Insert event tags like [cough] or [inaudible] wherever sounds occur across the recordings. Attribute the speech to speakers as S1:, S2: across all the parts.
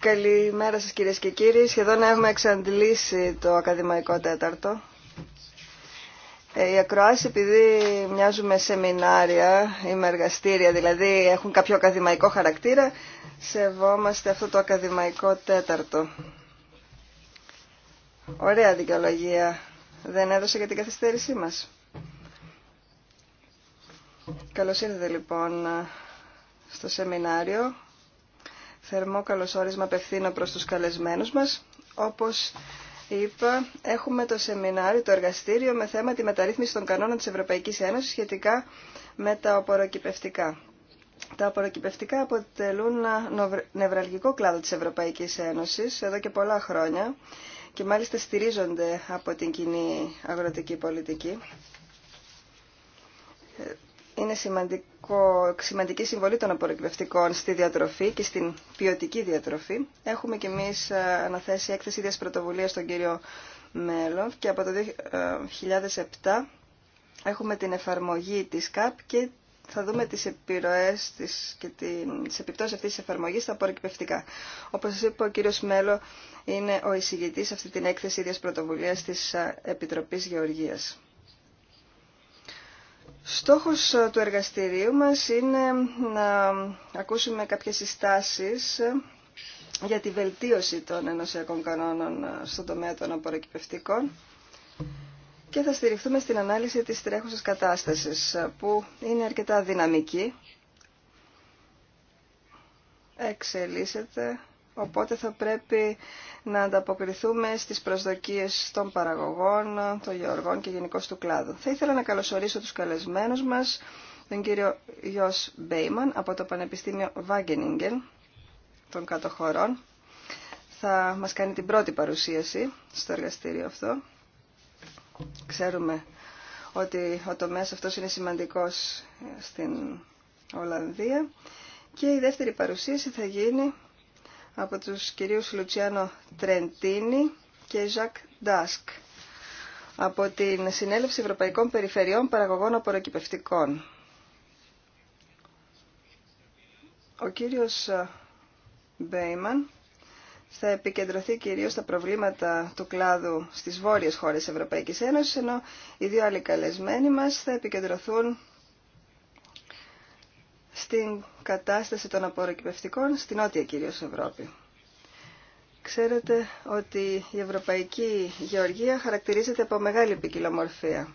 S1: Καλημέρα σας κυρίες και κύριοι. Σχεδόν έχουμε εξαντλήσει το ακαδημαϊκό τέταρτο. Οι ε, ακροάσεις επειδή μοιάζουμε σεμινάρια ή με εργαστήρια, δηλαδή έχουν κάποιο ακαδημαϊκό χαρακτήρα, σεβόμαστε αυτό το ακαδημαϊκό τέταρτο. Ωραία δικαιολογία δεν έδωσε για την καθυστέρησή μας. Καλώς ήρθατε λοιπόν στο σεμινάριο. Θερμό καλωσόρισμα απευθύνω προς τους καλεσμένους μας. Όπως είπα, έχουμε το σεμινάριο, το εργαστήριο με θέμα τη μεταρρύθμιση των κανόνων της Ευρωπαϊκής Ένωσης σχετικά με τα οποροκυπευτικά. Τα οποροκυπευτικά αποτελούν νευραλγικό κλάδο της Ευρωπαϊκής Ένωσης εδώ και πολλά χρόνια και μάλιστα στηρίζονται από την κοινή αγροτική πολιτική. Είναι σημαντικό, σημαντική συμβολή των απορροκυπευτικών στη διατροφή και στην ποιοτική διατροφή. Έχουμε και εμείς ε, αναθέσει έκθεση ίδιας πρωτοβουλίας στον κύριο Μέλλον και από το 2007 ε, έχουμε την εφαρμογή της ΚΑΠ και θα δούμε τις επιρροές της και τις επιπτώσεις αυτής της εφαρμογής στα απορροκυπευτικά. Όπως σας είπα, ο κύριος Μέλο είναι ο εισηγητής αυτή την έκθεση ίδιας πρωτοβουλίας της ε, Επιτροπής Γεωργίας. Στόχος ε, του εργαστηρίου μας είναι να ακούσουμε κάποιες συστάσεις ε, για τη βελτίωση των ενωσιακών κανόνων ε, στον τομέα των απορροκυπευτικών και θα στηριχθούμε στην ανάλυση της τρέχουσας κατάστασης που είναι αρκετά δυναμική εξελίσσεται Οπότε θα πρέπει να ανταποκριθούμε στις προσδοκίες των παραγωγών, των γεωργών και γενικώ του κλάδου. Θα ήθελα να καλωσορίσω τους καλεσμένους μας, τον κύριο Γιος Μπέιμαν από το Πανεπιστήμιο Wageningen των Κατοχωρών. Θα μας κάνει την πρώτη παρουσίαση στο εργαστήριο αυτό. Ξέρουμε ότι ο τομέας αυτός είναι σημαντικός στην Ολλανδία. Και η δεύτερη παρουσίαση θα γίνει από τους κυρίους Λουτσιάνο Τρεντίνη και Ζακ Ντάσκ από την Συνέλευση Ευρωπαϊκών Περιφερειών Παραγωγών Απορροκυπευτικών. Ο κύριος Μπέιμαν θα επικεντρωθεί κυρίως στα προβλήματα του κλάδου στις βόρειες χώρες Ευρωπαϊκής Ένωσης, ενώ οι δύο άλλοι καλεσμένοι μας θα επικεντρωθούν στην κατάσταση των απορροκυπευτικών στην Νότια κυρίως Ευρώπη. Ξέρετε ότι η ευρωπαϊκή γεωργία χαρακτηρίζεται από μεγάλη ποικιλομορφία.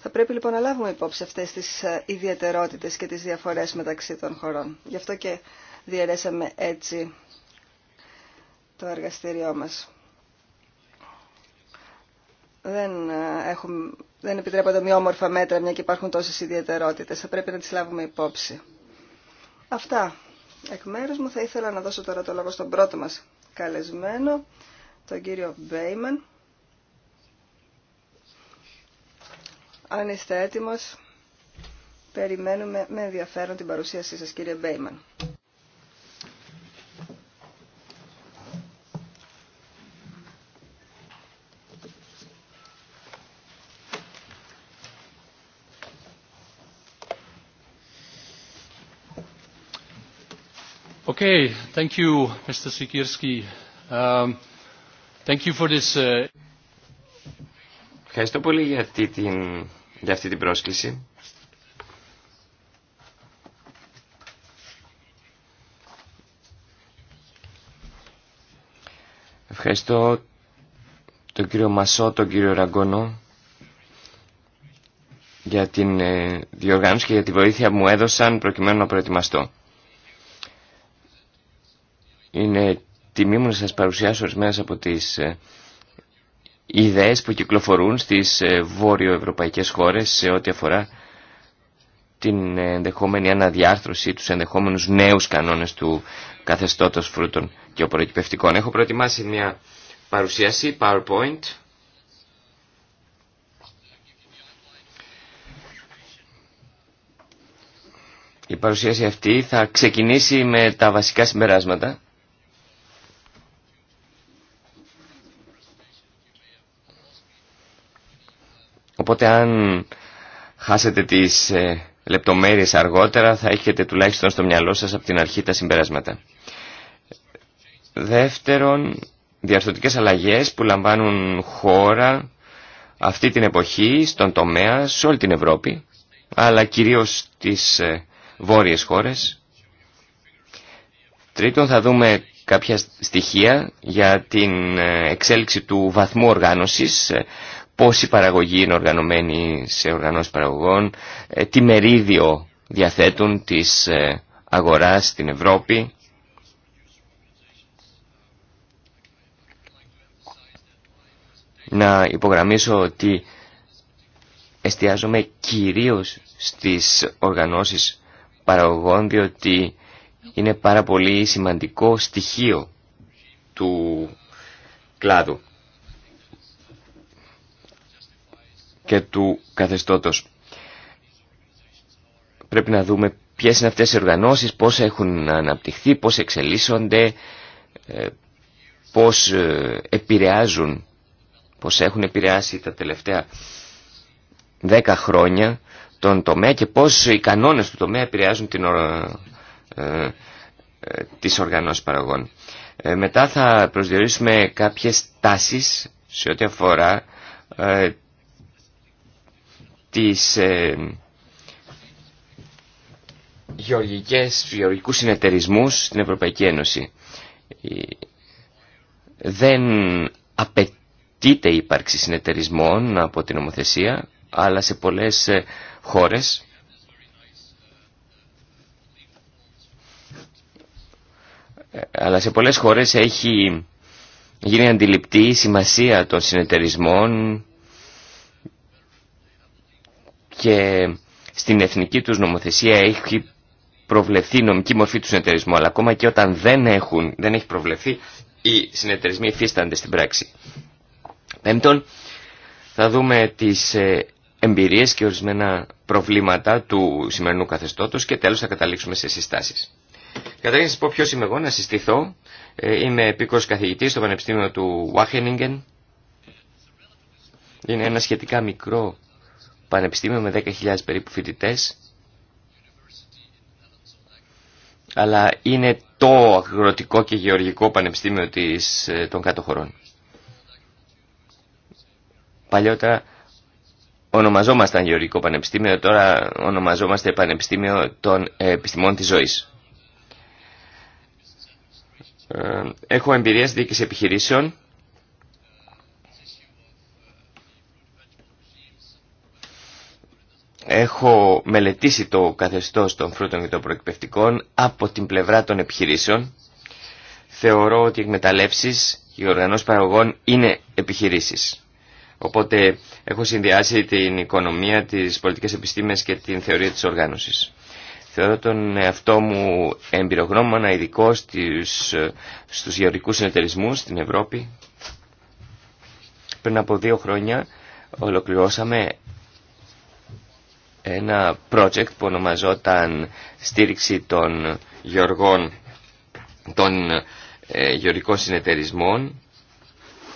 S1: Θα πρέπει λοιπόν να λάβουμε υπόψη αυτές τις ε, ιδιαιτερότητες και τις διαφορές μεταξύ των χωρών. Γι' αυτό και διαιρέσαμε έτσι το εργαστήριό μας. Δεν ε, έχουμε δεν επιτρέπονται ομοιόμορφα μέτρα, μια και υπάρχουν τόσες ιδιαιτερότητε. Θα πρέπει να τις λάβουμε υπόψη. Αυτά. Εκ μέρου μου θα ήθελα να δώσω τώρα το λόγο στον πρώτο μας καλεσμένο, τον κύριο Μπέιμαν. Αν είστε έτοιμος, περιμένουμε με ενδιαφέρον την παρουσίασή σας κύριε Μπέιμαν.
S2: Okay, thank you, Mr. Sikirski. Um, thank you for this. Uh...
S3: Ευχαριστώ πολύ για αυτή την, για αυτή την πρόσκληση. Ευχαριστώ τον κύριο Μασό, τον κύριο Ραγκόνο για την ε, διοργάνωση και για τη βοήθεια που μου έδωσαν προκειμένου να προετοιμαστώ. Είναι τιμή μου να σας παρουσιάσω ορισμένε από τις ε, ιδέες που κυκλοφορούν στις ε, βόρειο-ευρωπαϊκές χώρες σε ό,τι αφορά την ενδεχόμενη αναδιάρθρωση, τους ενδεχόμενους νέους κανόνες του καθεστώτος φρούτων και οπωροκυπευτικών. Έχω προετοιμάσει μια παρουσίαση, PowerPoint. Η παρουσίαση αυτή θα ξεκινήσει με τα βασικά συμπεράσματα Οπότε αν χάσετε τις ε, λεπτομέρειες αργότερα θα έχετε τουλάχιστον στο μυαλό σας από την αρχή τα συμπεράσματα. Δεύτερον, διαρθρωτικές αλλαγές που λαμβάνουν χώρα αυτή την εποχή στον τομέα σε όλη την Ευρώπη αλλά κυρίως στις ε, βόρειες χώρες. Τρίτον, θα δούμε κάποια στοιχεία για την ε, εξέλιξη του βαθμού οργάνωσης ε, η παραγωγή είναι οργανωμένη σε οργανώσεις παραγωγών, ε, τι μερίδιο διαθέτουν της ε, αγοράς στην Ευρώπη. Να υπογραμμίσω ότι εστιάζομαι κυρίως στις οργανώσεις παραγωγών διότι είναι πάρα πολύ σημαντικό στοιχείο του κλάδου. και του καθεστώτος. Πρέπει να δούμε ποιες είναι αυτές οι οργανώσεις, πώς έχουν αναπτυχθεί, πώς εξελίσσονται, ε, πώς ε, επηρεάζουν, πώς έχουν επηρεάσει τα τελευταία δέκα χρόνια τον τομέα και πώς οι κανόνες του τομέα επηρεάζουν την, ε, ε, τις οργανώσεις παραγών. μετά θα προσδιορίσουμε κάποιες τάσεις σε ό,τι αφορά τις ε,
S4: γεωργικές,
S3: γεωργικούς συνεταιρισμούς στην Ευρωπαϊκή Ένωση. Δεν απαιτείται η ύπαρξη συνεταιρισμών από την ομοθέσια αλλά σε πολλές ε, χώρες αλλά σε πολλές χώρες έχει γίνει αντιληπτή η σημασία των συνεταιρισμών και στην εθνική τους νομοθεσία έχει προβλεφθεί η νομική μορφή του συνεταιρισμού, αλλά ακόμα και όταν δεν, έχουν, δεν έχει προβλεφθεί, οι συνεταιρισμοί υφίστανται στην πράξη. Πέμπτον, θα δούμε τις ε, εμπειρίες και ορισμένα προβλήματα του σημερινού καθεστώτος και τέλος θα καταλήξουμε σε συστάσεις. Καταρχήν να σας πω ποιος είμαι εγώ, να συστηθώ. Ε, είμαι επίκορος καθηγητής στο Πανεπιστήμιο του Βάχενιγκεν. Είναι ένα σχετικά μικρό πανεπιστήμιο με 10.000 περίπου φοιτητέ. Αλλά είναι το αγροτικό και γεωργικό πανεπιστήμιο της, ε, των κάτω χωρών. Παλιότερα ονομαζόμασταν γεωργικό πανεπιστήμιο, τώρα ονομαζόμαστε πανεπιστήμιο των επιστημών της ζωής. Ε, έχω εμπειρία στη διοίκηση επιχειρήσεων Έχω μελετήσει το καθεστώς των φρούτων και των προεκπευτικών από την πλευρά των επιχειρήσεων. Θεωρώ ότι οι εκμεταλλεύσεις και οι οργανώσεις παραγωγών είναι επιχειρήσεις. Οπότε έχω συνδυάσει την οικονομία, τις πολιτικές επιστήμες και την θεωρία της οργάνωσης. Θεωρώ τον εαυτό μου εμπειρογνώμονα ειδικό στους, στους γεωργικούς συνεταιρισμού στην Ευρώπη. Πριν από δύο χρόνια ολοκληρώσαμε ένα project που ονομαζόταν στήριξη των γεωργών των ε, γεωργικών συνεταιρισμών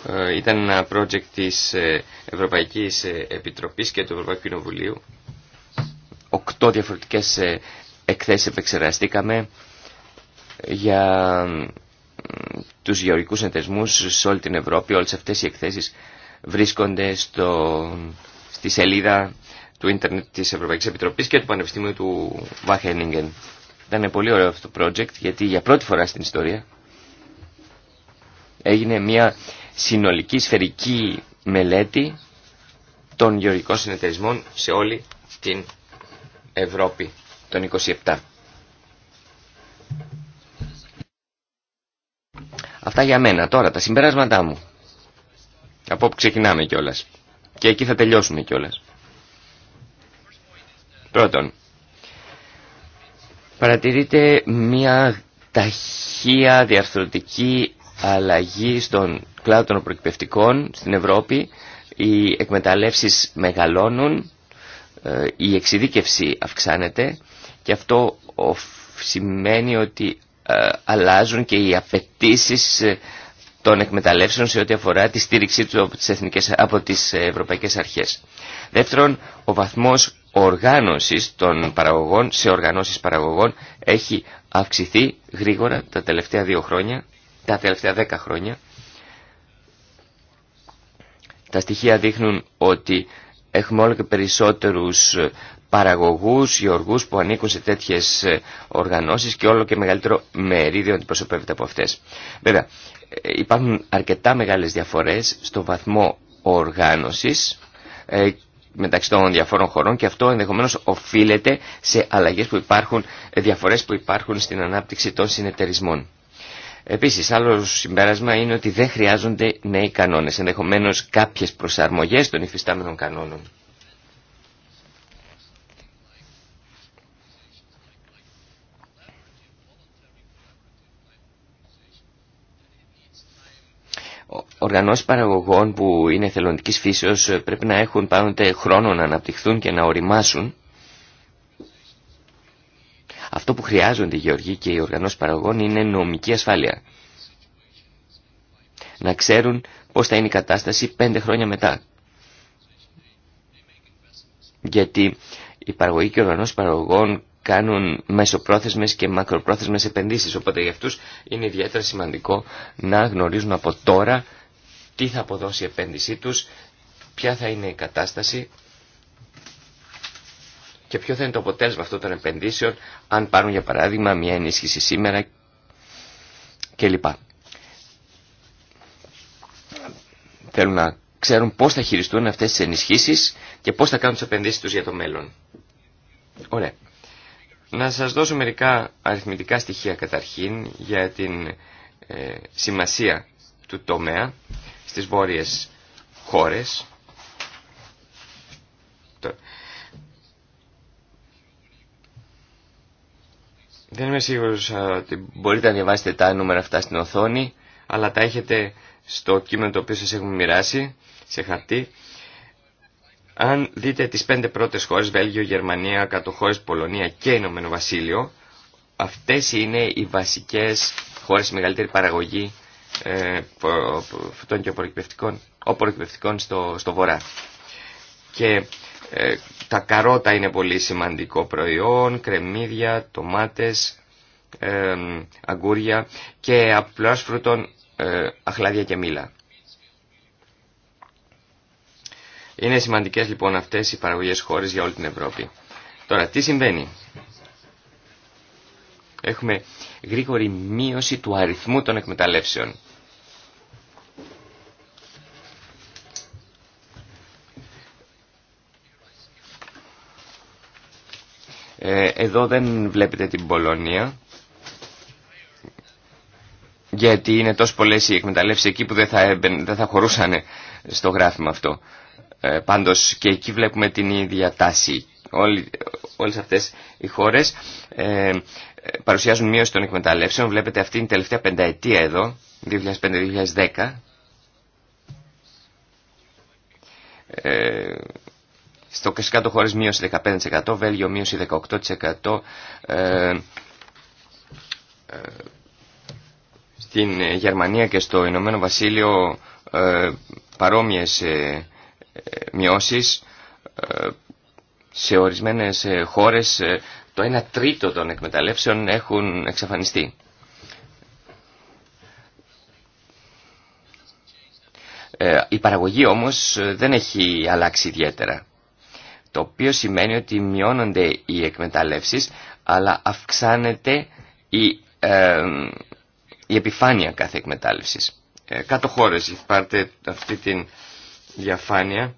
S3: ε, ήταν ένα project της ε, Ευρωπαϊκής ε, Επιτροπής και του Ευρωπαϊκού Κοινοβουλίου οκτώ διαφορετικές εκθέσεις επεξεργαστήκαμε για τους γεωργικούς συνεταιρισμούς σε όλη την Ευρώπη όλες αυτές οι εκθέσεις βρίσκονται στο, στη σελίδα του ίντερνετ της Ευρωπαϊκής Επιτροπής και του Πανεπιστημίου του Βάχενιγκεν. Ήταν πολύ ωραίο αυτό το project γιατί για πρώτη φορά στην ιστορία έγινε μια συνολική σφαιρική μελέτη των γεωργικών συνεταιρισμών σε όλη την Ευρώπη των 27. Αυτά για μένα τώρα, τα συμπεράσματά μου. Από όπου ξεκινάμε κιόλας. Και εκεί θα τελειώσουμε κιόλας. Πρώτον, παρατηρείται μια ταχεία διαρθρωτική αλλαγή στον κλάδο των προκυπευτικών στην Ευρώπη. Οι εκμεταλλεύσεις μεγαλώνουν, ε, η εξειδίκευση αυξάνεται και αυτό σημαίνει ότι ε, αλλάζουν και οι απαιτήσει ε, των εκμεταλλεύσεων σε ό,τι αφορά τη στήριξή του από τις, εθνικές, από τις ε, ευρωπαϊκές αρχές. Δεύτερον, ο βαθμός οργάνωσης των παραγωγών σε οργανώσεις παραγωγών έχει αυξηθεί γρήγορα τα τελευταία δύο χρόνια, τα τελευταία δέκα χρόνια. Τα στοιχεία δείχνουν ότι έχουμε όλο και περισσότερους ε, παραγωγούς, γεωργούς που ανήκουν σε τέτοιες ε, οργανώσεις και όλο και μεγαλύτερο μερίδιο αντιπροσωπεύεται από αυτές. Βέβαια, υπάρχουν αρκετά μεγάλες διαφορές στο βαθμό οργάνωσης ε, μεταξύ των διαφόρων χωρών και αυτό ενδεχομένως οφείλεται σε αλλαγές που υπάρχουν, ε, διαφορές που υπάρχουν στην ανάπτυξη των συνεταιρισμών. Επίσης, άλλο συμπέρασμα είναι ότι δεν χρειάζονται νέοι κανόνες, ενδεχομένως κάποιες προσαρμογές των υφιστάμενων κανόνων. οργανώσεις παραγωγών που είναι θελοντικής φύσεως ε, πρέπει να έχουν πάντοτε χρόνο να αναπτυχθούν και να οριμάσουν. Αυτό που χρειάζονται οι γεωργοί και οι οργανώσεις παραγωγών είναι νομική ασφάλεια. Να ξέρουν πώς θα είναι η κατάσταση πέντε χρόνια μετά. Γιατί οι παραγωγοί και οι οργανώσεις παραγωγών κάνουν μεσοπρόθεσμες και μακροπρόθεσμε επενδύσει, Οπότε για αυτούς είναι ιδιαίτερα σημαντικό να γνωρίζουν από τώρα τι θα αποδώσει η επένδυσή τους, ποια θα είναι η κατάσταση και ποιο θα είναι το αποτέλεσμα αυτών των επενδύσεων αν πάρουν για παράδειγμα μια ενίσχυση σήμερα κλπ. Θέλουν να ξέρουν πώς θα χειριστούν αυτές τις ενισχύσεις και πώς θα κάνουν τις επενδύσεις τους για το μέλλον. Ωραία. Να σας δώσω μερικά αριθμητικά στοιχεία καταρχήν για την ε, σημασία του τομέα στις βόρειες χώρες. Δεν είμαι σίγουρος ότι μπορείτε να διαβάσετε τα νούμερα αυτά στην οθόνη, αλλά τα έχετε στο κείμενο το οποίο σας έχουμε μοιράσει, σε χαρτί. Αν δείτε τις πέντε πρώτες χώρες, Βέλγιο, Γερμανία, κατοχώρες Πολωνία και Ηνωμένο Βασίλειο, αυτές είναι οι βασικές χώρες μεγαλύτερη παραγωγή ε, φυτών και απορροκυπευτικών στο, στο βορρά. Και ε, τα καρότα είναι πολύ σημαντικό προϊόν, κρεμμύδια, τομάτες, ε, αγκούρια και απλώς φρούτων ε, αχλάδια και μήλα. Είναι σημαντικές λοιπόν αυτές οι παραγωγές χώρες για όλη την Ευρώπη. Τώρα, τι συμβαίνει. Έχουμε γρήγορη μείωση του αριθμού των εκμεταλλεύσεων. Ε, εδώ δεν βλέπετε την Πολωνία γιατί είναι τόσο πολλές οι εκμεταλλεύσεις εκεί που δεν θα, έμπαινε, χωρούσαν στο γράφημα αυτό. Ε, πάντως και εκεί βλέπουμε την ίδια τάση όλοι, όλες αυτές οι χώρες ε, παρουσιάζουν μείωση των εκμεταλλεύσεων. Βλέπετε αυτή είναι η τελευταία πενταετία εδώ, 2005-2010. Ε, στο κάτω χώρες μείωση 15%, Βέλγιο μείωση 18%, ε, ε, στην Γερμανία και στο Ηνωμένο Βασίλειο παρόμοιες μειώσεις σε ορισμένες ε, χώρες ε, το 1 τρίτο των εκμεταλλεύσεων έχουν εξαφανιστεί. Ε, η παραγωγή όμως δεν έχει αλλάξει ιδιαίτερα. Το οποίο σημαίνει ότι μειώνονται οι εκμεταλλεύσεις αλλά αυξάνεται η, ε, η επιφάνεια κάθε εκμετάλλευσης. Ε, κάτω χώρες, πάρτε αυτή την διαφάνεια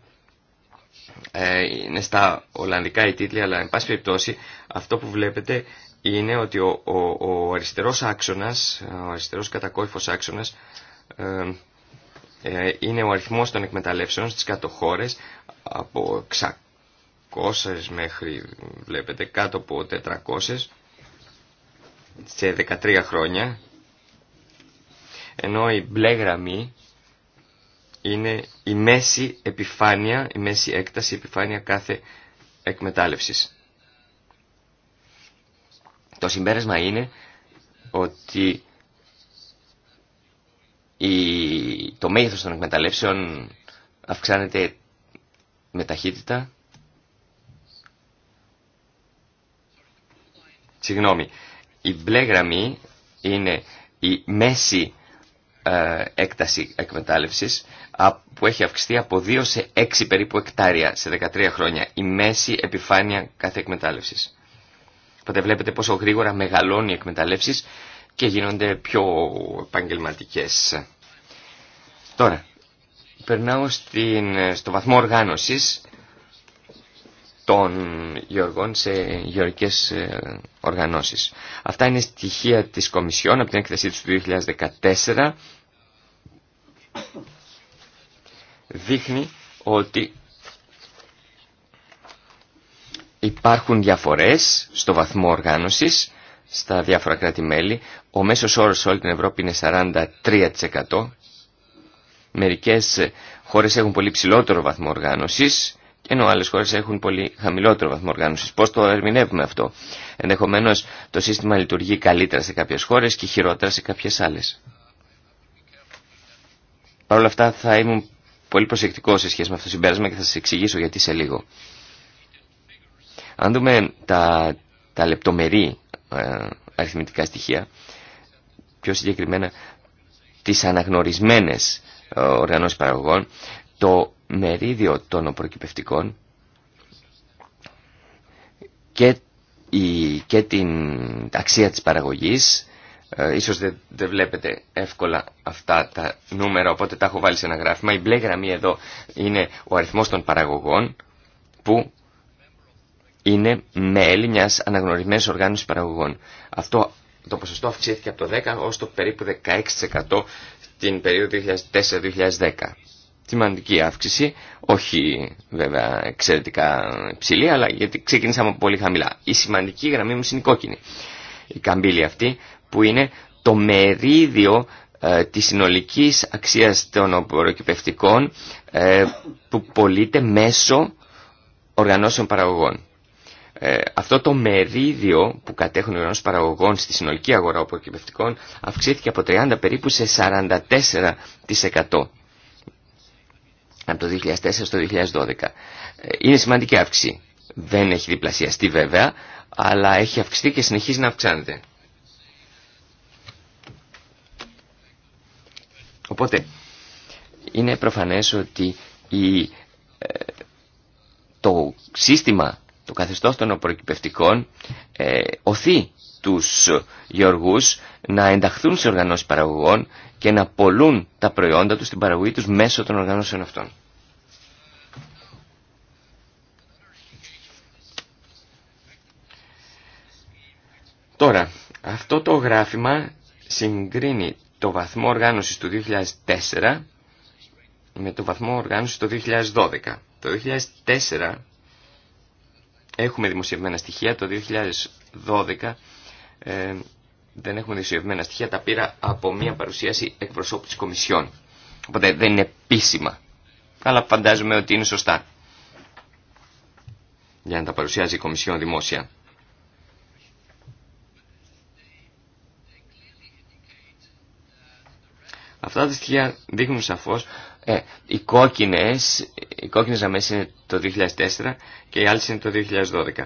S3: ε, είναι στα Ολλανδικά οι τίτλοι, αλλά εν πάση περιπτώσει αυτό που βλέπετε είναι ότι ο, ο, ο αριστερός άξονας, ο αριστερός κατακόρυφος άξονας ε, ε είναι ο αριθμός των εκμεταλλεύσεων στις κάτω από 600 μέχρι βλέπετε κάτω από 400 σε 13 χρόνια ενώ η μπλε γραμμή είναι η μέση επιφάνεια, η μέση έκταση επιφάνεια κάθε εκμετάλλευσης. Το συμπέρασμα είναι ότι η, το μέγεθος των εκμεταλλεύσεων αυξάνεται με ταχύτητα. Συγγνώμη, η μπλε γραμμή είναι η μέση ε, έκταση εκμετάλλευσης που έχει αυξηθεί από 2 σε 6 περίπου εκτάρια σε 13 χρόνια η μέση επιφάνεια κάθε εκμετάλλευσης. Οπότε βλέπετε πόσο γρήγορα μεγαλώνει η εκμετάλλευση και γίνονται πιο επαγγελματικέ. Τώρα, περνάω στο βαθμό οργάνωσης των γεωργών σε γεωργικές ε, οργανώσεις. Αυτά είναι στοιχεία της Κομισιόν από την έκθεσή του 2014. Δείχνει ότι υπάρχουν διαφορές στο βαθμό οργάνωσης στα διάφορα κράτη-μέλη. Ο μέσος όρος σε όλη την Ευρώπη είναι 43%. Μερικές χώρες έχουν πολύ ψηλότερο βαθμό οργάνωσης ενώ άλλες χώρες έχουν πολύ χαμηλότερο βαθμό οργάνωσης. Πώς το ερμηνεύουμε αυτό. Ενδεχομένως το σύστημα λειτουργεί καλύτερα σε κάποιες χώρες και χειρότερα σε κάποιες άλλες. Παρ' όλα αυτά θα ήμουν πολύ προσεκτικό σε σχέση με αυτό το συμπέρασμα και θα σας εξηγήσω γιατί σε λίγο. Αν δούμε τα, τα λεπτομερή ε, αριθμητικά στοιχεία, πιο συγκεκριμένα τις αναγνωρισμένες ε, οργανώσεις παραγωγών το μερίδιο των οπροκυπευτικών και, την αξία της παραγωγής ε, ίσως δεν, βλέπετε εύκολα αυτά τα νούμερα οπότε τα έχω βάλει σε ένα γράφημα η μπλε γραμμή εδώ είναι ο αριθμός των παραγωγών που είναι μέλη μιας αναγνωρισμένης οργάνωσης παραγωγών αυτό το ποσοστό αυξήθηκε από το 10% ως το περίπου 16% την περίοδο 2004-2010 σημαντική αύξηση, όχι βέβαια εξαιρετικά ψηλή, αλλά γιατί ξεκινήσαμε πολύ χαμηλά. Η σημαντική γραμμή μου είναι η κόκκινη. Η καμπύλη αυτή που είναι το μερίδιο ε, της συνολικής αξίας των προκυπευτικών ε, που πωλείται μέσω οργανώσεων παραγωγών. Ε, αυτό το μερίδιο που κατέχουν οι οργανώσεις παραγωγών στη συνολική αγορά οπωροκυπευτικών αυξήθηκε από 30 περίπου σε 44% από το 2004 στο 2012. Ε, είναι σημαντική αύξηση. Δεν έχει διπλασιαστεί βέβαια, αλλά έχει αυξηθεί και συνεχίζει να αυξάνεται. Οπότε, είναι προφανές ότι η, ε, το σύστημα, το καθεστώς των οπροκυπευτικών ε, οθεί τους γεωργούς να ενταχθούν σε οργανώσεις παραγωγών και να πολλούν τα προϊόντα τους στην παραγωγή τους μέσω των οργανώσεων αυτών. Τώρα, αυτό το γράφημα συγκρίνει το βαθμό οργάνωσης του 2004 με το βαθμό οργάνωσης του 2012. Το 2004 έχουμε δημοσιευμένα στοιχεία, το 2012 ε, δεν έχουμε δημοσιευμένα στοιχεία, τα πήρα από μια παρουσίαση εκπροσώπου της Κομισιόν. Οπότε δεν είναι επίσημα, αλλά φαντάζομαι ότι είναι σωστά για να τα παρουσιάζει η Κομισιόν δημόσια. Αυτά τα στοιχεία δείχνουν σαφώς ε, οι κόκκινες, οι κόκκινες είναι το 2004 και οι άλλες είναι το 2012.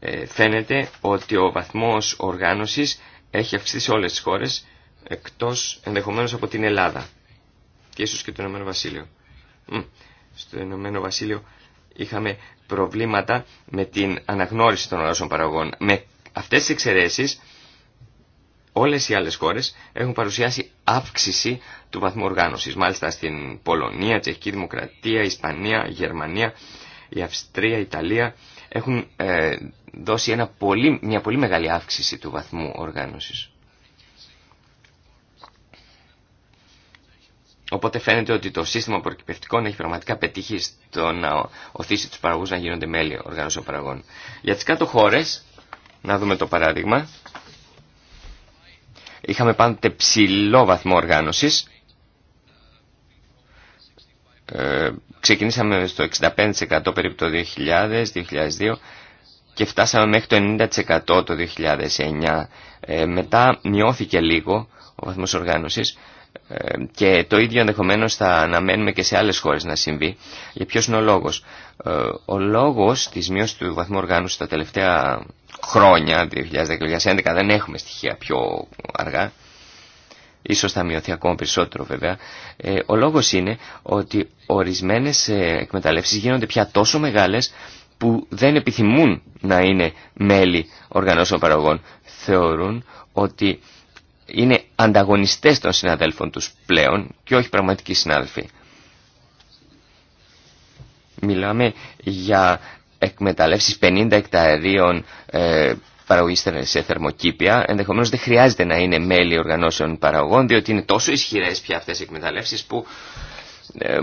S3: Ε, φαίνεται ότι ο βαθμός οργάνωσης έχει αυξηθεί σε όλες τις χώρες, εκτός ενδεχομένως από την Ελλάδα και ίσως και το Ηνωμένο Βασίλειο. Στο Ηνωμένο Βασίλειο είχαμε προβλήματα με την αναγνώριση των οργάνωσεων παραγωγών. Με αυτές τις εξαιρέσεις όλες οι άλλες χώρες έχουν παρουσιάσει αύξηση του βαθμού οργάνωσης. Μάλιστα στην Πολωνία, Τσεχική Δημοκρατία, Ισπανία, Γερμανία, η Αυστρία, Ιταλία, έχουν ε, δώσει πολύ, μια πολύ μεγάλη αύξηση του βαθμού οργάνωσης. Οπότε φαίνεται ότι το σύστημα προκυπευτικών έχει πραγματικά πετύχει στο να οθήσει τους παραγωγούς να γίνονται μέλη των παραγών. Για τις κάτω χώρες, να δούμε το παράδειγμα, είχαμε πάντοτε ψηλό βαθμό οργάνωσης, ε, ξεκινήσαμε στο 65% περίπου το 2000, 2002 και φτάσαμε μέχρι το 90% το 2009. Ε, μετά μειώθηκε λίγο ο βαθμός οργάνωσης ε, και το ίδιο ενδεχομένως θα αναμένουμε και σε άλλες χώρες να συμβεί. Για ποιος είναι ο λόγος. Ε, ο λόγος της μείωσης του βαθμού οργάνωσης τα τελευταία χρόνια, 2010-2011, δεν έχουμε στοιχεία πιο αργά, ίσως θα μειωθεί ακόμα περισσότερο βέβαια. Ε, ο λόγος είναι ότι ορισμένες ε, εκμεταλλεύσεις γίνονται πια τόσο μεγάλες που δεν επιθυμούν να είναι μέλη οργανώσεων παραγωγών. Θεωρούν ότι είναι ανταγωνιστές των συναδέλφων τους πλέον και όχι πραγματικοί συνάδελφοι. Μιλάμε για εκμεταλλεύσεις 50 εκταρίων, ε, παραγωγή σε θερμοκήπια, Ενδεχομένω δεν χρειάζεται να είναι μέλη οργανώσεων παραγωγών, διότι είναι τόσο ισχυρέ πια αυτέ οι εκμεταλλεύσει που ε,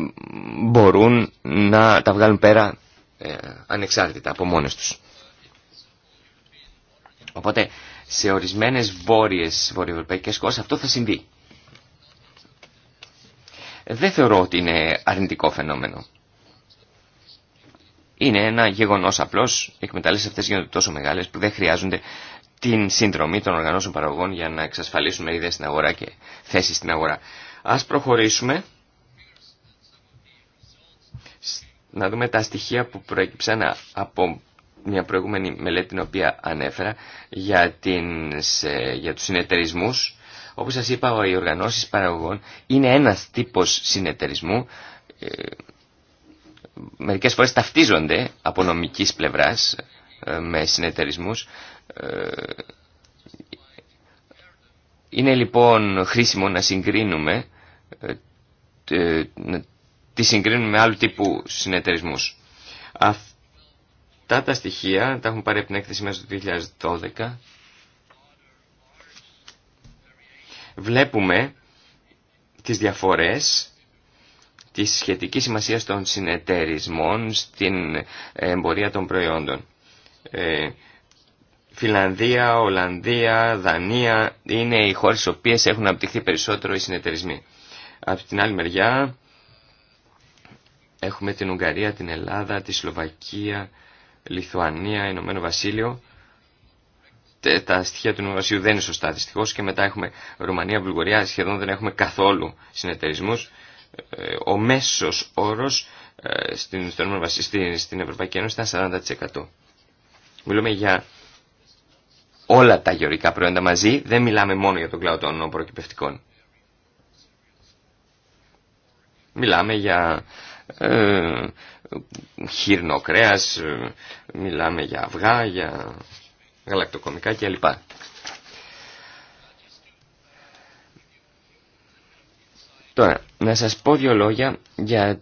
S3: μπορούν να τα βγάλουν πέρα ε, ανεξάρτητα από μόνες του. Οπότε σε ορισμένε βόρειε βορειοευρωπαϊκές χώρε αυτό θα συμβεί. Δεν θεωρώ ότι είναι αρνητικό φαινόμενο είναι ένα γεγονός απλώ οι εκμεταλλεύσει αυτές γίνονται τόσο μεγάλες που δεν χρειάζονται την συνδρομή των οργανώσεων παραγωγών για να εξασφαλίσουν μερίδε στην αγορά και θέσεις στην αγορά. Α προχωρήσουμε να δούμε τα στοιχεία που προέκυψαν από μια προηγούμενη μελέτη την οποία ανέφερα για, την, για τους συνεταιρισμούς. Όπως σας είπα, οι οργανώσεις παραγωγών είναι ένας τύπος συνεταιρισμού ε, μερικές φορές ταυτίζονται από νομικής πλευράς ε, με συνεταιρισμούς. Ε, είναι λοιπόν χρήσιμο να συγκρίνουμε ε, τη συγκρίνουμε με άλλου τύπου συνεταιρισμούς. Αυτά τα στοιχεία τα έχουν πάρει από την έκθεση μέσα του 2012. Βλέπουμε τις διαφορές της σχετικής σημασίας των συνεταιρισμών στην ε, εμπορία των προϊόντων. Ε, Φιλανδία, Ολλανδία, Δανία είναι οι χώρες στις οποίες έχουν απτυχθεί περισσότερο οι συνεταιρισμοί. Από την άλλη μεριά έχουμε την Ουγγαρία, την Ελλάδα, τη Σλοβακία, Λιθουανία, Ηνωμένο Βασίλειο. Τα στοιχεία του Ηνωμένου δεν είναι σωστά δυστυχώς και μετά έχουμε Ρουμανία, Βουλγοριά, σχεδόν δεν έχουμε καθόλου συνεταιρισμού. Ε, ο μέσος όρος ε, στην, στην Ευρωπαϊκή Ένωση ήταν 40%. Μιλούμε για όλα τα γεωρικά προϊόντα μαζί, δεν μιλάμε μόνο για τον κλάδο των προκυπευτικών. Μιλάμε για ε, κρέας, ε, μιλάμε για αυγά, για γαλακτοκομικά κλπ. Τώρα, να σας πω δύο λόγια για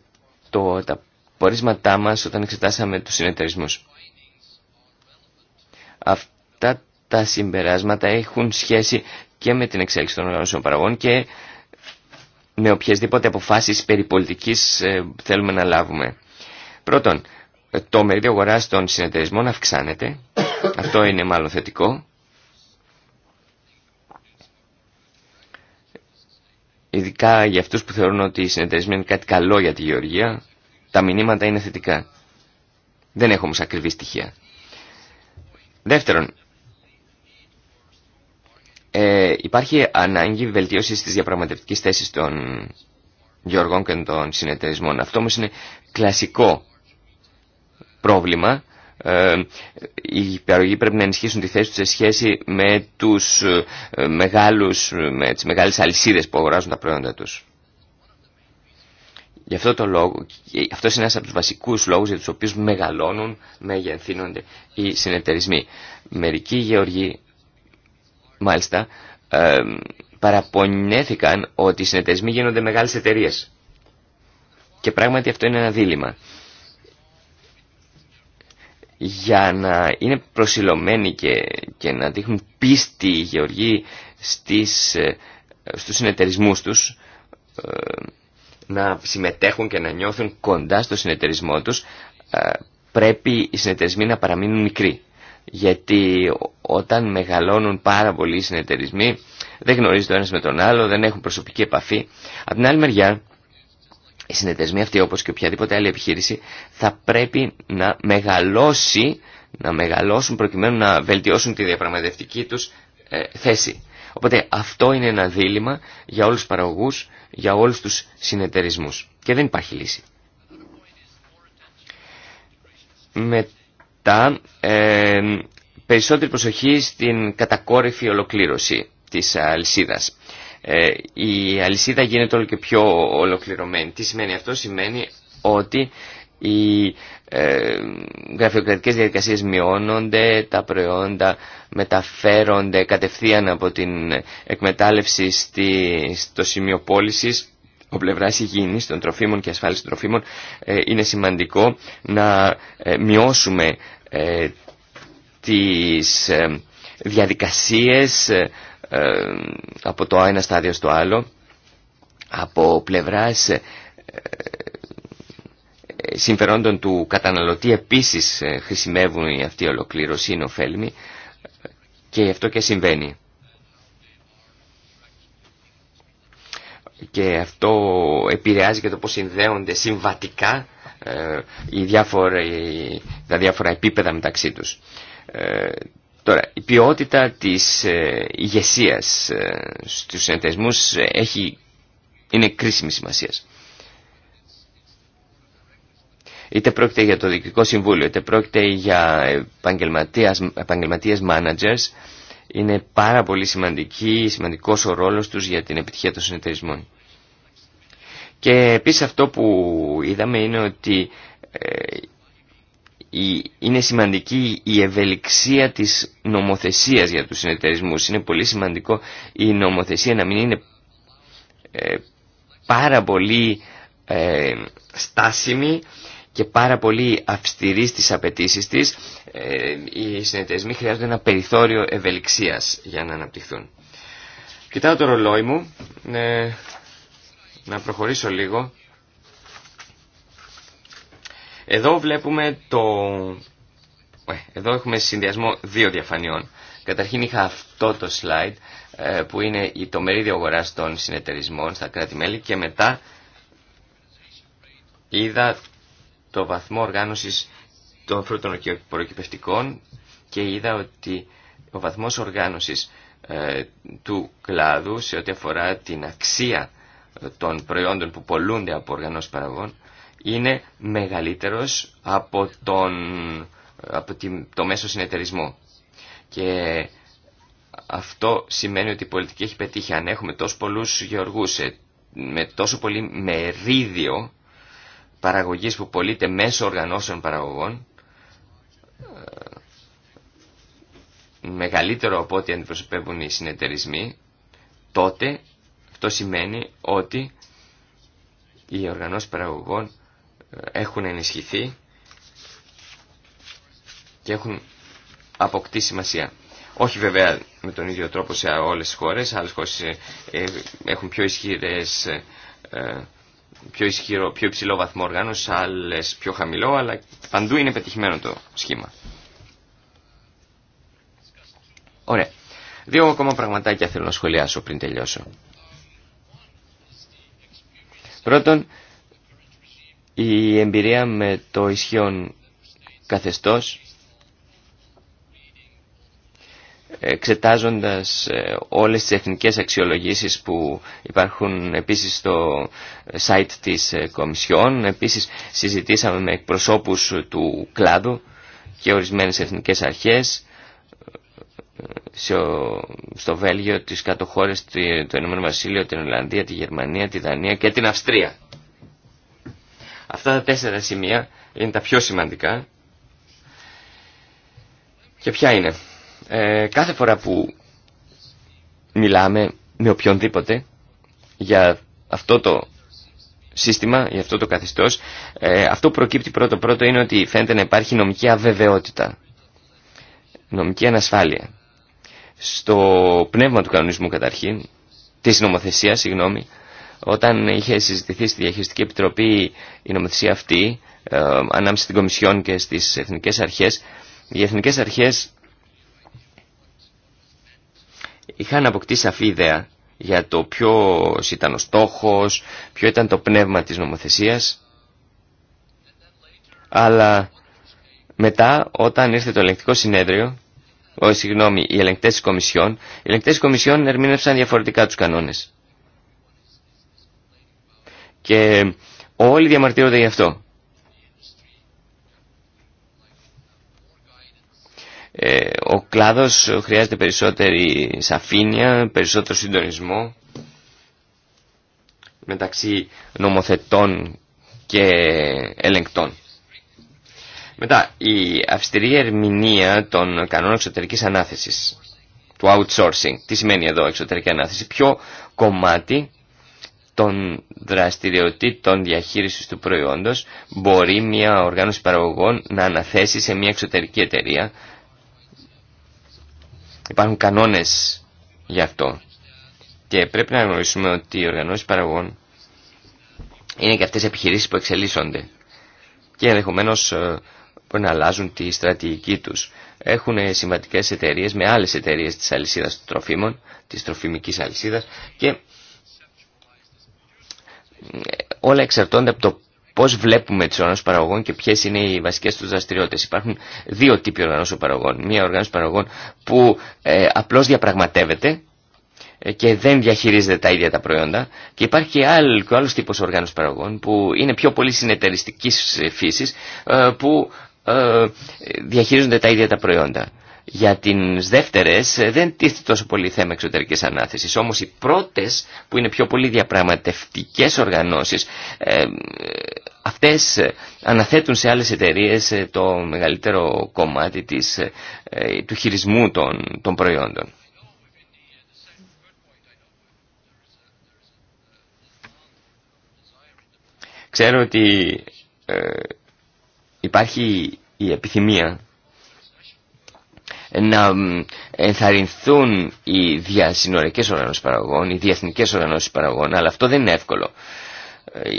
S3: το, τα πορίσματά μας όταν εξετάσαμε τους συνεταιρισμούς. Αυτά τα συμπεράσματα έχουν σχέση και με την εξέλιξη των οργανώσεων παραγών και με οποιασδήποτε αποφάσεις περί πολιτικής ε, θέλουμε να λάβουμε. Πρώτον, το μερίδιο αγορά των συνεταιρισμών αυξάνεται. Αυτό είναι μάλλον θετικό. Ειδικά για αυτούς που θεωρούν ότι οι συνεταιρισμοί είναι κάτι καλό για τη γεωργία, τα μηνύματα είναι θετικά. Δεν έχω όμως ακριβή στοιχεία. Δεύτερον, ε, υπάρχει ανάγκη βελτίωση της διαπραγματευτικής θέσης των γεωργών και των συνεταιρισμών. Αυτό όμως είναι κλασικό πρόβλημα ε, οι υπεραγωγοί πρέπει να ενισχύσουν τη θέση τους σε σχέση με, τους ε, μεγάλους, με τις μεγάλες αλυσίδες που αγοράζουν τα προϊόντα τους. Γι' αυτό το λόγο, αυτό είναι ένας από τους βασικούς λόγους για τους οποίους μεγαλώνουν, μεγενθύνονται οι συνεταιρισμοί. Μερικοί γεωργοί, μάλιστα, ε, παραπονέθηκαν ότι οι συνεταιρισμοί γίνονται μεγάλες εταιρείε. Και πράγματι αυτό είναι ένα δίλημα για να είναι προσιλωμένοι και, και να δείχνουν πίστη οι γεωργοί στις, ε, στους συνεταιρισμούς τους, ε, να συμμετέχουν και να νιώθουν κοντά στο συνεταιρισμό τους, ε, πρέπει οι συνεταιρισμοί να παραμείνουν μικροί. Γιατί όταν μεγαλώνουν πάρα πολλοί οι συνεταιρισμοί, δεν γνωρίζουν το ένας με τον άλλο, δεν έχουν προσωπική επαφή. Από την άλλη μεριά, οι συνεταιρισμοί αυτοί όπως και οποιαδήποτε άλλη επιχείρηση θα πρέπει να μεγαλώσει, να μεγαλώσουν προκειμένου να βελτιώσουν τη διαπραγματευτική τους ε, θέση. Οπότε αυτό είναι ένα δίλημα για όλους τους παραγωγούς, για όλους τους συνεταιρισμούς. Και δεν υπάρχει λύση. Μετά, ε, περισσότερη προσοχή στην κατακόρυφη ολοκλήρωση της αλυσίδας. Ε, η αλυσίδα γίνεται όλο και πιο ολοκληρωμένη. Τι σημαίνει αυτό, σημαίνει ότι οι ε, γραφειοκρατικές διαδικασίες μειώνονται, τα προϊόντα μεταφέρονται κατευθείαν από την εκμετάλλευση στη, στο σημείο πώλησης ο πλευρά υγιεινή των τροφίμων και ασφάλιση των τροφίμων ε, είναι σημαντικό να ε, μειώσουμε ε, τις διαδικασίες ε, από το ένα στάδιο στο άλλο από πλευράς ε, ε, συμφερόντων του καταναλωτή επίσης χρησιμεύουν αυτή η ολοκλήρωση, είναι ωφέλιμη και αυτό και συμβαίνει. Και αυτό επηρεάζει και το πώς συνδέονται συμβατικά οι διάφορα, τα διάφορα επίπεδα μεταξύ τους. Τώρα, η ποιότητα της ε, ηγεσία ε, στους συνεταιρισμούς ε, έχει, είναι κρίσιμη σημασία. Είτε πρόκειται για το Διοικητικό Συμβούλιο, είτε πρόκειται για επαγγελματίες managers, είναι πάρα πολύ σημαντική, σημαντικός ο ρόλος τους για την επιτυχία των συνεταιρισμών. Και επίσης αυτό που είδαμε είναι ότι ε, είναι σημαντική η ευελιξία της νομοθεσίας για τους συνεταιρισμούς. Είναι πολύ σημαντικό η νομοθεσία να μην είναι ε, πάρα πολύ ε, στάσιμη και πάρα πολύ αυστηρή στις απαιτήσεις της. Ε, οι συνεταιρισμοί χρειάζονται ένα περιθώριο ευελιξίας για να αναπτυχθούν. Κοιτάω το ρολόι μου, να προχωρήσω λίγο. Εδώ βλέπουμε το... Ε, εδώ έχουμε συνδυασμό δύο διαφανειών. Καταρχήν είχα αυτό το slide ε, που είναι το μερίδιο αγορά των συνεταιρισμών στα κράτη-μέλη και μετά είδα το βαθμό οργάνωσης των φρούτων και και είδα ότι ο βαθμός οργάνωσης ε, του κλάδου σε ό,τι αφορά την αξία των προϊόντων που πολλούνται από οργανώσεις παραγωγών είναι μεγαλύτερος από, τον, από το μέσο συνεταιρισμό. Και αυτό σημαίνει ότι η πολιτική έχει πετύχει. Αν έχουμε τόσο πολλούς γεωργούς ε, με τόσο πολύ μερίδιο παραγωγής που πωλείται μέσω οργανώσεων παραγωγών, ε, μεγαλύτερο από ό,τι αντιπροσωπεύουν οι συνεταιρισμοί, τότε αυτό σημαίνει ότι οι οργανώσεις παραγωγών έχουν ενισχυθεί και έχουν αποκτήσει σημασία. Όχι βέβαια με τον ίδιο τρόπο σε όλες τις χώρες, άλλες χώρες ε, ε, έχουν πιο ισχυρές, ε, πιο, ισχυρό, πιο υψηλό βαθμό οργάνωση άλλες πιο χαμηλό, αλλά παντού είναι πετυχημένο το σχήμα. Ωραία. Δύο ακόμα πραγματάκια θέλω να σχολιάσω πριν τελειώσω. Πρώτον, η εμπειρία με το ισχύον καθεστώς εξετάζοντας ε, όλες τις εθνικές αξιολογήσεις που υπάρχουν επίσης στο site της ε, Κομισιόν. Επίσης συζητήσαμε με εκπροσώπους του κλάδου και ορισμένες εθνικές αρχές στο Βέλγιο, τις κατοχώρες, το Ηνωμένο Βασίλειο, την Ολλανδία, τη Γερμανία, τη Δανία και την Αυστρία. Αυτά τα τέσσερα σημεία είναι τα πιο σημαντικά. Και ποια είναι. Ε, κάθε φορά που μιλάμε με οποιονδήποτε για αυτό το σύστημα, για αυτό το καθιστώς, ε, αυτό που προκύπτει πρώτο-πρώτο είναι ότι φαίνεται να υπάρχει νομική αβεβαιότητα, νομική ανασφάλεια. Στο πνεύμα του κανονισμού καταρχήν, της νομοθεσίας, συγγνώμη, όταν είχε συζητηθεί στη Διαχειριστική Επιτροπή η νομοθεσία αυτή, ε, ανάμεσα στην Κομισιόν και στις Εθνικές Αρχές, οι Εθνικές Αρχές είχαν αποκτήσει σαφή ιδέα για το ποιο ήταν ο στόχος, ποιο ήταν το πνεύμα της νομοθεσίας. Αλλά μετά όταν ήρθε το ελεγκτικό συνέδριο, ο, συγγνώμη, οι ελεγκτές τη Κομισιόν, οι ελεγκτές της Κομισιόν ερμήνευσαν διαφορετικά τους κανόνες. Και όλοι διαμαρτύρονται γι' αυτό. Ε, ο κλάδος χρειάζεται περισσότερη σαφήνεια, περισσότερο συντονισμό μεταξύ νομοθετών και ελεγκτών. Μετά, η αυστηρή ερμηνεία των κανόνων εξωτερικής ανάθεσης, του outsourcing. Τι σημαίνει εδώ εξωτερική ανάθεση, ποιο κομμάτι των δραστηριοτήτων διαχείρισης του προϊόντος μπορεί μια οργάνωση παραγωγών να αναθέσει σε μια εξωτερική εταιρεία. Υπάρχουν κανόνες γι' αυτό. Και πρέπει να γνωρίσουμε ότι οι οργανώσεις παραγωγών είναι και αυτές οι επιχειρήσεις που εξελίσσονται και ενδεχομένω ε, μπορεί να αλλάζουν τη στρατηγική τους. Έχουν συμβατικές εταιρείε με άλλες εταιρείε της αλυσίδας των τροφίμων, της τροφιμικής αλυσίδας και όλα εξαρτώνται από το πώ βλέπουμε του οργανώσει παραγωγών και ποιε είναι οι βασικέ του δραστηριότητε. Υπάρχουν δύο τύποι οργανώσεων παραγωγών. Μία οργάνωση παραγωγών που ε, απλώ διαπραγματεύεται ε, και δεν διαχειρίζεται τα ίδια τα προϊόντα. Και υπάρχει και άλλο, και άλλος τύπος οργάνωση παραγωγών που είναι πιο πολύ συνεταιριστικής φύσης ε, που ε, διαχειρίζονται τα ίδια τα προϊόντα. Για τις δεύτερες ε, δεν τίθεται τόσο πολύ θέμα εξωτερικής ανάθεσης, όμως οι πρώτες που είναι πιο πολύ διαπραγματευτικές οργανώσεις, ε, αυτές ε, αναθέτουν σε άλλες εταιρείες το μεγαλύτερο κομμάτι της, του χειρισμού των, των προϊόντων. Ξέρω ότι υπάρχει η επιθυμία να ενθαρρυνθούν οι διασυνορικές οργανώσεις παραγωγών, οι διεθνικές οργανώσεις παραγωγών, αλλά αυτό δεν είναι εύκολο. Ε,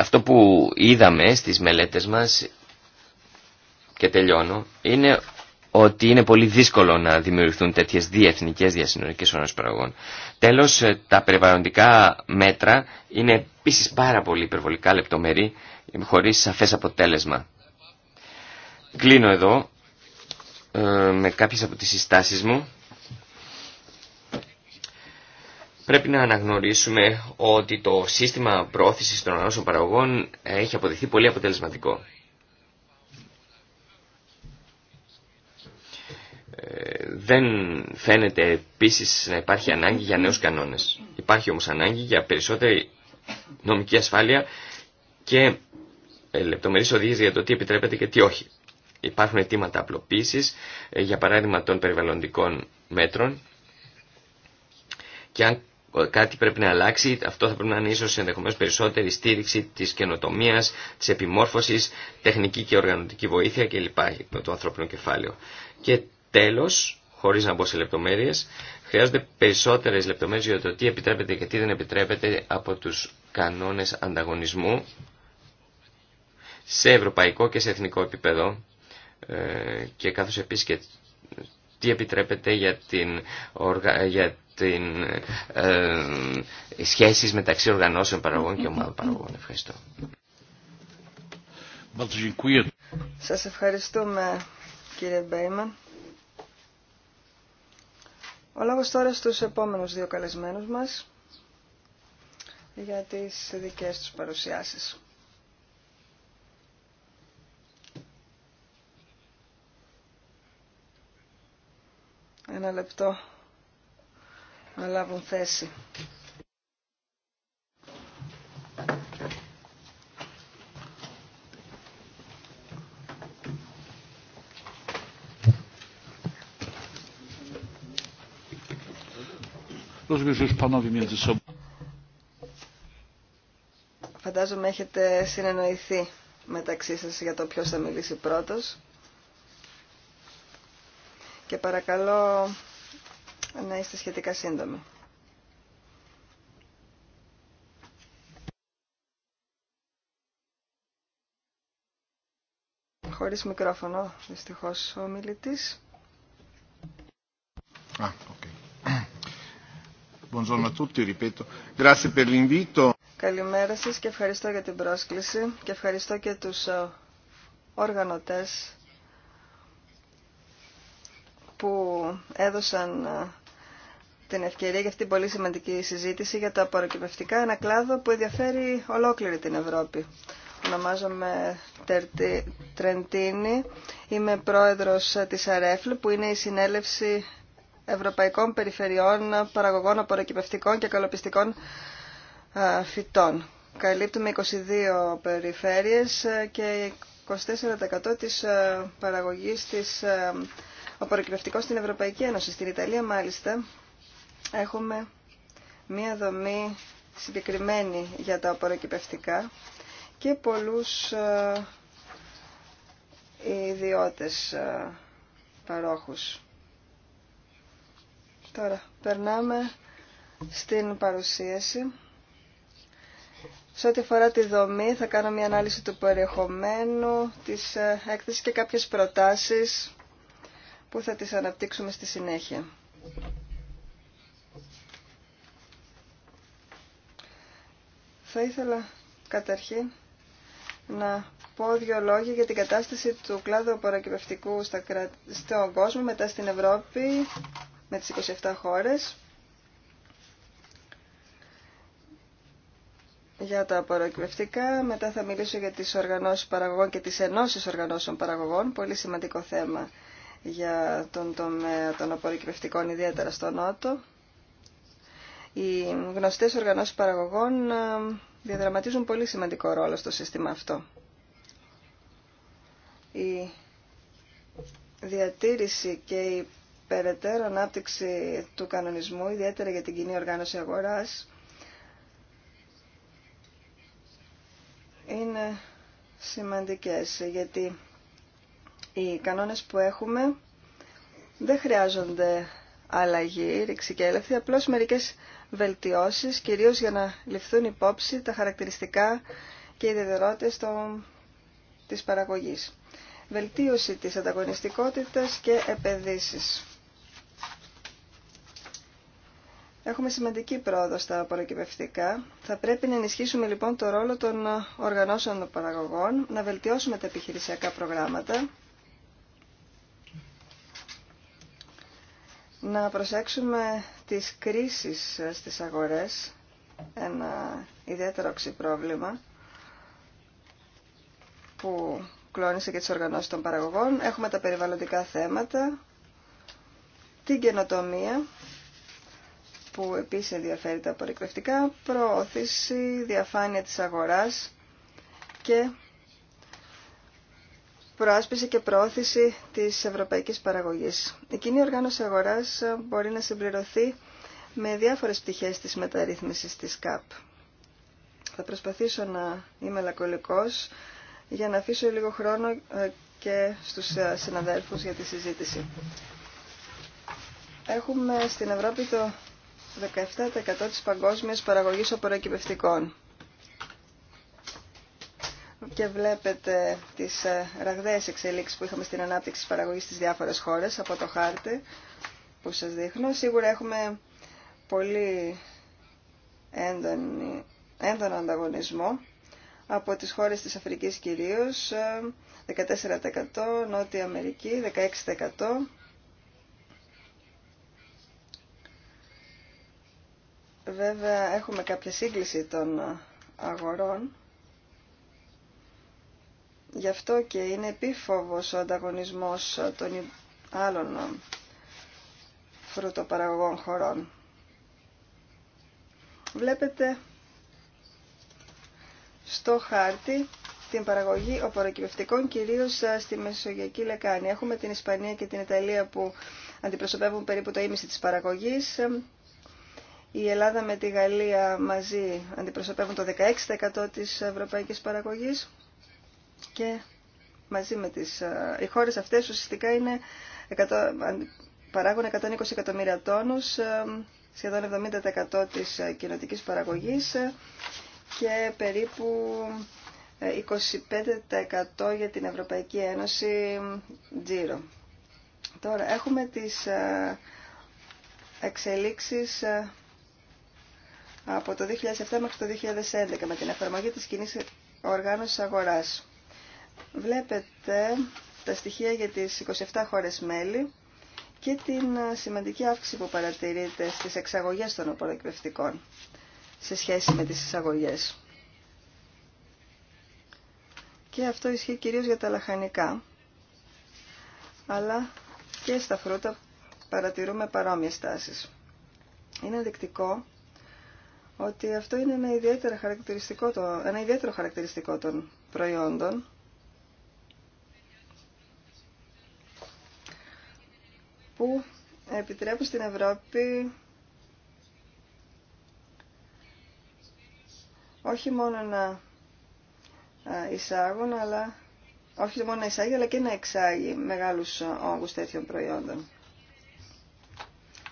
S3: αυτό που είδαμε στις μελέτες μας, και τελειώνω, είναι ότι είναι πολύ δύσκολο να δημιουργηθούν τέτοιες διεθνικές διασυνορικές οργανώσεις παραγωγών. Τέλος, ε, τα περιβαλλοντικά μέτρα είναι επίση πάρα πολύ υπερβολικά λεπτομερή, χωρίς σαφές αποτέλεσμα. Κλείνω εδώ ε, με κάποιες από τις συστάσεις μου. Πρέπει να αναγνωρίσουμε ότι το σύστημα προώθησης των ανάγνωσων παραγωγών έχει αποδειχθεί πολύ αποτελεσματικό. Ε, δεν φαίνεται επίσης να υπάρχει ανάγκη για νέους κανόνες. Υπάρχει όμως ανάγκη για περισσότερη νομική ασφάλεια και ε, λεπτομερής οδηγίες για το τι επιτρέπεται και τι όχι υπάρχουν αιτήματα απλοποίησης, ε, για παράδειγμα των περιβαλλοντικών μέτρων και αν ε, κάτι πρέπει να αλλάξει, αυτό θα πρέπει να είναι ίσως ενδεχομένως περισσότερη στήριξη της καινοτομίας, της επιμόρφωσης, τεχνική και οργανωτική βοήθεια κλπ. με το ανθρώπινο κεφάλαιο. Και τέλος, χωρίς να μπω σε λεπτομέρειες, χρειάζονται περισσότερες λεπτομέρειες για το τι επιτρέπεται και τι δεν επιτρέπεται από τους κανόνες ανταγωνισμού σε ευρωπαϊκό και σε εθνικό επίπεδο ε, και καθώς επίσης και τι επιτρέπεται για την, για την ε, ε, σχέσεις μεταξύ οργανώσεων παραγωγών και ομάδων παραγωγών.
S2: Ευχαριστώ.
S1: Σας ευχαριστούμε κύριε Μπέιμαν. Ο λόγος τώρα στους επόμενους δύο καλεσμένους μας για τις δικές τους παρουσιάσεις. ένα λεπτό να λάβουν θέση. Φαντάζομαι έχετε συνεννοηθεί μεταξύ σας για το ποιος θα μιλήσει πρώτος και παρακαλώ να είστε σχετικά σύντομοι. Χωρίς μικρόφωνο, δυστυχώς, ο μιλητής. Καλημέρα σας και ευχαριστώ για την πρόσκληση και ευχαριστώ και τους ε, οργανωτές που έδωσαν ε, την ευκαιρία για αυτή την πολύ σημαντική συζήτηση για τα απορροκυπευτικά ένα κλάδο που ενδιαφέρει ολόκληρη την Ευρώπη. Ονομάζομαι Τρεντίνη, είμαι πρόεδρος της ΑΡΕΦΛ που είναι η συνέλευση Ευρωπαϊκών Περιφερειών Παραγωγών Απορροκυπευτικών και Καλοπιστικών ε, Φυτών. Καλύπτουμε 22 περιφέρειες ε, και 24% της παραγωγής της ο απορροκυπευτικό στην Ευρωπαϊκή Ένωση. Στην Ιταλία μάλιστα έχουμε μία δομή συγκεκριμένη για τα απορροκυπευτικά και πολλούς ε, ιδιώτες ε, παρόχους. Τώρα, περνάμε στην παρουσίαση. Σε ό,τι αφορά τη δομή θα κάνω μια ανάλυση του περιεχομένου, της ε, έκθεσης και κάποιες προτάσεις που θα τις αναπτύξουμε στη συνέχεια. Θα ήθελα καταρχήν να πω δύο λόγια για την κατάσταση του κλάδου απορροκυπευτικού στον κόσμο, μετά στην Ευρώπη, με τις 27 χώρες. Για τα απορροκυπευτικά, μετά θα μιλήσω για τις οργανώσεις παραγωγών και τις ενώσεις οργανώσεων παραγωγών, πολύ σημαντικό θέμα για τον τομέα των απορρικρευτικών, ιδιαίτερα στο Νότο. Οι γνωστές οργανώσεις παραγωγών ε, διαδραματίζουν πολύ σημαντικό ρόλο στο σύστημα αυτό. Η διατήρηση και η περαιτέρω ανάπτυξη του κανονισμού, ιδιαίτερα για την κοινή οργάνωση αγοράς, είναι σημαντικές, γιατί οι κανόνες που έχουμε δεν χρειάζονται αλλαγή, ρηξικέλευθη, απλώς μερικές βελτιώσεις, κυρίως για να ληφθούν υπόψη τα χαρακτηριστικά και οι ιδιαιτερότητες της παραγωγής. Βελτίωση της ανταγωνιστικότητας και επενδύσεις. Έχουμε σημαντική πρόοδο στα προκυπευτικά. Θα πρέπει να ενισχύσουμε λοιπόν το ρόλο των οργανώσεων των παραγωγών, να βελτιώσουμε τα επιχειρησιακά προγράμματα να προσέξουμε τις κρίσεις στις αγορές, ένα ιδιαίτερο πρόβλημα που κλώνησε και τις οργανώσεις των παραγωγών. Έχουμε τα περιβαλλοντικά θέματα, την καινοτομία που επίσης ενδιαφέρει τα απορρικτευτικά, προώθηση, διαφάνεια της αγοράς και προάσπιση και προώθηση της ευρωπαϊκής παραγωγής. Η κοινή οργάνωση αγοράς ε, μπορεί να συμπληρωθεί με διάφορες πτυχές της μεταρρύθμισης της ΚΑΠ. Θα προσπαθήσω να είμαι λακολικός για να αφήσω λίγο χρόνο ε, και στους ε, συναδέλφους για τη συζήτηση. Έχουμε στην Ευρώπη το 17% της παγκόσμιας παραγωγής απορροκυπευτικών και βλέπετε τις ε, ραγδαίες εξελίξεις που είχαμε στην ανάπτυξη της παραγωγής στις διάφορες χώρες από το χάρτη που σας δείχνω. Σίγουρα έχουμε πολύ έντονη, έντονο ανταγωνισμό από τις χώρες της Αφρικής κυρίως 14%, ε, Νότια Αμερική 16%. Βέβαια έχουμε κάποια σύγκληση των αγορών Γι' αυτό και είναι επίφοβος ο ανταγωνισμός των άλλων φρουτοπαραγωγών χωρών. Βλέπετε στο χάρτη την παραγωγή οποροκυπευτικών κυρίως ε, στη Μεσογειακή Λεκάνη. Έχουμε την Ισπανία και την Ιταλία που αντιπροσωπεύουν περίπου το ίμιση της παραγωγής. Η Ελλάδα με τη Γαλλία μαζί αντιπροσωπεύουν το 16% της ευρωπαϊκής παραγωγής και μαζί με τις... Ε, οι χώρες αυτές ουσιαστικά είναι παράγουν 120 εκατομμύρια τόνους, ε, σχεδόν 70% της ε, κοινοτικής παραγωγής και περίπου 25% για την Ευρωπαϊκή Ένωση τζίρο. Τώρα έχουμε τις εξελίξεις από το 2007 μέχρι το 2011 με την εφαρμογή της κοινή οργάνωσης αγοράς βλέπετε τα στοιχεία για τις 27 χώρες μέλη και την ε, σημαντική αύξηση που παρατηρείται στις εξαγωγές των απορροκυπευτικών σε σχέση με τις εισαγωγές. Και αυτό ισχύει κυρίως για τα λαχανικά, αλλά και στα φρούτα παρατηρούμε παρόμοιες τάσεις. Είναι ενδεικτικό ότι αυτό είναι ένα ιδιαίτερο χαρακτηριστικό, ένα ιδιαίτερο χαρακτηριστικό των προϊόντων που επιτρέπουν στην Ευρώπη όχι μόνο να εισάγουν, αλλά όχι μόνο να εισάγει, αλλά και να εξάγει μεγάλους όγκους τέτοιων προϊόντων.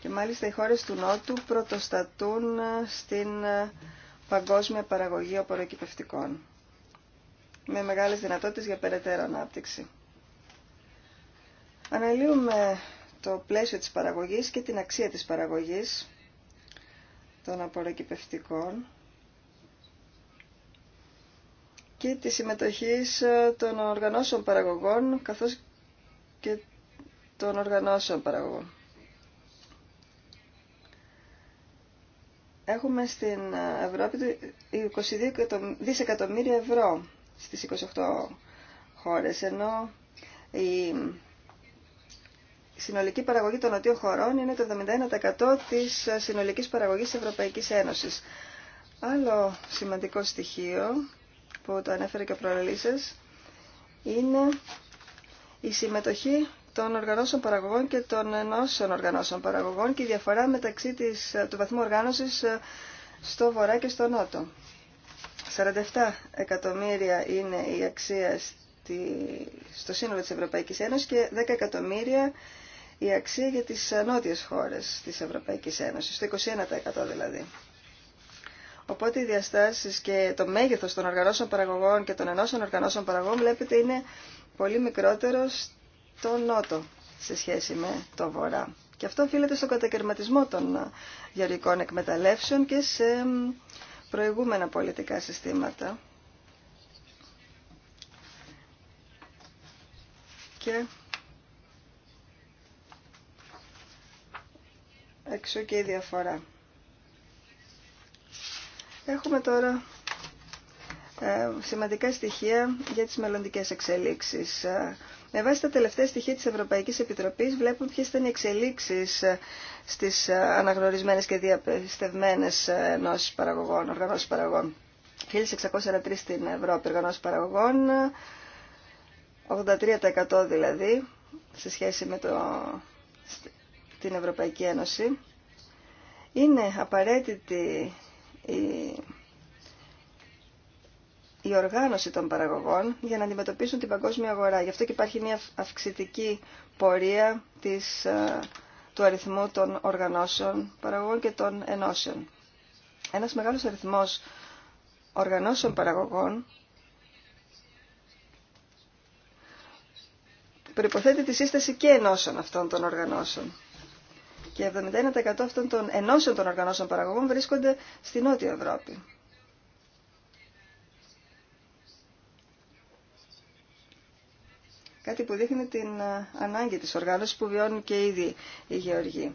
S1: Και μάλιστα οι χώρες του Νότου πρωτοστατούν στην παγκόσμια παραγωγή απορροκυπευτικών με μεγάλες δυνατότητες για περαιτέρω ανάπτυξη. Αναλύουμε το πλαίσιο της παραγωγής και την αξία της παραγωγής των απορροκυπευτικών και τη συμμετοχή ε, των οργανώσεων παραγωγών καθώς και των οργανώσεων παραγωγών. Έχουμε στην ε, Ευρώπη 22 δισεκατομμύρια ευρώ στις 28 χώρες, ενώ η συνολική παραγωγή των νοτίων χωρών είναι το 71% της ε, συνολικής παραγωγής της Ευρωπαϊκής Ένωσης. Άλλο σημαντικό στοιχείο που το ανέφερε και ο προελίσσας είναι η συμμετοχή των οργανώσεων παραγωγών και των ενώσεων οργανώσεων παραγωγών και η διαφορά μεταξύ της, ε, του βαθμού οργάνωσης ε, στο βορρά και στο νότο. 47 εκατομμύρια είναι η αξία στη, στο σύνολο της Ευρωπαϊκής Ένωσης και 10 εκατομμύρια η αξία για τις νότιες χώρες της Ευρωπαϊκής Ένωσης, το 21% δηλαδή. Οπότε οι διαστάσεις και το μέγεθος των οργανώσεων παραγωγών και των ενώσεων οργανώσεων παραγωγών βλέπετε είναι πολύ μικρότερο στο νότο σε σχέση με το βορρά. Και αυτό οφείλεται στον κατακαιρματισμό των γεωργικών εκμεταλλεύσεων και σε προηγούμενα πολιτικά συστήματα. Και Εξού και η διαφορά. Έχουμε τώρα ε, σημαντικά στοιχεία για τις μελλοντικές εξελίξεις. Ε, με βάση τα τελευταία στοιχεία της Ευρωπαϊκής Επιτροπής βλέπουμε ποιες ήταν οι εξελίξεις ε, στις αναγνωρισμένες και διαπιστευμένες ενώσεις παραγωγών, οργανώσεις παραγωγών. 1643 στην Ευρώπη οργανώσεις παραγωγών, 83% δηλαδή, σε σχέση με το την Ευρωπαϊκή Ένωση, είναι απαραίτητη η, οργάνωση των παραγωγών για να αντιμετωπίσουν την παγκόσμια αγορά. Γι' αυτό και υπάρχει μια αυξητική πορεία της, του αριθμού των οργανώσεων παραγωγών και των ενώσεων. Ένας μεγάλος αριθμός οργανώσεων παραγωγών προϋποθέτει τη σύσταση και ενώσεων αυτών των οργανώσεων και 71% αυτών των ενώσεων των οργανώσεων παραγωγών βρίσκονται στη Νότια Ευρώπη. Κάτι που δείχνει την ε, ανάγκη της οργάνωσης που βιώνουν και ήδη οι γεωργοί.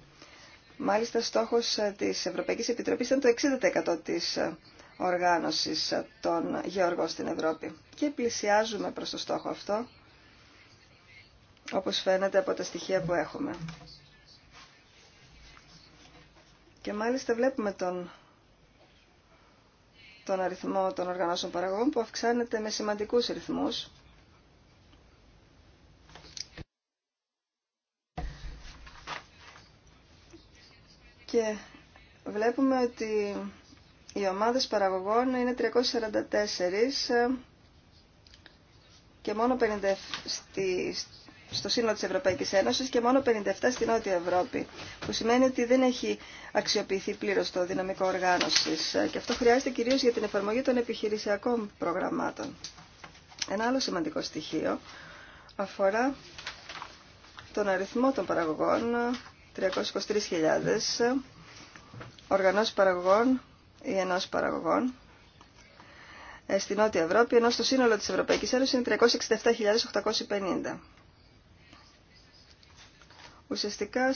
S1: Μάλιστα, στόχος ε, της Ευρωπαϊκής Επιτροπής ήταν το 60% της ε, οργάνωσης των γεωργών στην Ευρώπη. Και πλησιάζουμε προς το στόχο αυτό, όπως φαίνεται από τα στοιχεία που έχουμε. Και μάλιστα βλέπουμε τον, τον αριθμό των οργανώσεων παραγωγών που αυξάνεται με σημαντικούς ρυθμούς. Και βλέπουμε ότι οι ομάδες παραγωγών είναι 344 ε, και μόνο 50, στη, στο σύνολο της Ευρωπαϊκής Ένωσης και μόνο 57 στην Νότια Ευρώπη, που σημαίνει ότι δεν έχει αξιοποιηθεί πλήρως το δυναμικό οργάνωσης και αυτό χρειάζεται κυρίως για την εφαρμογή των επιχειρησιακών προγραμμάτων. Ένα άλλο σημαντικό στοιχείο αφορά τον αριθμό των παραγωγών, 323.000, οργανώσεις παραγωγών ή ενός παραγωγών, ε, στην Νότια Ευρώπη, ενώ στο σύνολο της Ευρωπαϊκής Ένωσης είναι 367.850. Ουσιαστικά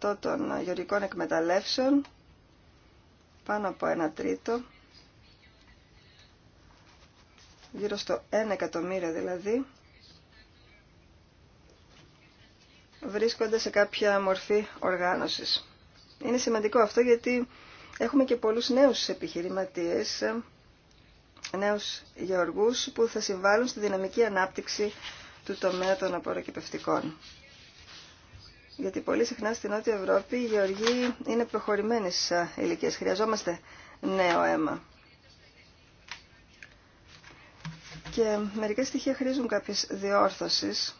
S1: 40% των γεωργικών εκμεταλλεύσεων, πάνω από ένα τρίτο, γύρω στο 1 εκατομμύριο δηλαδή, βρίσκονται σε κάποια μορφή οργάνωσης. Είναι σημαντικό αυτό γιατί έχουμε και πολλούς νέους επιχειρηματίες, νέους γεωργούς που θα συμβάλλουν στη δυναμική ανάπτυξη του τομέα των απορροκυπευτικών. Γιατί πολύ συχνά στην Νότια Ευρώπη οι γεωργοί είναι στις ηλικίες. Χρειαζόμαστε νέο αίμα. Και μερικά στοιχεία χρήζουν κάποιες διόρθωσεις,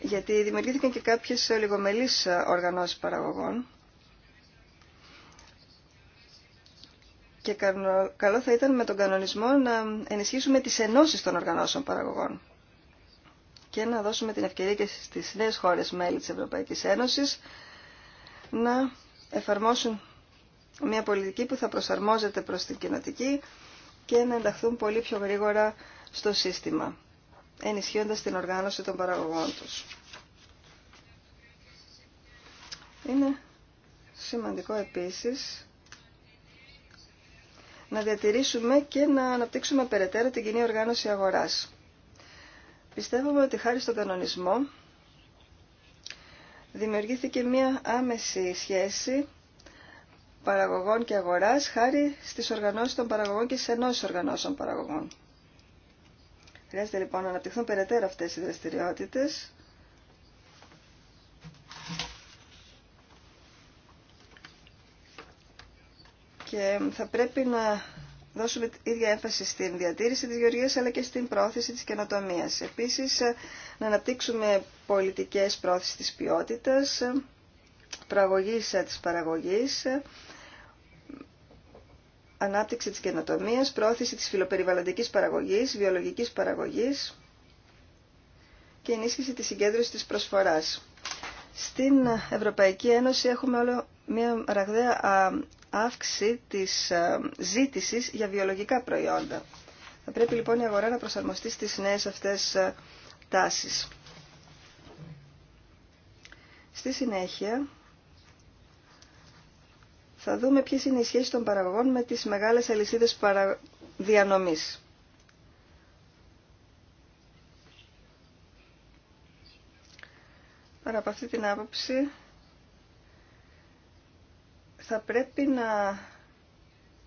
S1: γιατί δημιουργήθηκαν και κάποιες ολιγομελείς οργανώσεις παραγωγών. Και καλό θα ήταν με τον κανονισμό να ενισχύσουμε τις ενώσεις των οργανώσεων παραγωγών και να δώσουμε την ευκαιρία και στις νέες χώρες μέλη της Ευρωπαϊκής Ένωσης να εφαρμόσουν μια πολιτική που θα προσαρμόζεται προς την κοινοτική και να ενταχθούν πολύ πιο γρήγορα στο σύστημα, ενισχύοντας την οργάνωση των παραγωγών τους. Είναι σημαντικό επίσης να διατηρήσουμε και να αναπτύξουμε περαιτέρω την κοινή οργάνωση αγοράς. Πιστεύουμε ότι χάρη στον κανονισμό δημιουργήθηκε μία άμεση σχέση παραγωγών και αγοράς χάρη στις οργανώσεις των παραγωγών και στις ενώσεις οργανώσεων παραγωγών. Χρειάζεται λοιπόν να αναπτυχθούν περαιτέρω αυτές οι δραστηριότητες και θα πρέπει να δώσουμε ίδια έμφαση στην διατήρηση της γεωργίας αλλά και στην πρόθεση της καινοτομίας. Επίσης, ε, να αναπτύξουμε πολιτικές πρόθεσης της ποιότητας, ε, προαγωγής ε, της παραγωγής, ανάπτυξη της καινοτομίας, πρόθεση της φιλοπεριβαλλοντικής παραγωγής, βιολογικής παραγωγής και ενίσχυση της συγκέντρωσης της προσφοράς. Στην Ευρωπαϊκή Ένωση έχουμε όλο μια ραγδαία αύξηση της ε, ζήτησης για βιολογικά προϊόντα. Θα πρέπει λοιπόν η αγορά να προσαρμοστεί στις νέες αυτές ε, τάσεις. Στη συνέχεια θα δούμε ποιες είναι οι σχέσεις των παραγωγών με τις μεγάλες αλυσίδες διανομής. Άρα από αυτή την άποψη θα πρέπει να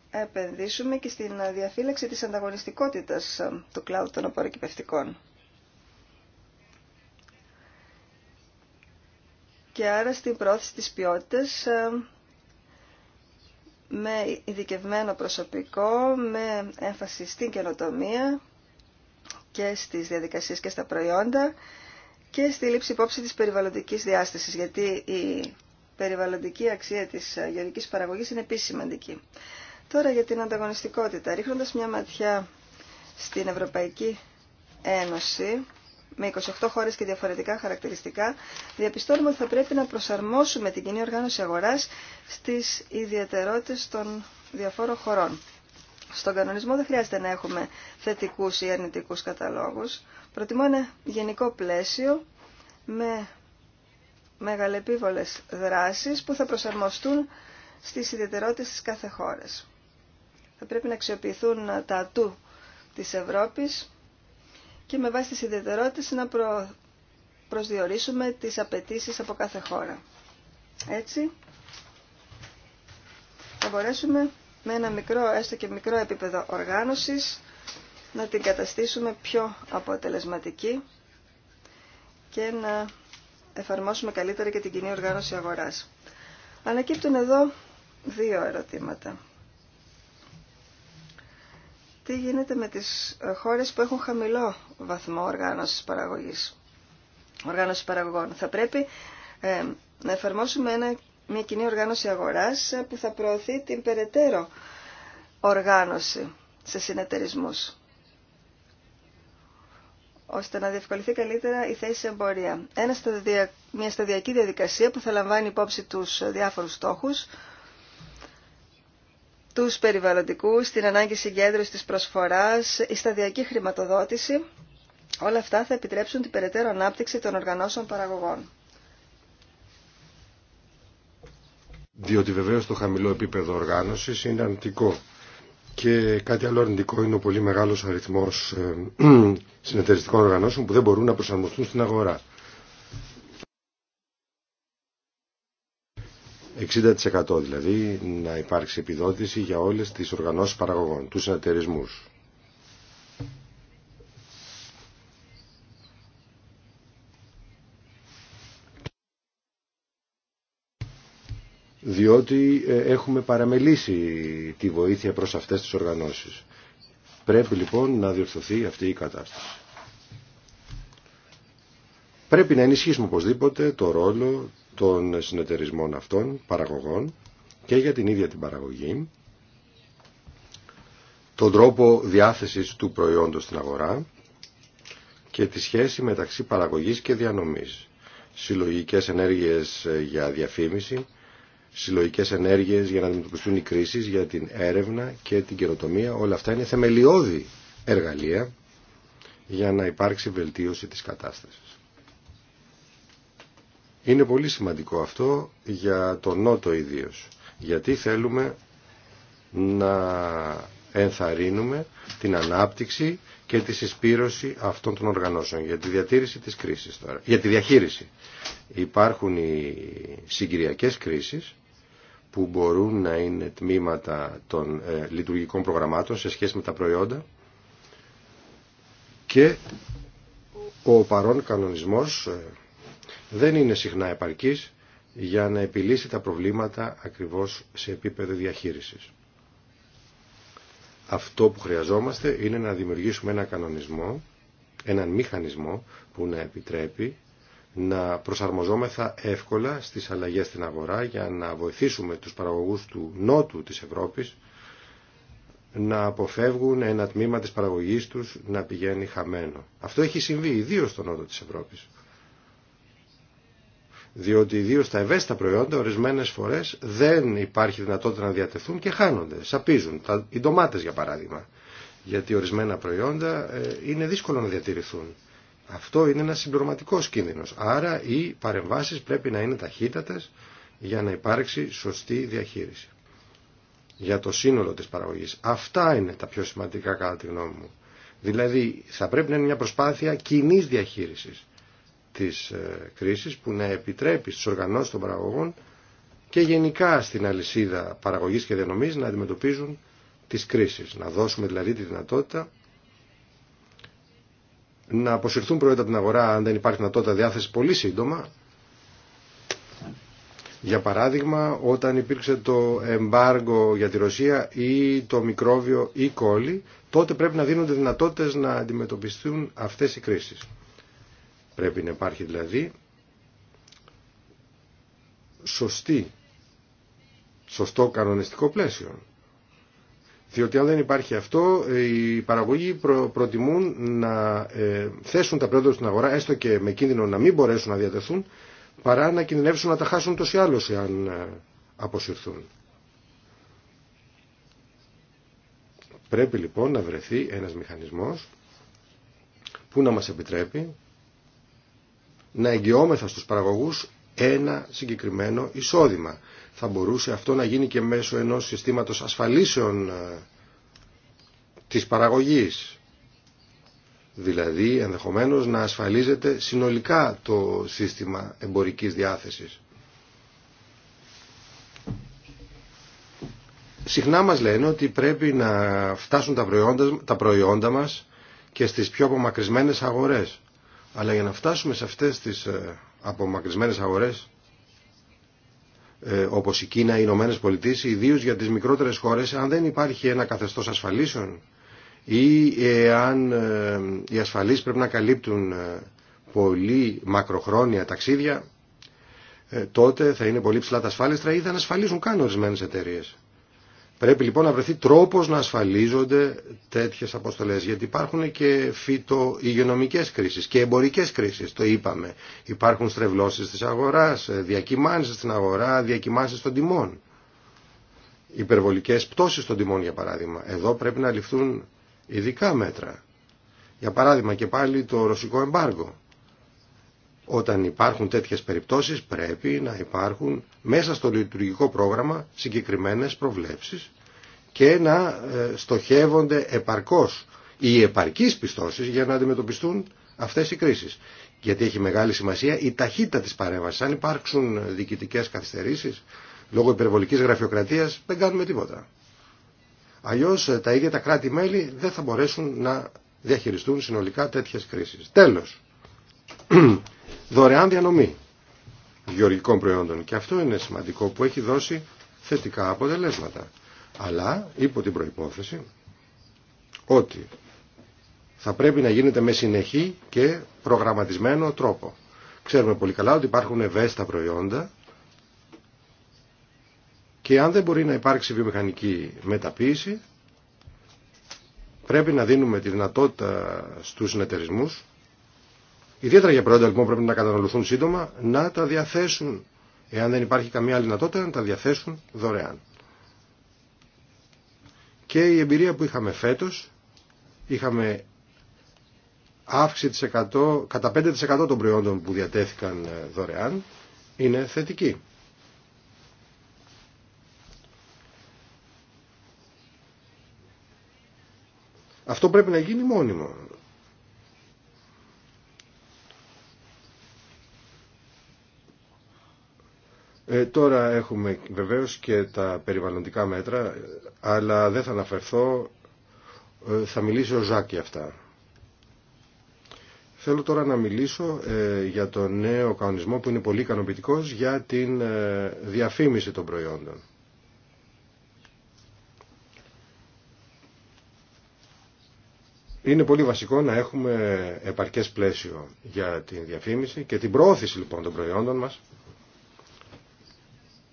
S1: επενδύσουμε και στην διαφύλαξη της ανταγωνιστικότητας ε, του κλάδου των απορροκυπευτικών. Και άρα στην πρόθεση της ποιότητας ε, με ειδικευμένο προσωπικό, με έμφαση στην καινοτομία και στις διαδικασίες και στα προϊόντα και στη λήψη υπόψη της περιβαλλοντικής διάστασης, γιατί η περιβαλλοντική αξία της ε, γεωργικής παραγωγής είναι επίσης σημαντική. Τώρα για την ανταγωνιστικότητα. Ρίχνοντας μια ματιά στην Ευρωπαϊκή Ένωση, με 28 χώρες και διαφορετικά χαρακτηριστικά, διαπιστώνουμε ότι θα πρέπει να προσαρμόσουμε την κοινή οργάνωση αγοράς στις ιδιαιτερότητες των διαφόρων χωρών. Στον κανονισμό δεν χρειάζεται να έχουμε θετικούς ή αρνητικούς καταλόγους. Προτιμώ ένα γενικό πλαίσιο με μεγαλεπίβολες δράσεις που θα προσαρμοστούν στις ιδιαιτερότητες της κάθε χώρας. Θα πρέπει να αξιοποιηθούν τα ατού της Ευρώπης και με βάση τις ιδιαιτερότητες να προσδιορίσουμε τις απαιτήσει από κάθε χώρα. Έτσι θα μπορέσουμε με ένα μικρό, έστω και μικρό επίπεδο οργάνωσης να την καταστήσουμε πιο αποτελεσματική και να εφαρμόσουμε καλύτερα και την κοινή οργάνωση αγοράς. Ανακύπτουν εδώ δύο ερωτήματα. Τι γίνεται με τις χώρες που έχουν χαμηλό βαθμό οργάνωσης παραγωγής, οργάνωση παραγωγών. Θα πρέπει ε, να εφαρμόσουμε ένα, μια κοινή οργάνωση αγοράς ε, που θα προωθεί την περαιτέρω οργάνωση σε συνεταιρισμούς ώστε να διευκολυθεί καλύτερα η θέση σε εμπορία. Ένα Μια σταδιακή διαδικασία που θα λαμβάνει υπόψη τους διάφορους στόχους, τους περιβαλλοντικούς, την ανάγκη συγκέντρωσης της προσφοράς, η σταδιακή χρηματοδότηση, όλα αυτά θα επιτρέψουν την περαιτέρω ανάπτυξη των οργανώσεων παραγωγών.
S2: Διότι βεβαίως το χαμηλό επίπεδο οργάνωσης είναι αρνητικό και κάτι άλλο αρνητικό είναι ο πολύ μεγάλος αριθμός ε, [clears throat] συνεταιριστικών οργανώσεων που δεν μπορούν να προσαρμοστούν στην αγορά. 60% δηλαδή να υπάρξει επιδότηση για όλες τις οργανώσεις παραγωγών, τους συνεταιρισμούς. διότι ε, έχουμε παραμελήσει τη βοήθεια προς αυτές τις οργανώσεις. Πρέπει λοιπόν να διορθωθεί αυτή η κατάσταση. Πρέπει να ενισχύσουμε οπωσδήποτε το ρόλο των συνεταιρισμών αυτών, παραγωγών και για την ίδια την παραγωγή, τον τρόπο διάθεσης του προϊόντος στην αγορά και τη σχέση μεταξύ παραγωγής και διανομής, συλλογικές ενέργειες ε, για διαφήμιση συλλογικές ενέργειες για να αντιμετωπιστούν οι κρίσει για την έρευνα και την καινοτομία. Όλα αυτά είναι θεμελιώδη εργαλεία για να υπάρξει βελτίωση της κατάστασης. Είναι πολύ σημαντικό αυτό για τον Νότο ιδίω. γιατί θέλουμε να ενθαρρύνουμε την ανάπτυξη και τη συσπήρωση αυτών των οργανώσεων για τη διατήρηση της κρίσης τώρα, για τη διαχείριση. Υπάρχουν οι συγκυριακές κρίσεις που μπορούν να είναι τμήματα των ε, λειτουργικών προγραμμάτων σε σχέση με τα προϊόντα και ο παρόν κανονισμός ε, δεν είναι συχνά επαρκής για να επιλύσει τα προβλήματα ακριβώς σε επίπεδο διαχείρισης. Αυτό που χρειαζόμαστε είναι να δημιουργήσουμε ένα κανονισμό, έναν μηχανισμό που να επιτρέπει να προσαρμοζόμεθα εύκολα στις αλλαγές στην αγορά για να βοηθήσουμε τους παραγωγούς του νότου της Ευρώπης να αποφεύγουν ένα τμήμα της παραγωγής τους να πηγαίνει χαμένο. Αυτό έχει συμβεί ιδίω στο νότο της Ευρώπης. Διότι ιδίω τα ευαίσθητα προϊόντα ορισμένε φορέ δεν υπάρχει δυνατότητα να διατεθούν και χάνονται, σαπίζουν. Τα, οι ντομάτε για παράδειγμα. Γιατί ορισμένα προϊόντα ε, είναι δύσκολο να διατηρηθούν. Αυτό είναι ένα συμπληρωματικό κίνδυνο. Άρα οι παρεμβάσει πρέπει να είναι ταχύτατε για να υπάρξει σωστή διαχείριση. Για το σύνολο τη παραγωγή. Αυτά είναι τα πιο σημαντικά κατά τη γνώμη μου. Δηλαδή θα πρέπει να είναι μια προσπάθεια κοινή διαχείριση τη ε, κρίση που να επιτρέπει στι οργανώσει των παραγωγών και γενικά στην αλυσίδα παραγωγή και διανομή να αντιμετωπίζουν τι κρίσει, Να δώσουμε δηλαδή τη δυνατότητα να αποσυρθούν προϊόντα από την αγορά αν δεν υπάρχει δυνατότητα διάθεση πολύ σύντομα. Για παράδειγμα, όταν υπήρξε το εμπάργκο για τη Ρωσία ή το μικρόβιο ή κόλλη, τότε πρέπει να δίνονται δυνατότητες να αντιμετωπιστούν αυτές οι κρίσεις. Πρέπει να υπάρχει δηλαδή σωστή, σωστό κανονιστικό πλαίσιο. Διότι αν δεν υπάρχει αυτό, οι παραγωγοί προτιμούν να ε, θέσουν τα προϊόντα στην αγορά, έστω και με κίνδυνο να μην μπορέσουν να διατεθούν, παρά να κινδυνεύσουν να τα χάσουν τόσοι άλλους εάν ε, αποσυρθούν. Πρέπει λοιπόν να βρεθεί ένας μηχανισμός που να μας επιτρέπει να εγγυόμεθα στους παραγωγούς ένα συγκεκριμένο εισόδημα. Θα μπορούσε αυτό να γίνει και μέσω ενός συστήματος ασφαλίσεων ε, της παραγωγής. Δηλαδή ενδεχομένως να ασφαλίζεται συνολικά το σύστημα εμπορικής διάθεσης. Συχνά μας λένε ότι πρέπει να φτάσουν τα προϊόντα, τα προϊόντα μας και στις πιο απομακρυσμένες αγορές. Αλλά για να φτάσουμε σε αυτές τις ε, απομακρυσμένες αγορές ε, όπως η Κίνα, οι Ηνωμένε Πολιτείε, ιδίως για τις μικρότερες χώρες, αν δεν υπάρχει ένα καθεστώς ασφαλίσεων ή ε, αν ε, οι ασφαλείς πρέπει να καλύπτουν πολύ μακροχρόνια ταξίδια, τότε θα είναι πολύ ψηλά τα ασφάλιστρα ή δεν ασφαλίζουν καν ορισμένε εταιρείε. Πρέπει λοιπόν να βρεθεί τρόπος να ασφαλίζονται τέτοιε αποστολέ γιατί υπάρχουν και φυτο-υγειονομικές κρίσεις και εμπορικές κρίσεις, το είπαμε. Υπάρχουν στρεβλώσεις τη αγορά, ε, διακυμάνσει στην αγορά, διακυμάνσει των τιμών. Υπερβολικές πτώσεις των τιμών, για παράδειγμα. Εδώ πρέπει να ληφθούν ειδικά μέτρα. Για παράδειγμα και πάλι το ρωσικό εμπάργο. Όταν υπάρχουν τέτοιες περιπτώσεις πρέπει να υπάρχουν μέσα στο λειτουργικό πρόγραμμα συγκεκριμένες προβλέψεις και να ε, στοχεύονται επαρκώς οι επαρκείς πιστώσεις για να αντιμετωπιστούν αυτές οι κρίσεις. Γιατί έχει μεγάλη σημασία η ταχύτητα της παρέμβασης. Αν υπάρξουν διοικητικές καθυστερήσεις λόγω υπερβολικής γραφειοκρατίας δεν κάνουμε τίποτα. Αλλιώς ε, τα ίδια τα κράτη-μέλη δεν θα μπορέσουν να διαχειριστούν συνολικά τέτοιες κρίσεις. Τέλος, [clears throat] δωρεάν διανομή γεωργικών προϊόντων. Και αυτό είναι σημαντικό που έχει δώσει θετικά αποτελέσματα. Αλλά υπό την προϋπόθεση ότι θα πρέπει να γίνεται με συνεχή και προγραμματισμένο τρόπο. Ξέρουμε πολύ καλά ότι υπάρχουν ευαίσθητα προϊόντα και αν δεν μπορεί να υπάρξει βιομηχανική μεταποίηση πρέπει να δίνουμε τη δυνατότητα στους συνεταιρισμούς ιδιαίτερα για προϊόντα λοιπόν πρέπει να καταναλωθούν σύντομα, να τα διαθέσουν, εάν δεν υπάρχει καμία άλλη δυνατότητα, να τα διαθέσουν δωρεάν. Και η εμπειρία που είχαμε φέτος, είχαμε αύξηση κατά 5% των προϊόντων που διατέθηκαν ε, δωρεάν, είναι θετική. Αυτό πρέπει να γίνει μόνιμο. Ε, τώρα έχουμε βεβαίως και τα περιβαλλοντικά μέτρα, αλλά δεν θα αναφερθώ, ε, θα μιλήσει ο Ζάκη αυτά. Θέλω τώρα να μιλήσω ε, για το νέο κανονισμό που είναι πολύ ικανοποιητικό για την διαφήμιση των προϊόντων. Είναι πολύ βασικό να έχουμε επαρκές πλαίσιο για την διαφήμιση και την προώθηση λοιπόν των προϊόντων μας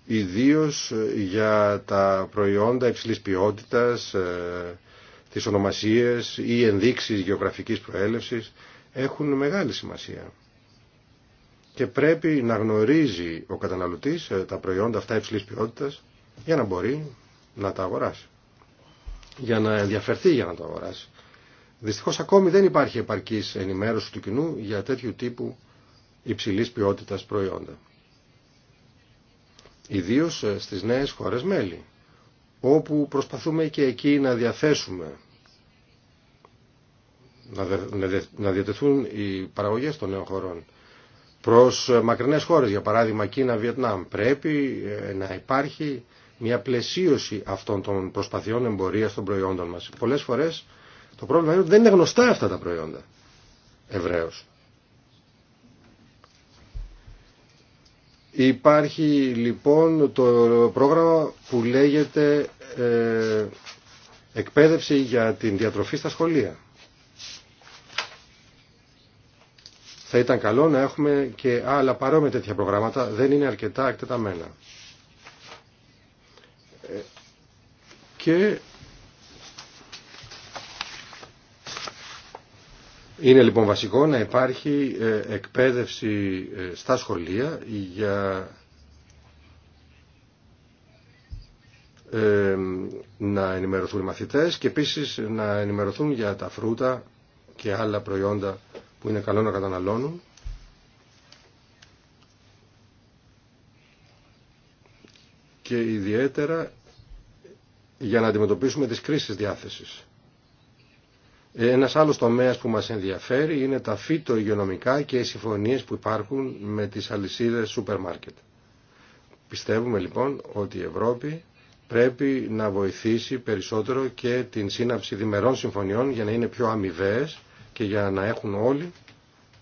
S2: ιδίως ε, για τα προϊόντα υψηλής ποιότητας, ε, τις ονομασίες ή ενδείξεις γεωγραφικής προέλευσης έχουν μεγάλη σημασία. Και πρέπει να γνωρίζει ο καταναλωτής ε, τα προϊόντα αυτά υψηλής ποιότητας για να μπορεί να τα αγοράσει. Για να ενδιαφερθεί για να τα αγοράσει. Δυστυχώς ακόμη δεν υπάρχει επαρκής ενημέρωση του κοινού για τέτοιου τύπου υψηλής ποιότητας προϊόντα ιδίως ε, στις νέες χώρες μέλη, όπου προσπαθούμε και εκεί να διαθέσουμε, να διατεθούν οι παραγωγές των νέων χωρών προς ε, μακρινές χώρες, για παράδειγμα Κίνα, Βιετνάμ. Πρέπει ε, να υπάρχει μια πλαισίωση αυτών των προσπαθειών εμπορίας των προϊόντων μας. Πολλές φορές το πρόβλημα είναι ότι δεν είναι γνωστά αυτά τα προϊόντα ευραίως. Υπάρχει λοιπόν το πρόγραμμα που λέγεται ε, εκπαίδευση για την διατροφή στα σχολεία. Θα ήταν καλό να έχουμε και άλλα παρόμοια τέτοια προγράμματα, δεν είναι αρκετά εκτεταμένα. Ε, και Είναι λοιπόν βασικό να υπάρχει ε, εκπαίδευση ε, στα σχολεία για ε, να ενημερωθούν οι μαθητές και επίσης να ενημερωθούν για τα φρούτα και άλλα προϊόντα που είναι καλό να καταναλώνουν. Και ιδιαίτερα για να αντιμετωπίσουμε τις κρίσεις διάθεσης. Ένας άλλος τομέας που μας ενδιαφέρει είναι τα φυτο και οι συμφωνίες που υπάρχουν με τις αλυσίδες σούπερ μάρκετ. Πιστεύουμε λοιπόν ότι η Ευρώπη πρέπει να βοηθήσει περισσότερο και την σύναψη διμερών συμφωνιών για να είναι πιο αμοιβαίε και για να έχουν όλοι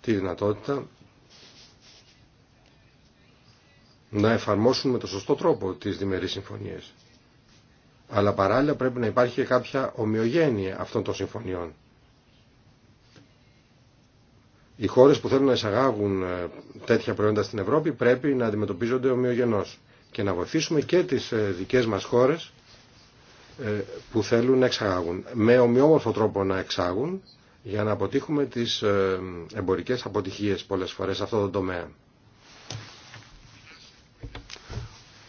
S2: τη δυνατότητα να εφαρμόσουν με το σωστό τρόπο τις διμερείς συμφωνίες. Αλλά παράλληλα πρέπει να υπάρχει και κάποια ομοιογένεια αυτών των συμφωνιών. Οι χώρες που θέλουν να εισαγάγουν ε, τέτοια προϊόντα στην Ευρώπη πρέπει να αντιμετωπίζονται ομοιογενώς και να βοηθήσουμε και τις ε, δικές μας χώρες ε, που θέλουν να εξαγάγουν. Με ομοιόμορφο τρόπο να εξάγουν για να αποτύχουμε τις εμπορικές αποτυχίες πολλές φορές σε αυτό το τομέα.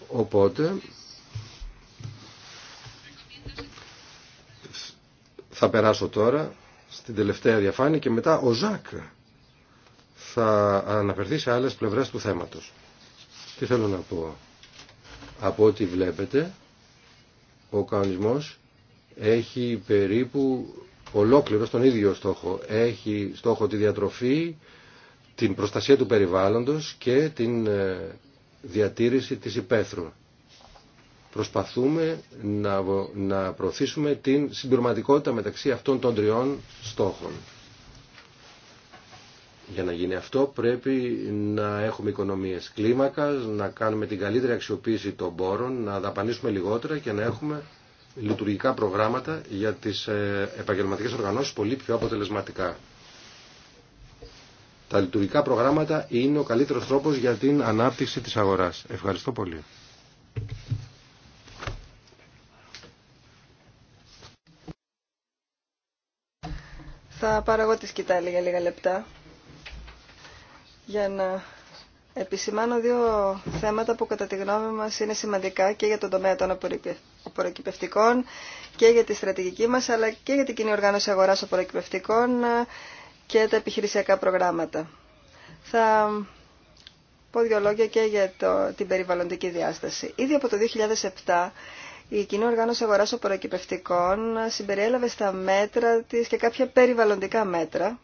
S2: Οπότε θα περάσω τώρα στην τελευταία διαφάνεια και μετά ο Ζακ θα αναφερθεί σε άλλες πλευρές του θέματος. Τι θέλω να πω. Από ό,τι βλέπετε, ο κανονισμός έχει περίπου ολόκληρο τον ίδιο στόχο. Έχει στόχο τη διατροφή, την προστασία του περιβάλλοντος και την ε, διατήρηση της υπαίθρου. Προσπαθούμε να προωθήσουμε την συμπληρωματικότητα μεταξύ αυτών των τριών στόχων. Για να γίνει αυτό πρέπει να έχουμε οικονομίες κλίμακας, να κάνουμε την καλύτερη αξιοποίηση των πόρων, να δαπανίσουμε λιγότερα και να έχουμε λειτουργικά προγράμματα για τις ε, επαγγελματικές οργανώσεις πολύ πιο αποτελεσματικά. Τα λειτουργικά προγράμματα είναι ο καλύτερος τρόπος για την ανάπτυξη της αγοράς. Ευχαριστώ πολύ.
S1: Θα παραγώ τη σκητάλη για λίγα λεπτά για να επισημάνω δύο θέματα που κατά τη γνώμη μας είναι σημαντικά και για τον τομέα των απορροκυπευτικών και για τη στρατηγική μας αλλά και για την κοινή οργάνωση αγοράς απορροκυπευτικών ε, και τα επιχειρησιακά προγράμματα. Θα πω δύο λόγια και για το, την περιβαλλοντική διάσταση. Ήδη από το 2007 η κοινή οργάνωση αγοράς απορροκυπευτικών ε, συμπεριέλαβε στα μέτρα της και κάποια περιβαλλοντικά μέτρα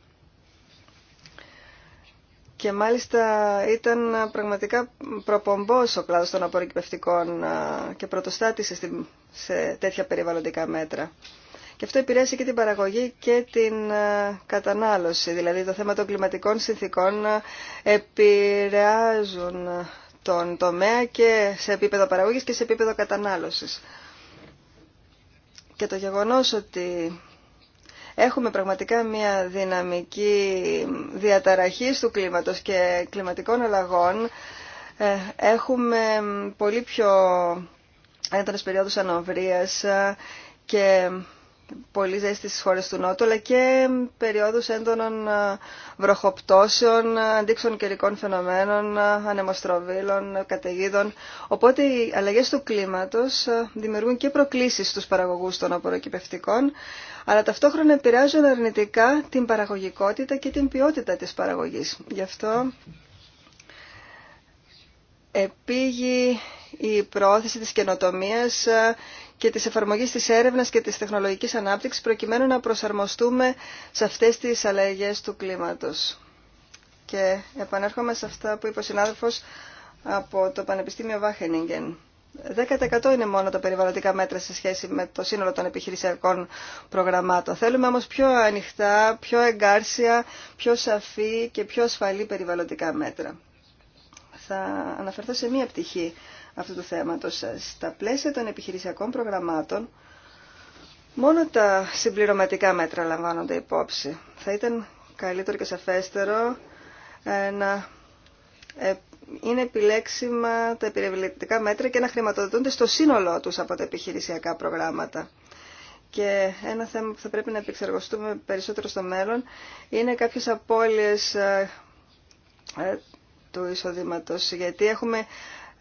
S1: και μάλιστα ήταν πραγματικά προπομπός ο κλάδος των απορροκυπευτικών και πρωτοστάτησε σε τέτοια περιβαλλοντικά μέτρα. Και αυτό επηρέασε και την παραγωγή και την κατανάλωση. Δηλαδή το θέμα των κλιματικών συνθήκων επηρεάζουν τον τομέα και σε επίπεδο παραγωγής και σε επίπεδο κατανάλωσης. Και το γεγονός ότι έχουμε πραγματικά μια δυναμική διαταραχή του κλίματος και κλιματικών αλλαγών, ε, έχουμε πολύ πιο έντονες περιόδους ανοβρίας ε, και πολύ ζέστη στις χώρες του Νότου, αλλά και περιόδους έντονων ε, βροχοπτώσεων, ε, αντίξεων καιρικών φαινομένων, ε, ανεμοστροβίλων, καταιγίδων. Οπότε οι αλλαγές του κλίματος δημιουργούν και προκλήσεις στους παραγωγούς των απορροκυπευτικών, αλλά ταυτόχρονα επηρεάζουν αρνητικά την παραγωγικότητα και την ποιότητα της παραγωγής. Γι' αυτό επήγει η πρόθεση της καινοτομίας και της εφαρμογής της έρευνας και της τεχνολογικής ανάπτυξης προκειμένου να προσαρμοστούμε σε αυτές τις αλλαγές του κλίματος. Και επανέρχομαι σε αυτά που είπε ο συνάδελφος από το Πανεπιστήμιο Βάχενιγκεν. 10% είναι μόνο τα περιβαλλοντικά μέτρα σε σχέση με το σύνολο των επιχειρησιακών προγραμμάτων. Θέλουμε όμως πιο ανοιχτά, πιο εγκάρσια, πιο σαφή και πιο ασφαλή περιβαλλοντικά μέτρα. Θα αναφερθώ σε μία πτυχή αυτού του θέματος. Στα πλαίσια των επιχειρησιακών προγραμμάτων, μόνο τα συμπληρωματικά μέτρα λαμβάνονται υπόψη. Θα ήταν καλύτερο και σαφέστερο ε, να ε, είναι επιλέξιμα τα επιρρεβλητικά μέτρα και να χρηματοδοτούνται στο σύνολό τους από τα επιχειρησιακά προγράμματα. Και ένα θέμα που θα πρέπει να επεξεργαστούμε περισσότερο στο μέλλον είναι κάποιες απώλειες ε, του εισοδήματος, γιατί έχουμε 25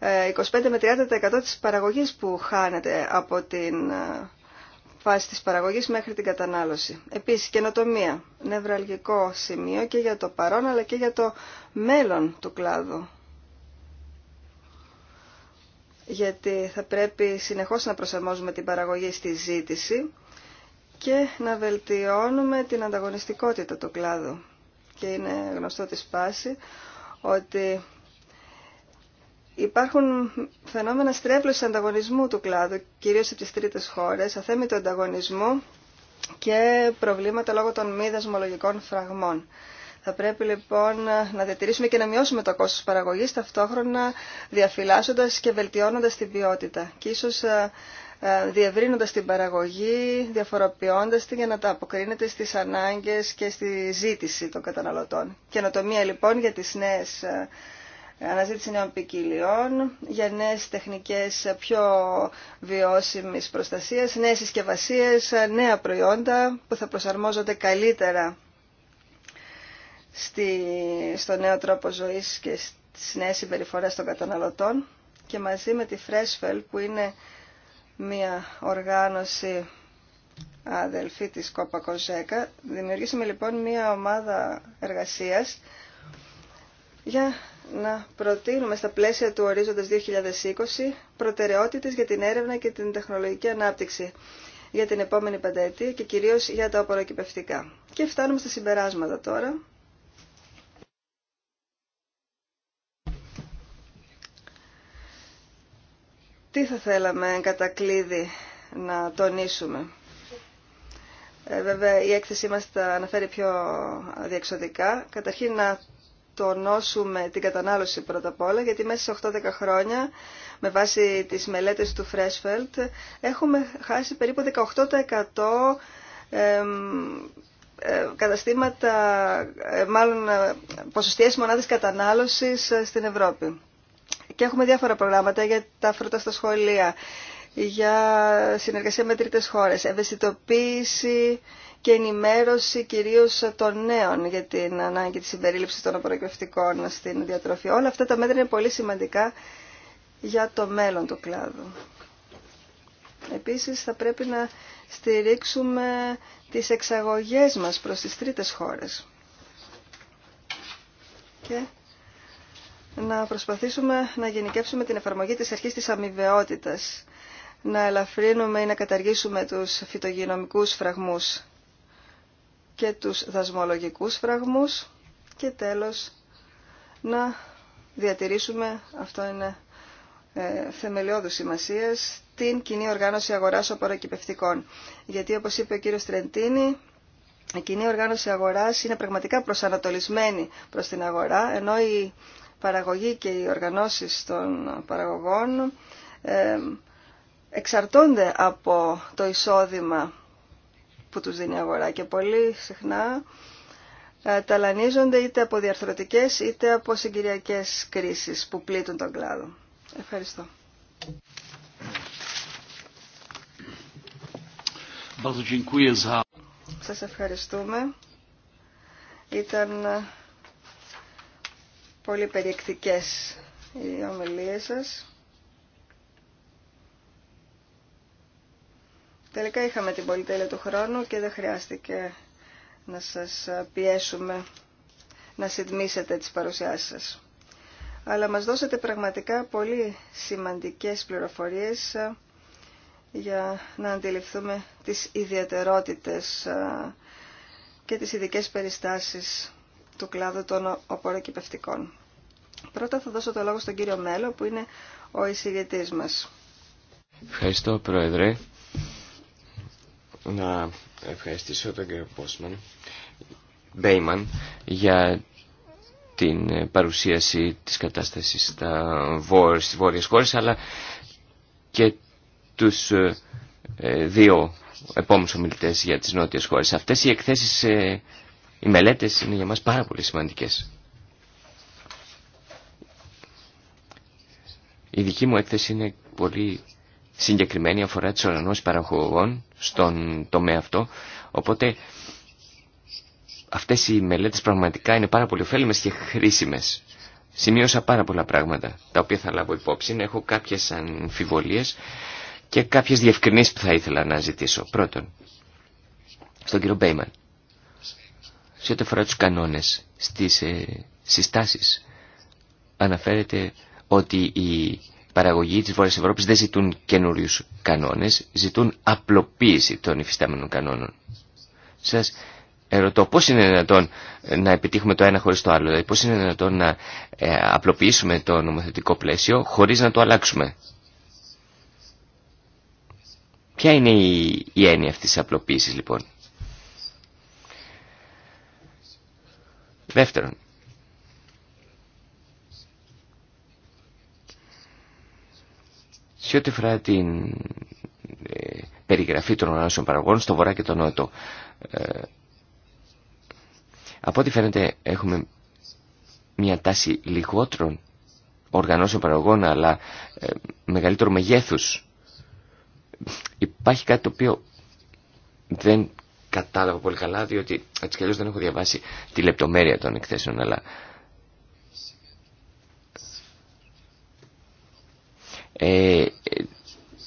S1: ε, με 30% της παραγωγής που χάνεται από την ε, φάση της παραγωγής μέχρι την κατανάλωση. Επίσης, καινοτομία. Νευραλγικό σημείο και για το παρόν αλλά και για το μέλλον του κλάδου. Γιατί θα πρέπει συνεχώς να προσαρμόζουμε την παραγωγή στη ζήτηση και να βελτιώνουμε την ανταγωνιστικότητα του κλάδου. Και είναι γνωστό τη σπάση ότι υπάρχουν φαινόμενα στρέβλωσης ανταγωνισμού του κλάδου, κυρίως από τις τρίτες χώρες, αθέμητο ανταγωνισμό και προβλήματα λόγω των μη δασμολογικών φραγμών. Θα πρέπει λοιπόν να διατηρήσουμε και να μειώσουμε το κόστος παραγωγής, ταυτόχρονα διαφυλάσσοντας και βελτιώνοντας την ποιότητα. Και ίσως ε, ε, διευρύνοντας την παραγωγή, διαφοροποιώντας την για να τα αποκρίνεται στις ανάγκες και στη ζήτηση των καταναλωτών. Καινοτομία λοιπόν για τις νέες ε, αναζήτηση νέων ποικιλιών, για νέες τεχνικές πιο βιώσιμης προστασίας, νέες συσκευασίες, νέα προϊόντα που θα προσαρμόζονται καλύτερα στη, στο νέο τρόπο ζωής και στις νέες συμπεριφορές των καταναλωτών και μαζί με τη Φρέσφελ, που είναι μια οργάνωση αδελφή της Κόπα Κοζέκα δημιουργήσαμε λοιπόν μια ομάδα εργασίας για να προτείνουμε στα πλαίσια του ορίζοντας 2020 προτεραιότητες για την έρευνα και την τεχνολογική ανάπτυξη για την επόμενη πενταετία και κυρίως για τα απορροκυπευτικά. Και φτάνουμε στα συμπεράσματα τώρα. Τι θα θέλαμε κατά κλείδι να τονίσουμε. Ε, βέβαια η έκθεσή μας θα αναφέρει πιο διεξοδικά. Καταρχήν να τονώσουμε την κατανάλωση πρώτα απ' όλα, γιατί μέσα σε 8-10 χρόνια, με βάση τις μελέτες του Φρέσφελτ, έχουμε χάσει περίπου 18% ε, καταστήματα, ε, μάλλον ε, ποσοστιαίες μονάδες κατανάλωσης στην Ευρώπη. Και έχουμε διάφορα προγράμματα για τα φρούτα στα σχολεία, για συνεργασία με τρίτες χώρες, ευαισθητοποίηση και ενημέρωση κυρίως των νέων για την ανάγκη της συμπερίληψης των απορροκευτικών στην διατροφή. Όλα αυτά τα μέτρα είναι πολύ σημαντικά για το μέλλον του κλάδου. Επίσης θα πρέπει να στηρίξουμε τις εξαγωγές μας προς τις τρίτες χώρες. Και να προσπαθήσουμε να γενικεύσουμε την εφαρμογή της αρχής της αμοιβαιότητας, να ελαφρύνουμε ή να καταργήσουμε τους φυτογενομικούς φραγμούς και τους δασμολογικούς φραγμούς και τέλος να διατηρήσουμε, αυτό είναι ε, θεμελιώδους σημασίας, την κοινή οργάνωση αγοράς οπωροκυπευτικών. Γιατί όπως είπε ο κύριος Τρεντίνη, η κοινή οργάνωση αγοράς είναι πραγματικά προσανατολισμένη προς την αγορά, ενώ η παραγωγή και οι οργανώσεις των παραγωγών ε, εξαρτώνται από το εισόδημα που τους δίνει η αγορά και πολύ συχνά ε, ταλανίζονται είτε από διαρθρωτικές είτε από συγκυριακές κρίσεις που πλήττουν τον κλάδο. Ευχαριστώ. Σας ευχαριστούμε. Ήταν ε, πολύ περιεκτικές οι ομιλίες σας. Τελικά είχαμε την πολυτέλεια του χρόνου και δεν χρειάστηκε να σας πιέσουμε να συντμήσετε τις παρουσιάσεις σας. Αλλά μας δώσατε πραγματικά πολύ σημαντικές πληροφορίες ε, για να αντιληφθούμε τις ιδιαιτερότητες ε, και τις ειδικές περιστάσεις του κλάδου των οποροκυπευτικών. Πρώτα θα δώσω το λόγο στον κύριο Μέλο που είναι ο εισηγητής μας.
S3: Ευχαριστώ Πρόεδρε να ευχαριστήσω τον κύριο Πόσμαν, Μπέιμαν για την παρουσίαση της κατάστασης στα βόρες στις βόρειες αλλά και τους ε, δύο επόμενους ομιλητές για τις νότιες χώρες. Αυτές οι εκθέσεις, ε, οι μελέτες είναι για μας πάρα πολύ σημαντικές. Η δική μου έκθεση είναι πολύ συγκεκριμένη αφορά τις οργανώσεις παραγωγών στον τομέα αυτό. Οπότε αυτές οι μελέτες πραγματικά είναι πάρα πολύ ωφέλιμες και χρήσιμες. Σημείωσα πάρα πολλά πράγματα τα οποία θα λάβω υπόψη. Έχω κάποιες αμφιβολίες και κάποιες διευκρινήσεις που θα ήθελα να ζητήσω. Πρώτον, στον κύριο Μπέιμαν, σε ό,τι αφορά τους κανόνες στις ε, συστάσεις, αναφέρεται ότι η παραγωγοί της Βόρειας Ευρώπης δεν ζητούν καινούριους κανόνες, ζητούν απλοποίηση των υφιστάμενων κανόνων. Σας ερωτώ πώς είναι δυνατόν να επιτύχουμε το ένα χωρίς το άλλο, δηλαδή πώς είναι δυνατόν να ε, απλοποιήσουμε το νομοθετικό πλαίσιο χωρίς να το αλλάξουμε. Ποια είναι η, η έννοια αυτής της απλοποίησης λοιπόν. Δεύτερον, Σε ό,τι φορά την ε, περιγραφή των οργανώσεων παραγωγών στο βορρά και το νότο. Ε, από ό,τι φαίνεται έχουμε μια τάση λιγότερων οργανώσεων παραγωγών αλλά ε, μεγαλύτερου μεγέθους. Υπάρχει κάτι το οποίο δεν κατάλαβα πολύ καλά διότι έτσι κι δεν έχω διαβάσει τη λεπτομέρεια των εκθέσεων αλλά Ε,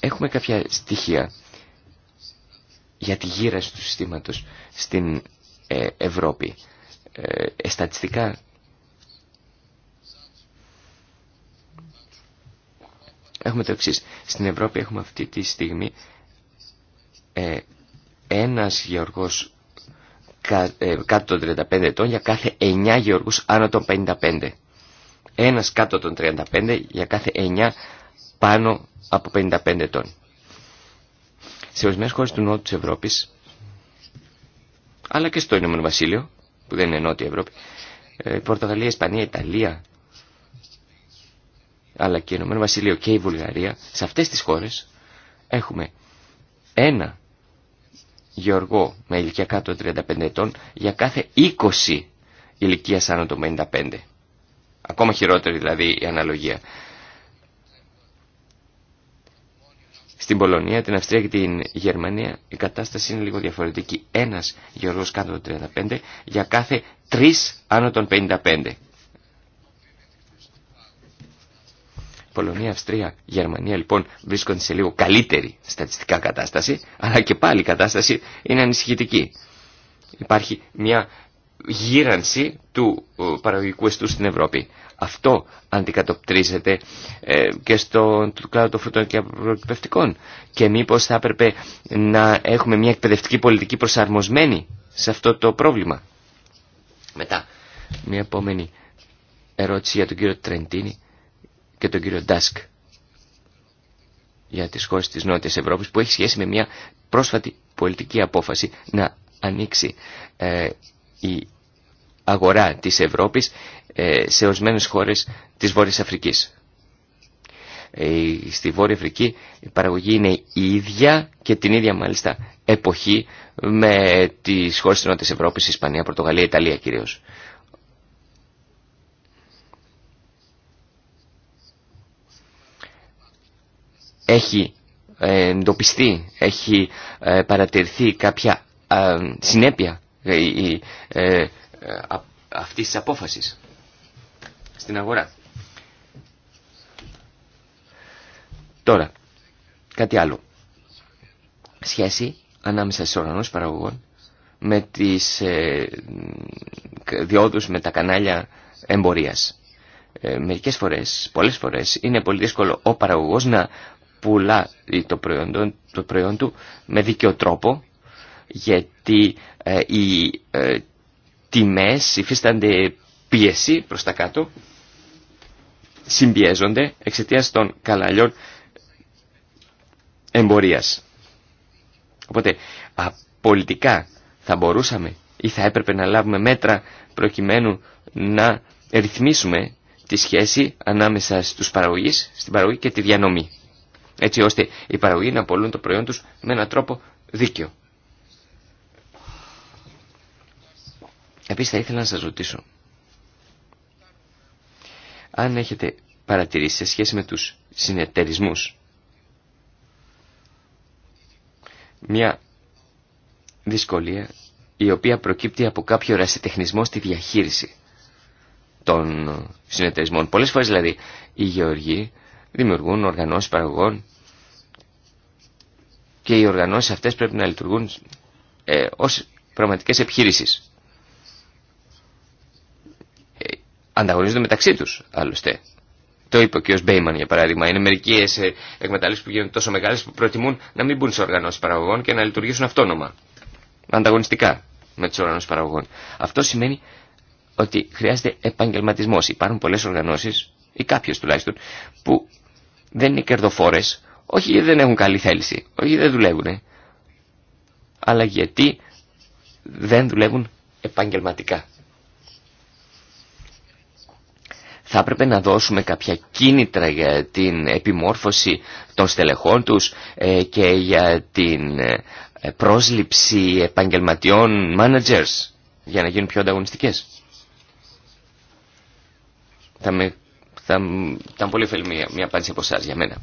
S3: έχουμε κάποια στοιχεία για τη γύραση του συστήματος στην ε, Ευρώπη. Ε, ε, στατιστικά έχουμε το εξής. Στην Ευρώπη έχουμε αυτή τη στιγμή ε, ένας γεωργός κάτω των 35 ετών για κάθε 9 γεωργούς άνω των 55. Ένας κάτω των 35 για κάθε 9 πάνω από 55 ετών. Σε ορισμένε χώρε του Νότου τη Ευρώπη, αλλά και στο Ηνωμένο Βασίλειο, που δεν είναι Νότια Ευρώπη, ε, Πορτογαλία, Ισπανία, Ιταλία, αλλά και Ηνωμένο Βασίλειο και η Βουλγαρία, σε αυτέ τι χώρε έχουμε ένα γεωργό με ηλικία κάτω των 35 ετών για κάθε 20 ηλικία άνω των 55. Ακόμα χειρότερη δηλαδή η αναλογία. Στην Πολωνία, την Αυστρία και την Γερμανία η κατάσταση είναι λίγο διαφορετική. Ένας γεωργός κάτω των 35 για κάθε τρεις άνω των 55. Πολωνία, Αυστρία, Γερμανία λοιπόν βρίσκονται σε λίγο καλύτερη στατιστικά κατάσταση, αλλά και πάλι η κατάσταση είναι ανησυχητική. Υπάρχει μια γύρανση του ε, παραγωγικού εστού στην Ευρώπη. Αυτό αντικατοπτρίζεται ε, και στο κλάδο των φρούτων και προεκπαιδευτικών. Και μήπως θα έπρεπε να έχουμε μια εκπαιδευτική πολιτική προσαρμοσμένη σε αυτό το πρόβλημα. Μετά, μια επόμενη ερώτηση για τον κύριο Τρεντίνη και τον κύριο Ντάσκ για τις χώρες της Νότιας Ευρώπης που έχει σχέση με μια πρόσφατη πολιτική απόφαση να ανοίξει ε, η αγορά της Ευρώπης ε, σε ορισμένες χώρες της Βόρειας Αφρικής. Ε, στη Βόρεια Αφρική η παραγωγή είναι η ίδια και την ίδια μάλιστα εποχή με τις χώρες της Νότιας Ευρώπης, Ισπανία, Πορτογαλία, Ιταλία κυρίως. Έχει ε, εντοπιστεί, έχει παρατηρηθεί κάποια συνέπεια η ε, αυτής της απόφασης στην αγορά. Τώρα, κάτι άλλο. Σχέση ανάμεσα στους οργανώσεις παραγωγών με τις ε, διόδους, με τα κανάλια εμπορίας. Ε, μερικές φορές, πολλές φορές, είναι πολύ δύσκολο ο παραγωγός να πουλάει το προϊόν, του με δίκαιο τρόπο, γιατί ε, ε τιμές υφίστανται πίεση προς τα κάτω, συμπιέζονται εξαιτίας των καλαλιών εμπορίας. Οπότε, πολιτικά θα μπορούσαμε ή θα έπρεπε να λάβουμε μέτρα προκειμένου να ρυθμίσουμε τη σχέση ανάμεσα στους παραγωγείς, στην παραγωγή και τη διανομή. Έτσι ώστε οι παραγωγοί να απολούν το προϊόν τους με έναν τρόπο δίκαιο. Επίσης θα ήθελα να σας ρωτήσω αν έχετε παρατηρήσει σε σχέση με τους συνεταιρισμούς μια δυσκολία η οποία προκύπτει από κάποιο ρασιτεχνισμό στη διαχείριση των συνεταιρισμών. Πολλές φορές δηλαδή οι γεωργοί δημιουργούν οργανώσεις παραγωγών και οι οργανώσεις αυτές πρέπει να λειτουργούν ε, ως πραγματικές επιχείρησεις. ανταγωνίζονται μεταξύ τους άλλωστε. Το είπε ο Μπέιμαν για παράδειγμα. Είναι μερικέ ε, εκμεταλλεύσει που γίνονται τόσο μεγάλε που προτιμούν να μην μπουν σε οργανώσει παραγωγών και να λειτουργήσουν αυτόνομα. Ανταγωνιστικά με του οργανώσει παραγωγών. Αυτό σημαίνει ότι χρειάζεται επαγγελματισμό. Υπάρχουν πολλέ οργανώσει, ή κάποιε τουλάχιστον, που δεν είναι κερδοφόρε, όχι γιατί δεν έχουν καλή θέληση, όχι δεν δουλεύουν, αλλά γιατί δεν δουλεύουν επαγγελματικά. θα έπρεπε να δώσουμε κάποια κίνητρα για την επιμόρφωση των στελεχών τους ε, και για την ε, πρόσληψη επαγγελματιών managers για να γίνουν πιο ανταγωνιστικές. Θα, με, θα ήταν πολύ ωφελή μια, μια απάντηση από εσά για μένα.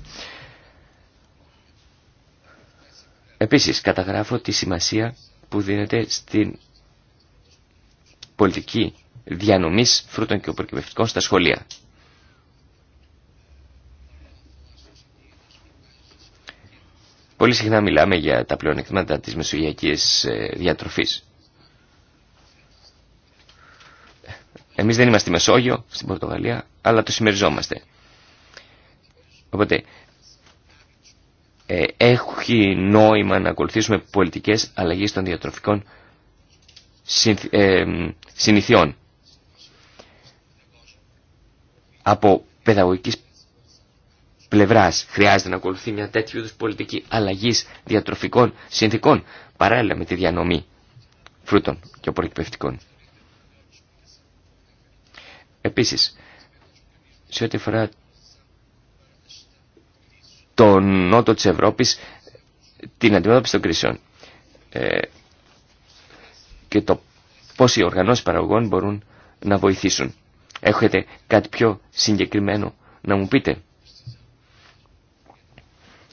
S3: Επίσης, καταγράφω τη σημασία που δίνεται στην πολιτική διανομής φρούτων και προκυπευτικών στα σχολεία. Πολύ συχνά μιλάμε για τα πλεονεκτήματα της μεσογειακής ε, διατροφής. Εμείς δεν είμαστε Μεσόγειο στην Πορτογαλία, αλλά το συμμεριζόμαστε. Οπότε, ε, έχει νόημα να ακολουθήσουμε πολιτικές αλλαγές των διατροφικών ε, συνηθιών από παιδαγωγικής πλευράς χρειάζεται να ακολουθεί μια τέτοιου είδους πολιτική αλλαγής διατροφικών συνθήκων παράλληλα με τη διανομή φρούτων και απορροκυπευτικών. Επίσης, σε ό,τι αφορά τον νότο της Ευρώπης, την αντιμετώπιση των κρίσεων ε, και το πώς οι οργανώσεις παραγωγών μπορούν να βοηθήσουν. Έχετε κάτι πιο συγκεκριμένο να μου πείτε.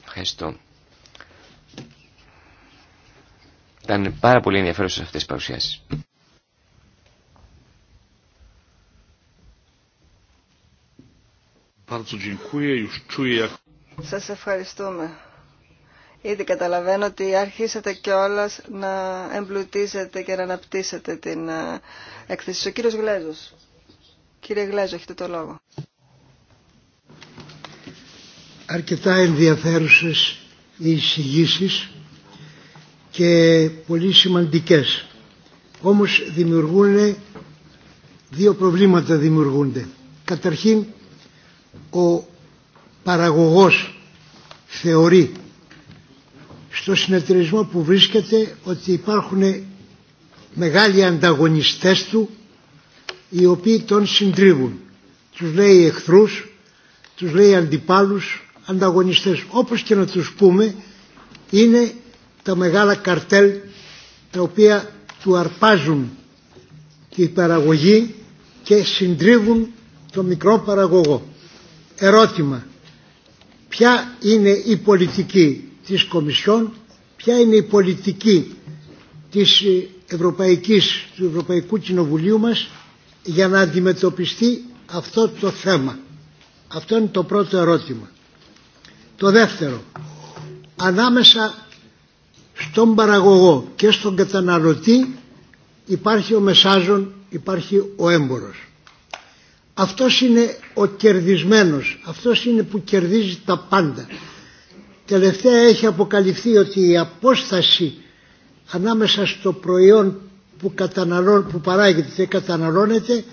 S3: Ευχαριστώ. Ήταν πάρα πολύ ενδιαφέρουσες αυτές τις
S2: παρουσιάσεις.
S1: Σας ευχαριστούμε. Ήδη καταλαβαίνω ότι αρχίσατε κιόλα να εμπλουτίζετε και να αναπτύσσετε την έκθεση. Ε, Ο κύριος Γλέζος. Κύριε Γλέζο, έχετε το λόγο.
S4: Αρκετά ενδιαφέρουσες οι εισηγήσεις και πολύ σημαντικές. Όμως δημιουργούν δύο προβλήματα δημιουργούνται. Καταρχήν ο παραγωγός θεωρεί στο συνεταιρισμό που βρίσκεται ότι υπάρχουν μεγάλοι ανταγωνιστές του οι οποίοι τον συντρίβουν. Τους λέει εχθρούς, τους λέει αντιπάλους, ανταγωνιστές. Όπως και να τους πούμε είναι τα μεγάλα καρτέλ τα οποία του αρπάζουν την παραγωγή και συντρίβουν το μικρό παραγωγό. Ερώτημα. Ποια είναι η πολιτική της Κομισιόν, ποια είναι η πολιτική της ε, Ευρωπαϊκής, του Ευρωπαϊκού Κοινοβουλίου μας για να αντιμετωπιστεί αυτό το θέμα. Αυτό είναι το πρώτο ερώτημα. Το δεύτερο, ανάμεσα στον παραγωγό και στον καταναλωτή υπάρχει ο μεσάζων, υπάρχει ο έμπορος. Αυτός είναι ο κερδισμένος, αυτός είναι που κερδίζει τα πάντα. Τελευταία έχει αποκαλυφθεί ότι η απόσταση ανάμεσα στο προϊόν που, καταναλών, που παράγεται και καταναλώνεται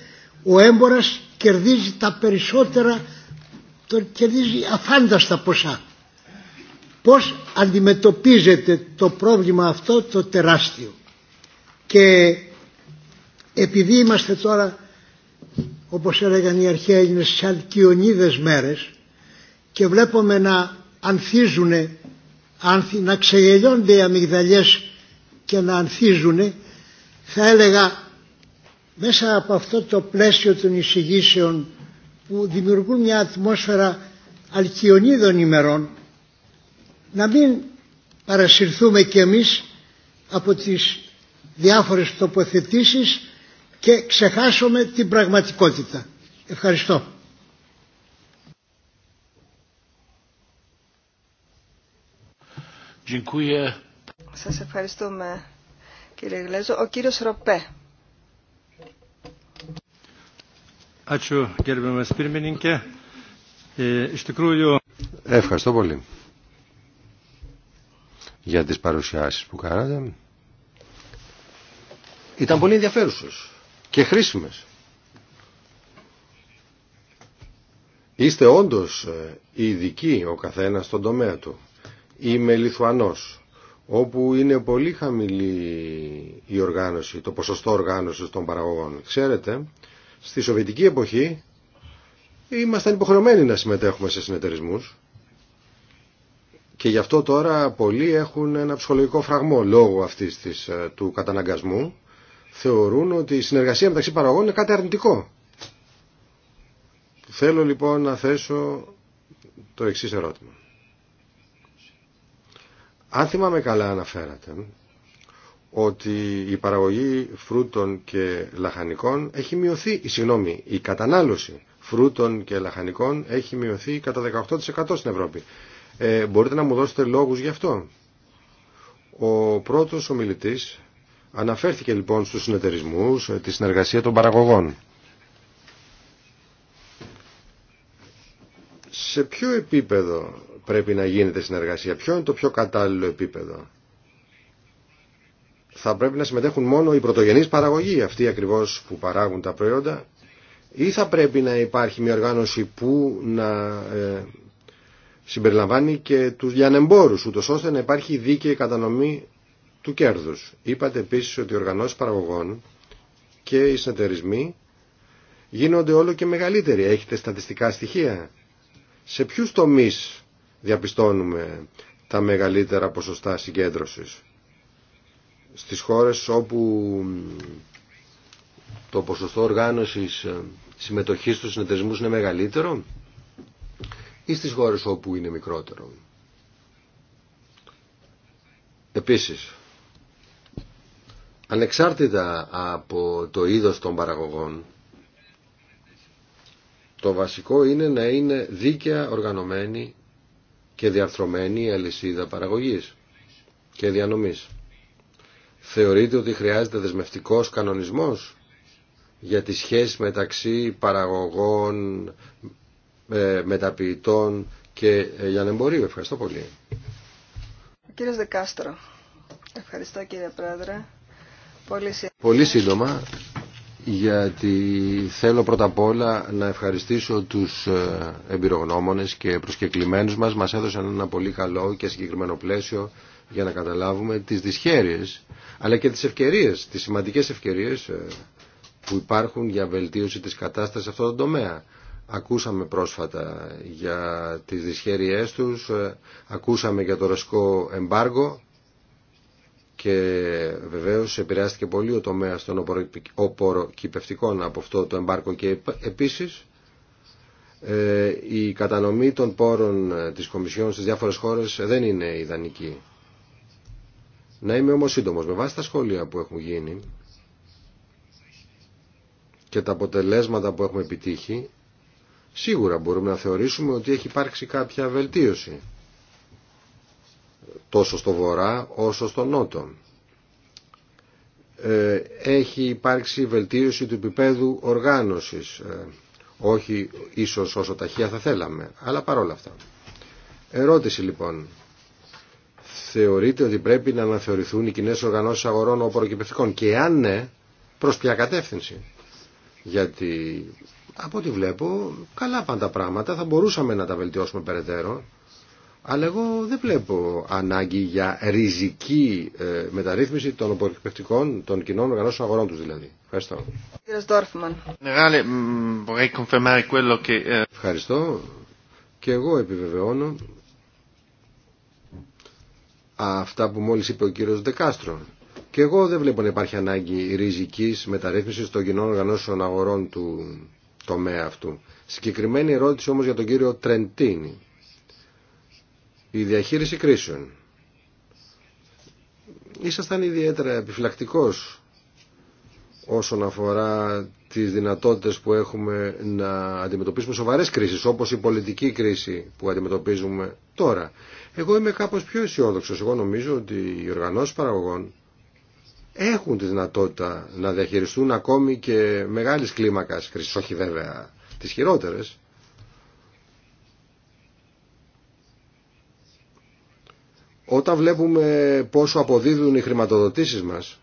S4: ο έμπορας κερδίζει τα περισσότερα το κερδίζει αφάνταστα ποσά πως αντιμετωπίζεται το πρόβλημα αυτό το τεράστιο και επειδή είμαστε τώρα όπως έλεγαν οι αρχαίοι Έλληνες σε αλκιονίδες μέρες και βλέπουμε να ανθίζουν να ξεγελιώνται οι αμυγδαλιές και να ανθίζουν θα έλεγα μέσα από αυτό το πλαίσιο των εισηγήσεων που δημιουργούν μια ατμόσφαιρα αλκιονίδων ημερών να μην παρασυρθούμε κι εμείς από τις διάφορες τοποθετήσεις και ξεχάσουμε την πραγματικότητα. Ευχαριστώ.
S1: Σας ευχαριστούμε κύριε Γλέζο. Ο κύριος Ροπέ.
S2: Ε, Ευχαριστώ πολύ για τις παρουσιάσεις που κάνατε. Ήταν πολύ ενδιαφέρουσες και χρήσιμες. Είστε όντως ε, ειδικοί ο καθένας στον τομέα του. Είμαι Λιθουανός όπου είναι πολύ χαμηλή η οργάνωση, το ποσοστό οργάνωσης των παραγωγών. Ξέρετε, στη Σοβιετική εποχή ήμασταν υποχρεωμένοι να συμμετέχουμε σε συνεταιρισμούς και γι' αυτό τώρα πολλοί έχουν ένα ψυχολογικό φραγμό λόγω αυτής της, ε, του καταναγκασμού. Θεωρούν ότι η συνεργασία μεταξύ παραγωγών είναι κάτι αρνητικό. Θέλω λοιπόν να θέσω το εξής ερώτημα. Αν θυμάμαι καλά αναφέρατε ότι η παραγωγή φρούτων και λαχανικών έχει μειωθεί, συγγνώμη, η κατανάλωση φρούτων και λαχανικών έχει μειωθεί κατά 18% στην Ευρώπη. Ε, μπορείτε να μου δώσετε λόγους γι' αυτό. Ο πρώτος ομιλητής αναφέρθηκε λοιπόν στους συνεταιρισμούς, ε, τη συνεργασία των παραγωγών. Σε ποιο επίπεδο πρέπει να γίνεται συνεργασία. Ποιο είναι το πιο κατάλληλο επίπεδο. Θα πρέπει να συμμετέχουν μόνο οι πρωτογενείς παραγωγοί, αυτοί ακριβώς που παράγουν τα προϊόντα, ή θα πρέπει να υπάρχει μια οργάνωση που να ε, συμπεριλαμβάνει και τους διανεμπόρους ούτως ώστε να υπάρχει δίκαιη κατανομή του κέρδους. Είπατε επίσης ότι οι οργανώσεις παραγωγών και οι συνεταιρισμοί γίνονται όλο και μεγαλύτεροι. Έχετε στατιστικά στοιχεία. Σε ποιους τομείς διαπιστώνουμε τα μεγαλύτερα ποσοστά συγκέντρωσης. Στις χώρες όπου το ποσοστό οργάνωσης ε, συμμετοχής στους συνεταιρισμούς είναι μεγαλύτερο ή στις χώρες όπου είναι μικρότερο. Επίσης, ανεξάρτητα από το είδος των παραγωγών, το βασικό είναι να είναι δίκαια οργανωμένοι και διαρθρωμένη αλυσίδα παραγωγής και διανομής. Θεωρείτε ότι χρειάζεται δεσμευτικός κανονισμός για τη σχέση μεταξύ παραγωγών, ε, μεταποιητών και ε, για λιανεμπορίου. Ευχαριστώ πολύ.
S1: Κύριε Δεκάστρο. Ευχαριστώ κύριε Πρόεδρε. Πολύ Πολύ
S2: σύντομα γιατί θέλω πρώτα απ' όλα να ευχαριστήσω τους ε, εμπειρογνώμονες και προσκεκλημένους μας. Μας έδωσαν ένα πολύ καλό και συγκεκριμένο πλαίσιο για να καταλάβουμε τις δυσχέρειες αλλά και τις ευκαιρίες, τις σημαντικές ευκαιρίες ε, που υπάρχουν για βελτίωση της κατάστασης σε αυτό το τομέα. Ακούσαμε πρόσφατα για τις δυσχέρειές τους, ε, ακούσαμε για το ρωσικό εμπάργο και βεβαίως επηρεάστηκε πολύ ο τομέας των οποροκυπευτικών από αυτό το εμπάρκο και επίσης ε, η κατανομή των πόρων ε, της Κομισιόν στις διάφορες χώρες δεν είναι ιδανική. Να είμαι όμως σύντομος. Με βάση τα σχόλια που έχουν γίνει και τα αποτελέσματα που έχουμε επιτύχει, σίγουρα μπορούμε να θεωρήσουμε ότι έχει υπάρξει κάποια βελτίωση τόσο στο βορρά όσο στο νότο. Ε, έχει υπάρξει βελτίωση του επίπεδου οργάνωσης, ε, όχι ίσως όσο ταχεία θα θέλαμε, αλλά παρόλα αυτά. Ερώτηση λοιπόν. Θεωρείτε ότι πρέπει να αναθεωρηθούν οι κοινέ οργανώσει αγορών οποροκυπευτικών και αν ναι, προ ποια κατεύθυνση. Γιατί από ό,τι βλέπω, καλά πάντα πράγματα, θα μπορούσαμε να τα βελτιώσουμε περαιτέρω αλλά εγώ δεν βλέπω ανάγκη για ριζική ε, μεταρρύθμιση των απορριπευτικών, των κοινών οργανώσεων αγορών του δηλαδή. Ευχαριστώ. Ε, Ευχαριστώ. Και εγώ επιβεβαιώνω αυτά που μόλις είπε ο κύριος Δεκάστρο. Και εγώ δεν βλέπω να υπάρχει ανάγκη ριζικής μεταρρύθμισης των κοινών οργανώσεων αγορών του τομέα αυτού. Συγκεκριμένη ερώτηση όμως για τον κύριο Τρεντίνη η διαχείριση κρίσεων. Ήσασταν ιδιαίτερα επιφυλακτικός όσον αφορά τις δυνατότητες που έχουμε να αντιμετωπίσουμε σοβαρές κρίσεις, όπως η πολιτική κρίση που αντιμετωπίζουμε τώρα. Εγώ είμαι κάπως πιο αισιόδοξο. Εγώ νομίζω ότι οι οργανώσεις παραγωγών έχουν τη δυνατότητα να διαχειριστούν ακόμη και μεγάλης κλίμακας κρίσης, όχι βέβαια τις χειρότερες, Όταν βλέπουμε πόσο αποδίδουν οι χρηματοδοτήσεις μας,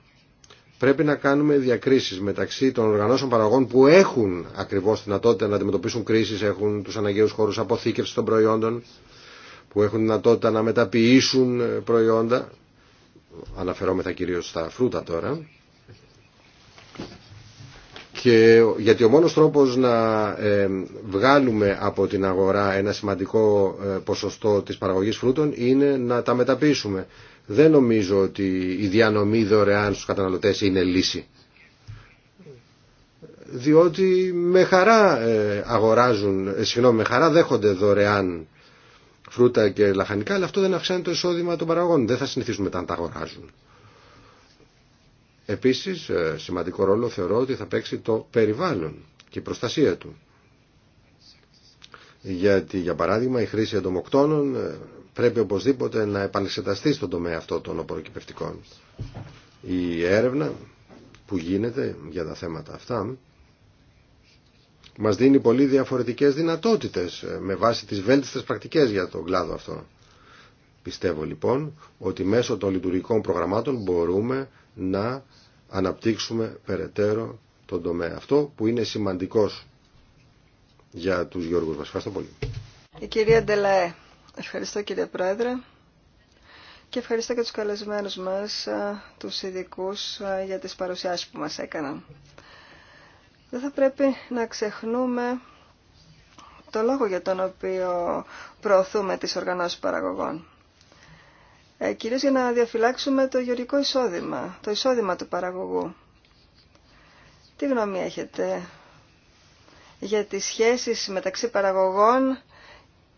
S2: πρέπει να κάνουμε διακρίσεις μεταξύ των οργανώσεων παραγών που έχουν ακριβώς δυνατότητα να αντιμετωπίσουν κρίσεις, έχουν τους αναγκαίους χώρους αποθήκευσης των προϊόντων, που έχουν δυνατότητα να μεταποιήσουν προϊόντα, αναφερόμεθα κυρίως στα φρούτα τώρα, και, γιατί ο μόνος τρόπος να ε, βγάλουμε από την αγορά ένα σημαντικό ε, ποσοστό της παραγωγής φρούτων είναι να τα μεταπίσουμε. Δεν νομίζω ότι η διανομή δωρεάν στους καταναλωτές είναι λύση. Διότι με χαρά ε, αγοράζουν, με χαρά δέχονται δωρεάν φρούτα και λαχανικά, αλλά αυτό δεν αυξάνει το εισόδημα των παραγωγών. Δεν θα συνηθίσουμε μετά να τα αγοράζουν. Επίσης, ε, σημαντικό ρόλο θεωρώ ότι θα παίξει το περιβάλλον και η προστασία του. Γιατί, για παράδειγμα, η χρήση εντομοκτώνων ε, πρέπει οπωσδήποτε να επανεξεταστεί στον τομέα αυτό των οποροκυπευτικών. Η έρευνα που γίνεται για τα θέματα αυτά μας δίνει πολύ διαφορετικές δυνατότητες ε, με βάση τις βέλτιστες πρακτικές για τον κλάδο αυτό. Πιστεύω λοιπόν ότι μέσω των λειτουργικών προγραμμάτων μπορούμε να αναπτύξουμε περαιτέρω τον τομέα αυτό που είναι σημαντικός για τους Γιώργους μας. Ευχαριστώ πολύ.
S1: Η κυρία Ντελαέ. Ευχαριστώ κύριε Πρόεδρε. Και ευχαριστώ και τους καλεσμένους μας, τους ειδικού για τις παρουσιάσεις που μας έκαναν. Δεν θα πρέπει να ξεχνούμε το λόγο για τον οποίο προωθούμε τις οργανώσεις παραγωγών. Ε, κυρίως για να διαφυλάξουμε το γεωργικό εισόδημα, το εισόδημα του παραγωγού. Τι γνώμη έχετε για τις σχέσεις μεταξύ παραγωγών,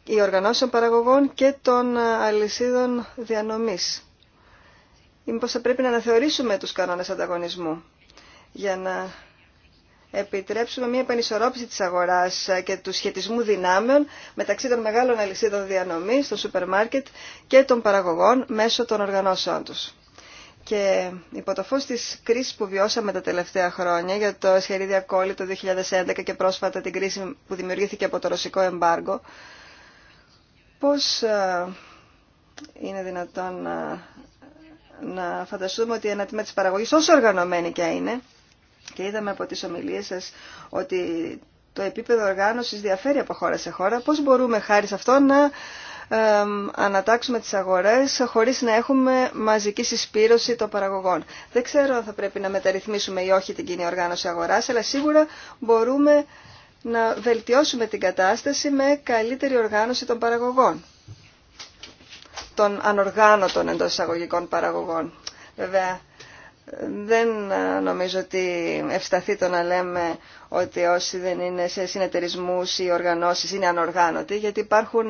S1: οι οργανώσεων παραγωγών και των ε, αλυσίδων διανομής. Ή μήπως θα πρέπει να αναθεωρήσουμε τους κανόνες ανταγωνισμού για να επιτρέψουμε μια επανισορρόπηση της αγοράς και του σχετισμού δυνάμεων μεταξύ των μεγάλων αλυσίδων διανομής, των σούπερ μάρκετ και των παραγωγών μέσω των οργανώσεών τους. Και υπό το φως της κρίσης που βιώσαμε τα τελευταία χρόνια για το σχερίδια κόλλη το 2011 και πρόσφατα την κρίση που δημιουργήθηκε από το ρωσικό εμπάργκο, πώς ε, είναι δυνατόν να, ε, να φανταστούμε ότι ένα τμήμα της παραγωγής, όσο οργανωμένη και είναι, και είδαμε από τις ομιλίες σας ότι το επίπεδο οργάνωσης διαφέρει από χώρα σε χώρα. Πώς μπορούμε χάρη σε αυτό να ανατάξουμε τις αγορές χωρίς να έχουμε μαζική συσπήρωση των παραγωγών. Δεν ξέρω αν θα πρέπει να μεταρρυθμίσουμε ή όχι την κοινή οργάνωση αγοράς, αλλά σίγουρα μπορούμε να βελτιώσουμε την κατάσταση με καλύτερη οργάνωση των παραγωγών. Των ανοργάνωτων εντός εισαγωγικών παραγωγών. Βέβαια, δεν νομίζω ότι ευσταθεί το να λέμε ότι όσοι δεν είναι σε συνεταιρισμούς ή οργανώσεις είναι ανοργάνωτοι, γιατί υπάρχουν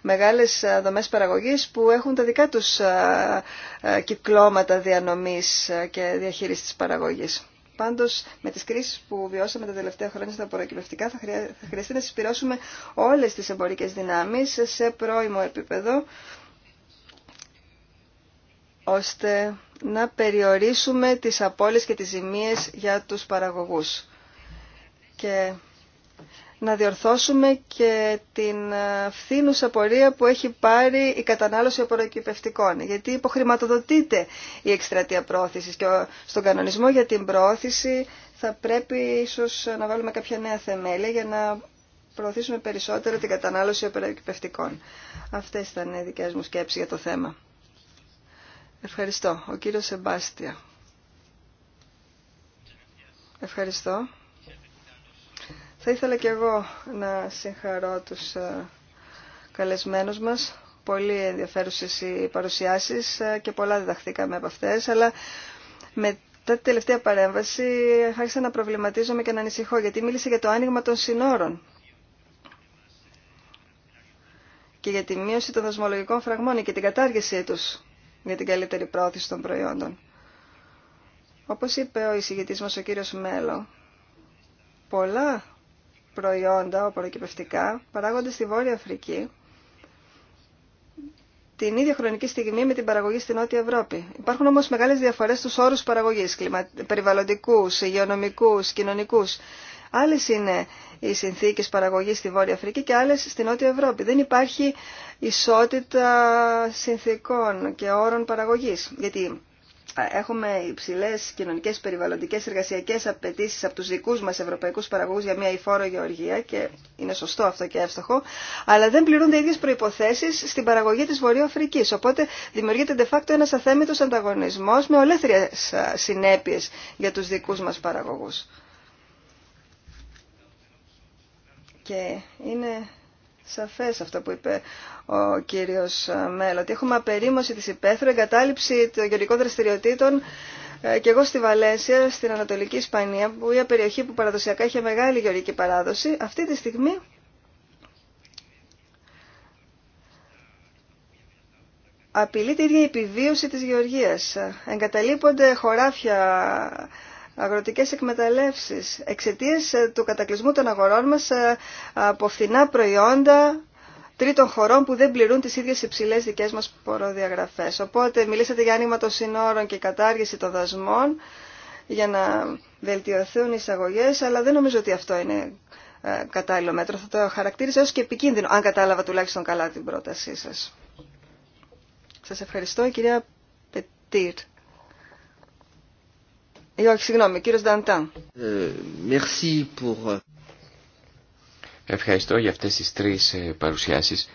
S1: μεγάλες δομές παραγωγής που έχουν τα δικά τους ε, ε, κυκλώματα διανομής ε, και διαχείρισης τη παραγωγής. Πάντως με τις κρίσεις που βιώσαμε τα τελευταία χρόνια στα προεκλογικά, θα, χρειαστεί να συσπηρώσουμε όλες τις εμπορικές δυνάμεις σε πρώιμο επίπεδο ώστε να περιορίσουμε τις απώλειες και τις ζημίες για τους παραγωγούς και να διορθώσουμε και την φθήνουσα πορεία που έχει πάρει η κατανάλωση απορροκυπευτικών. Γιατί υποχρηματοδοτείται η εκστρατεία πρόθεση. και στον κανονισμό για την πρόθεση θα πρέπει ίσως να βάλουμε κάποια νέα θεμέλια για να προωθήσουμε περισσότερο την κατανάλωση απορροκυπευτικών. Αυτές ήταν οι δικές μου σκέψεις για το θέμα. Ευχαριστώ. Ο κύριος Σεμπάστια. Ευχαριστώ. Θα ήθελα και εγώ να συγχαρώ τους ε, καλεσμένους μας. Πολύ ενδιαφέρουσες οι παρουσιάσεις ε, και πολλά διδαχθήκαμε από αυτές, αλλά μετά τη τελευταία παρέμβαση άρχισα να προβληματίζομαι και να ανησυχώ, γιατί μίλησε για το άνοιγμα των συνόρων και για τη μείωση των δοσμολογικών φραγμών και την κατάργησή τους για την καλύτερη πρόθεση των προϊόντων. Όπως είπε ο εισηγητής μας ο κύριος Μέλο, πολλά προϊόντα οπωροκυπευτικά παράγονται στη Βόρεια Αφρική την ίδια χρονική στιγμή με την παραγωγή στη Νότια Ευρώπη. Υπάρχουν όμως μεγάλες διαφορές στους όρους παραγωγής, περιβαλλοντικούς, υγειονομικούς, κοινωνικούς. Άλλες είναι οι συνθήκες παραγωγής στη Βόρεια Αφρική και άλλες στη Νότια Ευρώπη. Δεν υπάρχει ισότητα συνθήκων και όρων παραγωγής. Γιατί έχουμε υψηλέ κοινωνικέ, περιβαλλοντικέ, εργασιακέ απαιτήσει από του δικού μα ευρωπαϊκού παραγωγού για μια υφόρο γεωργία και είναι σωστό αυτό και εύστοχο, αλλά δεν πληρούνται οι ίδιε προποθέσει στην παραγωγή τη Βορειοαφρική. Οπότε δημιουργείται de facto ένα αθέμητο ανταγωνισμό με ολέθριε συνέπειε για του δικού μα παραγωγού. Και είναι σαφές αυτό που είπε ο κύριος Μέλλο, ότι έχουμε απερίμωση της υπαίθρου, εγκατάλειψη των γεωργικών δραστηριοτήτων ε, και εγώ στη Βαλένσια, στην Ανατολική Ισπανία, που είναι περιοχή που παραδοσιακά είχε μεγάλη γεωργική παράδοση, αυτή τη στιγμή απειλείται η ίδια η επιβίωση της γεωργίας. Εγκαταλείπονται χωράφια αγροτικές εκμεταλλεύσεις. Εξαιτίας ε, του κατακλυσμού των αγορών μας ε, από φθηνά προϊόντα τρίτων χωρών που δεν πληρούν τις ίδιες υψηλές δικές μας ποροδιαγραφές. Οπότε μιλήσατε για άνοιγμα των συνόρων και κατάργηση των δασμών για να βελτιωθούν οι εισαγωγές, αλλά δεν νομίζω ότι αυτό είναι ε, κατάλληλο μέτρο. Θα το χαρακτήριζα ως και επικίνδυνο, αν κατάλαβα τουλάχιστον καλά την πρότασή σας. Σας ευχαριστώ, κυρία Πετήρ. Ε, ε,
S3: ε. Ευχαριστώ για αυτές τις τρεις παρουσιάσεις.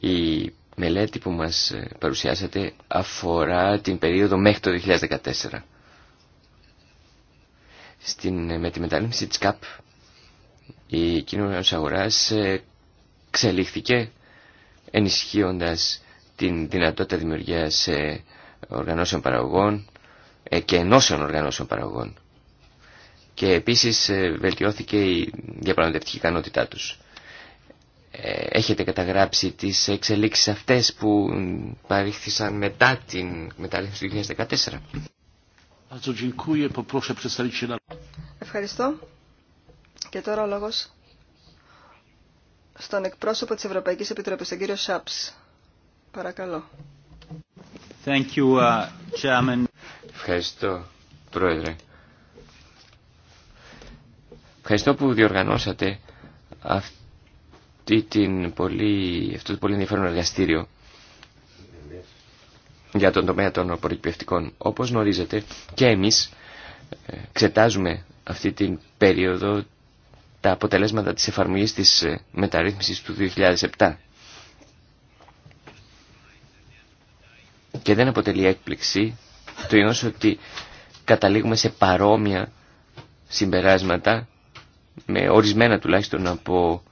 S3: Η μελέτη που μας παρουσιάσατε αφορά την περίοδο μέχρι το 2014. Στην, με τη μεταρρύθμιση της ΚΑΠ η κοινωνία αγοράς ξελίχθηκε ενισχύοντας την δυνατότητα δημιουργίας οργανώσεων παραγωγών ε, και ενώσεων οργανώσεων παραγωγών. Και επίσης ε, βελτιώθηκε η διαπραγματευτική ικανότητά τους. Ε, έχετε καταγράψει τις εξελίξεις αυτές που παρήχθησαν μετά την μεταρρύθμιση του 2014.
S1: Ευχαριστώ. Και τώρα ο λόγος στον εκπρόσωπο της Ευρωπαϊκής Επιτροπής, τον κύριο Σάπς. Παρακαλώ.
S3: Uh, Ευχαριστώ, Πρόεδρε. Ευχαριστώ που διοργανώσατε αυτή την πολύ, αυτό το πολύ ενδιαφέρον εργαστήριο για τον τομέα των προεκπαιδευτικών. Όπως γνωρίζετε και εμείς ε, εξετάζουμε αυτή την περίοδο τα αποτελέσματα της εφαρμογής της ε, μεταρρύθμισης του 2007. Και δεν αποτελεί έκπληξη το γεγονό ότι καταλήγουμε σε παρόμοια συμπεράσματα με ορισμένα τουλάχιστον από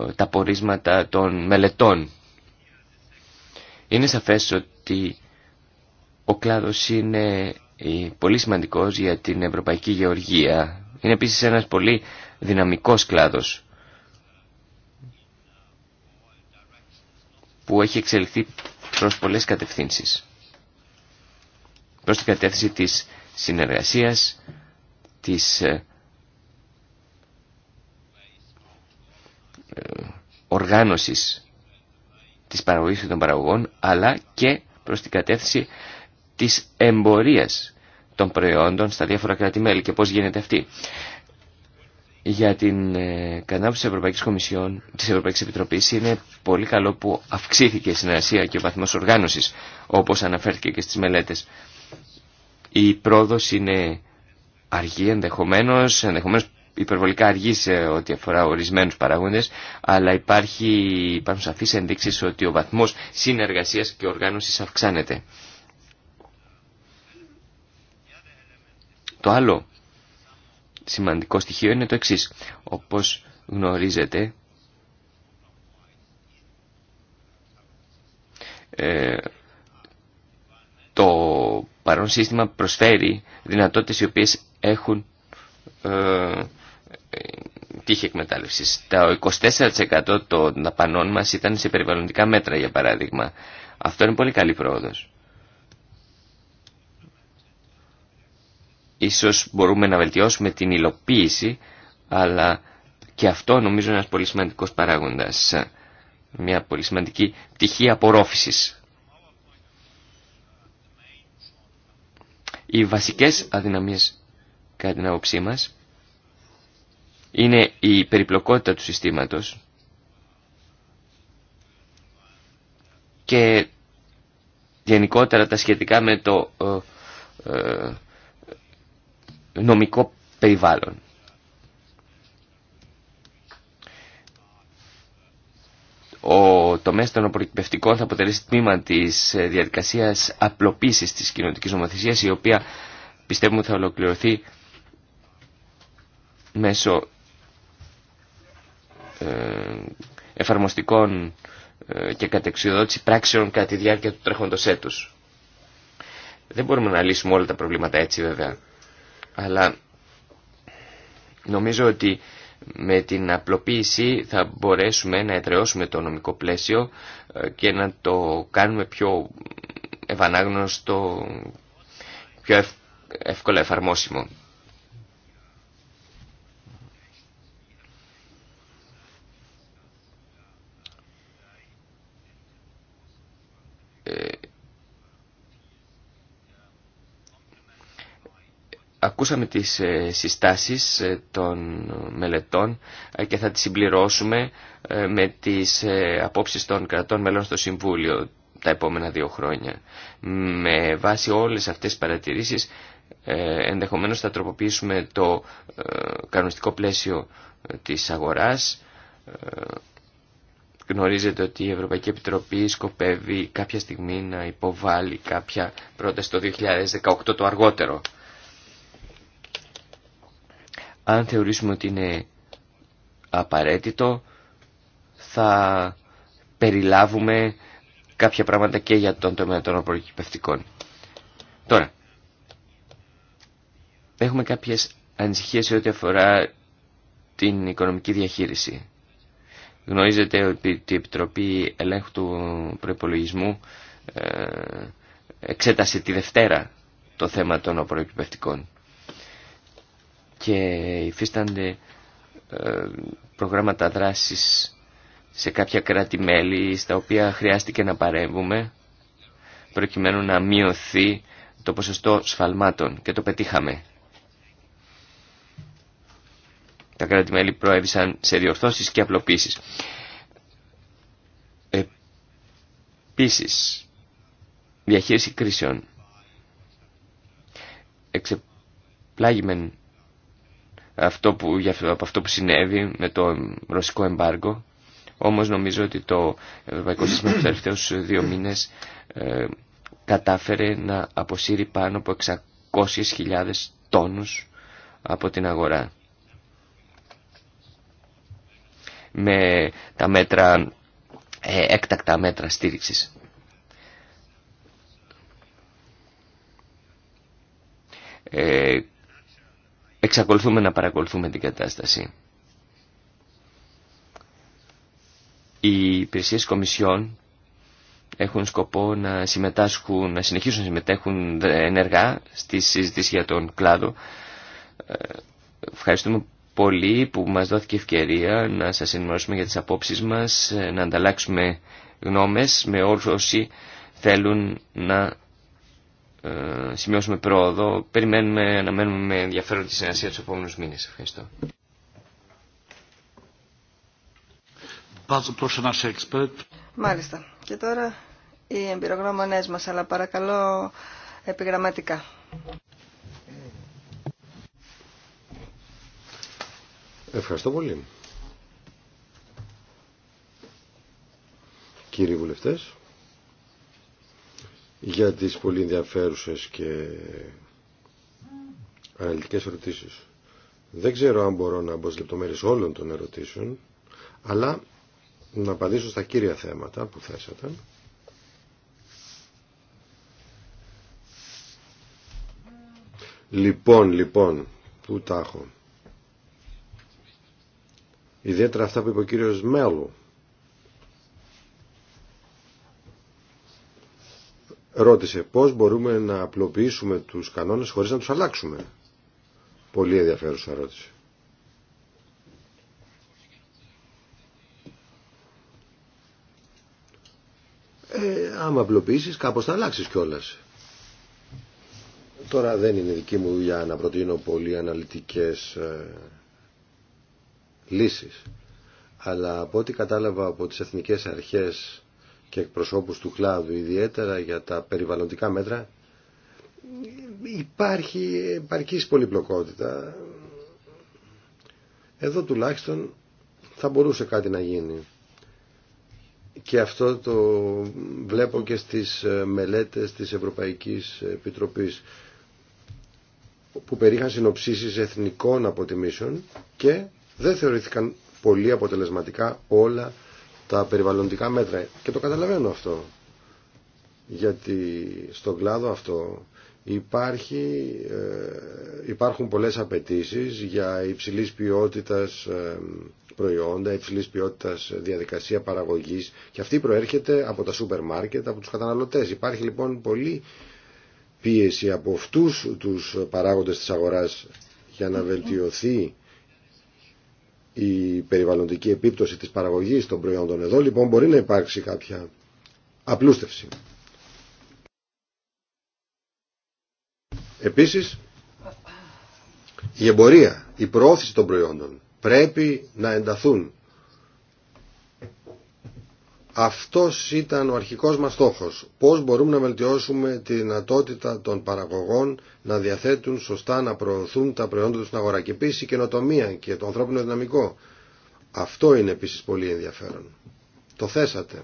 S3: ε, τα πορίσματα των μελετών. Είναι σαφές ότι ο κλάδος είναι ε, πολύ σημαντικός για την ευρωπαϊκή γεωργία. Είναι επίσης ένας πολύ δυναμικός κλάδος που έχει εξελιχθεί προς πολλές κατευθύνσεις προς την κατεύθυνση της συνεργασίας, της ε, ε, οργάνωσης της παραγωγής των παραγωγών, αλλά και προς την κατεύθυνση της εμπορίας των προϊόντων στα διάφορα κράτη-μέλη και πώς γίνεται αυτή. Για την ε, της Ευρωπαϊκής, Κομισιόν, της Ευρωπαϊκής Επιτροπής είναι πολύ καλό που αυξήθηκε η συνεργασία και ο βαθμός οργάνωσης, όπως αναφέρθηκε και στις μελέτες. Η πρόοδος είναι αργή ενδεχομένως, ενδεχομένως υπερβολικά αργή σε ό,τι αφορά ορισμένους παράγοντες, αλλά υπάρχει, υπάρχουν σαφείς ενδείξεις ότι ο βαθμός συνεργασίας και οργάνωσης αυξάνεται. Το άλλο σημαντικό στοιχείο είναι το εξής. Όπως γνωρίζετε, ε, το παρόν σύστημα προσφέρει δυνατότητες οι οποίες έχουν ε, τύχη εκμετάλλευση. Τα 24% των δαπανών μας ήταν σε περιβαλλοντικά μέτρα, για παράδειγμα. Αυτό είναι πολύ καλή πρόοδο. Ίσως μπορούμε να βελτιώσουμε την υλοποίηση, αλλά και αυτό νομίζω είναι ένας πολύ σημαντικός παράγοντας. Μια πολύ σημαντική πτυχή απορρόφησης Οι βασικές αδυναμίες κατά την άποψή μας είναι η περιπλοκότητα του συστήματος και γενικότερα τα σχετικά με το ε, ε, νομικό περιβάλλον. ο τομέας των απορριπευτικών θα αποτελέσει τμήμα της ε, διαδικασίας απλοποίησης της κοινωνικής νομοθεσίας η οποία πιστεύουμε θα ολοκληρωθεί μέσω ε, εφαρμοστικών ε, και κατεξιοδότηση πράξεων κατά τη διάρκεια του τρέχοντος έτους. Δεν μπορούμε να λύσουμε όλα τα προβλήματα έτσι βέβαια, αλλά νομίζω ότι με την απλοποίηση θα μπορέσουμε να εδραιώσουμε το νομικό πλαίσιο ε, και να το κάνουμε πιο ευανάγνωστο, πιο εύκολα εφαρμόσιμο. Ακούσαμε τις ε, συστάσεις ε, των μελετών ε, και θα τις συμπληρώσουμε με τις απόψεις των κρατών μελών στο Συμβούλιο τα επόμενα δύο χρόνια. Με βάση όλες αυτές τις παρατηρήσεις ενδεχομένως θα τροποποιήσουμε το κανονιστικό πλαίσιο της αγοράς. Γνωρίζετε ότι η Ευρωπαϊκή Επιτροπή σκοπεύει κάποια στιγμή να υποβάλει κάποια πρόταση το 2018 το αργότερο. Αν θεωρήσουμε ότι είναι απαραίτητο, θα περιλάβουμε κάποια πράγματα και για τον τομέα των προκυπευτικών. Τώρα, έχουμε κάποιες ανησυχίες σε ό,τι αφορά την οικονομική διαχείριση. Γνωρίζετε ότι η Επιτροπή Ελέγχου του Προπολογισμού ε, εξέτασε τη Δευτέρα το θέμα των προεκπαιδευτικών και υφίστανται ε, προγράμματα δράσης σε κάποια κράτη-μέλη στα οποία χρειάστηκε να παρέμβουμε προκειμένου να μειωθεί το ποσοστό σφαλμάτων και το πετύχαμε. Τα κράτη-μέλη προέβησαν σε διορθώσεις και απλοποίησεις. Επίσης, διαχείριση κρίσεων. Εξεπλάγημεν αυτό που, από αυτό που συνέβη με το ρωσικό εμπάργκο. Όμως νομίζω ότι το Ευρωπαϊκό Σύστημα του τελευταίους δύο μήνες ε, κατάφερε να αποσύρει πάνω από 600.000 τόνους από την αγορά. Με τα μέτρα, ε, έκτακτα μέτρα στήριξης. Ε, εξακολουθούμε να παρακολουθούμε την κατάσταση. Οι υπηρεσίε κομισιών έχουν σκοπό να συμμετάσχουν, να συνεχίσουν να συμμετέχουν ενεργά στη συζήτηση για τον κλάδο. Ε, ευχαριστούμε πολύ που μας δόθηκε ευκαιρία να σας ενημερώσουμε για τις απόψεις μας, ε, να ανταλλάξουμε γνώμες με όλους όσοι θέλουν να ε, σημειώσουμε πρόοδο. Περιμένουμε, να μένουμε με ενδιαφέρον τη συνεργασία του
S2: επόμενου μήνε. Ευχαριστώ.
S1: Μάλιστα. Και τώρα οι εμπειρογνώμονές μας, αλλά παρακαλώ επιγραμματικά.
S2: Ευχαριστώ πολύ. Κύριοι βουλευτές, για τις πολύ ενδιαφέρουσες και αναλυτικές ερωτήσεις. Δεν ξέρω αν μπορώ να μπω σε λεπτομέρειες όλων των ερωτήσεων, αλλά να απαντήσω στα κύρια θέματα που θέσατε. Λοιπόν, λοιπόν, που τα έχω. Ιδιαίτερα αυτά που είπε ο κύριος Μέλου ρώτησε πώς μπορούμε να απλοποιήσουμε τους κανόνες χωρίς να τους αλλάξουμε. Πολύ ενδιαφέρουσα ερώτηση. Ε, άμα απλοποιήσεις κάπως θα αλλάξεις κιόλας. Τώρα δεν είναι δική μου δουλειά να προτείνω πολύ αναλυτικές ε, λύσεις. Αλλά από ό,τι κατάλαβα από τις εθνικές αρχές και εκπροσώπους του κλάδου ιδιαίτερα για τα περιβαλλοντικά μέτρα υπάρχει επαρκής πολυπλοκότητα. Εδώ τουλάχιστον θα μπορούσε κάτι να γίνει. Και αυτό το βλέπω και στις μελέτες της Ευρωπαϊκής Επιτροπής που περίχαν συνοψίσεις εθνικών αποτιμήσεων και δεν θεωρήθηκαν πολύ αποτελεσματικά όλα τα περιβαλλοντικά μέτρα. Και το καταλαβαίνω αυτό. Γιατί στον κλάδο αυτό υπάρχει, ε, υπάρχουν πολλές απαιτήσει για υψηλής ποιότητας ε, προϊόντα, υψηλής ποιότητας διαδικασία παραγωγής και αυτή προέρχεται από τα σούπερ μάρκετ, από τους καταναλωτές. Υπάρχει λοιπόν πολύ πίεση από αυτούς τους παράγοντες της αγοράς για να βελτιωθεί η περιβαλλοντική επίπτωση της παραγωγής των προϊόντων εδώ, λοιπόν μπορεί να υπάρξει κάποια απλούστευση. Επίσης, η εμπορία, η προώθηση των προϊόντων πρέπει να ενταθούν αυτός ήταν ο αρχικός μας στόχος. Πώς μπορούμε να βελτιώσουμε τη δυνατότητα των παραγωγών να διαθέτουν σωστά, να προωθούν τα προϊόντα τους στην αγορά. Και επίσης η καινοτομία και το ανθρώπινο δυναμικό. Αυτό είναι επίσης πολύ ενδιαφέρον. Το θέσατε.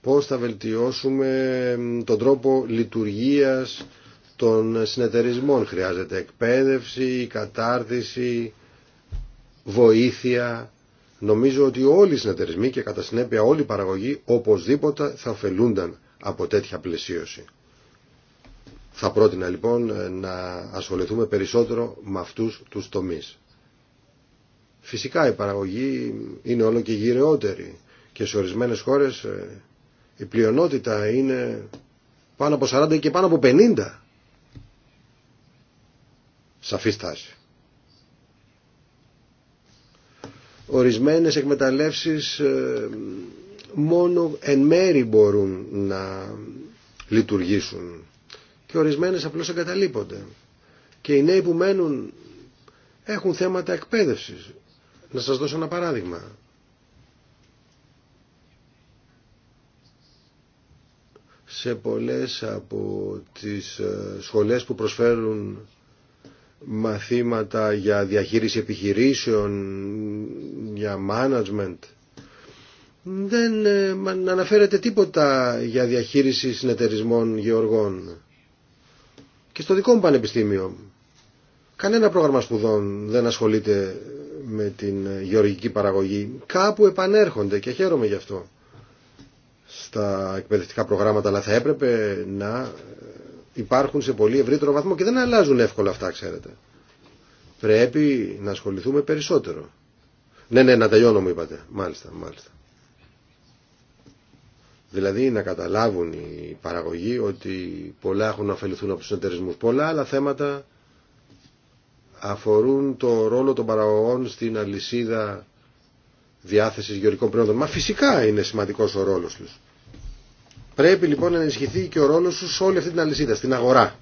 S2: Πώς θα βελτιώσουμε τον τρόπο λειτουργίας των συνεταιρισμών. Χρειάζεται εκπαίδευση, κατάρτιση, βοήθεια Νομίζω ότι όλοι οι συνεταιρισμοί και κατά συνέπεια όλοι οι παραγωγοί οπωσδήποτε θα ωφελούνταν από τέτοια πλαισίωση. Θα πρότεινα λοιπόν ε, να ασχοληθούμε περισσότερο με αυτούς τους τομείς. Φυσικά η παραγωγή είναι όλο και γυρεότερη και σε ορισμένες χώρες ε, η πλειονότητα είναι πάνω από 40 και πάνω από 50. Σαφή στάση. Ορισμένες εκμεταλλεύσεις ε, μόνο εν μέρη μπορούν να λειτουργήσουν και ορισμένες απλώς εγκαταλείπονται. Και οι νέοι που μένουν έχουν θέματα εκπαίδευσης. Να σας δώσω ένα παράδειγμα. Σε πολλές από τις ε, σχολές που προσφέρουν μαθήματα για διαχείριση επιχειρήσεων, για management. Δεν ε, αναφέρεται τίποτα για διαχείριση συνεταιρισμών γεωργών. Και στο δικό μου πανεπιστήμιο κανένα πρόγραμμα σπουδών δεν ασχολείται με την γεωργική παραγωγή. Κάπου επανέρχονται και χαίρομαι γι' αυτό στα εκπαιδευτικά προγράμματα, αλλά θα έπρεπε να υπάρχουν σε πολύ ευρύτερο βαθμό και δεν αλλάζουν εύκολα αυτά, ξέρετε. Πρέπει να ασχοληθούμε περισσότερο. Ναι, ναι, να τελειώνω μου είπατε. Μάλιστα, μάλιστα. Δηλαδή να καταλάβουν οι παραγωγοί ότι πολλά έχουν να από τους εταιρισμού. Πολλά άλλα θέματα αφορούν το ρόλο των παραγωγών στην αλυσίδα διάθεσης γεωρικών προϊόντων. Μα φυσικά είναι σημαντικός ο ρόλος τους. Πρέπει λοιπόν να ενισχυθεί και ο ρόλος σου σε όλη αυτή την αλυσίδα, στην αγορά.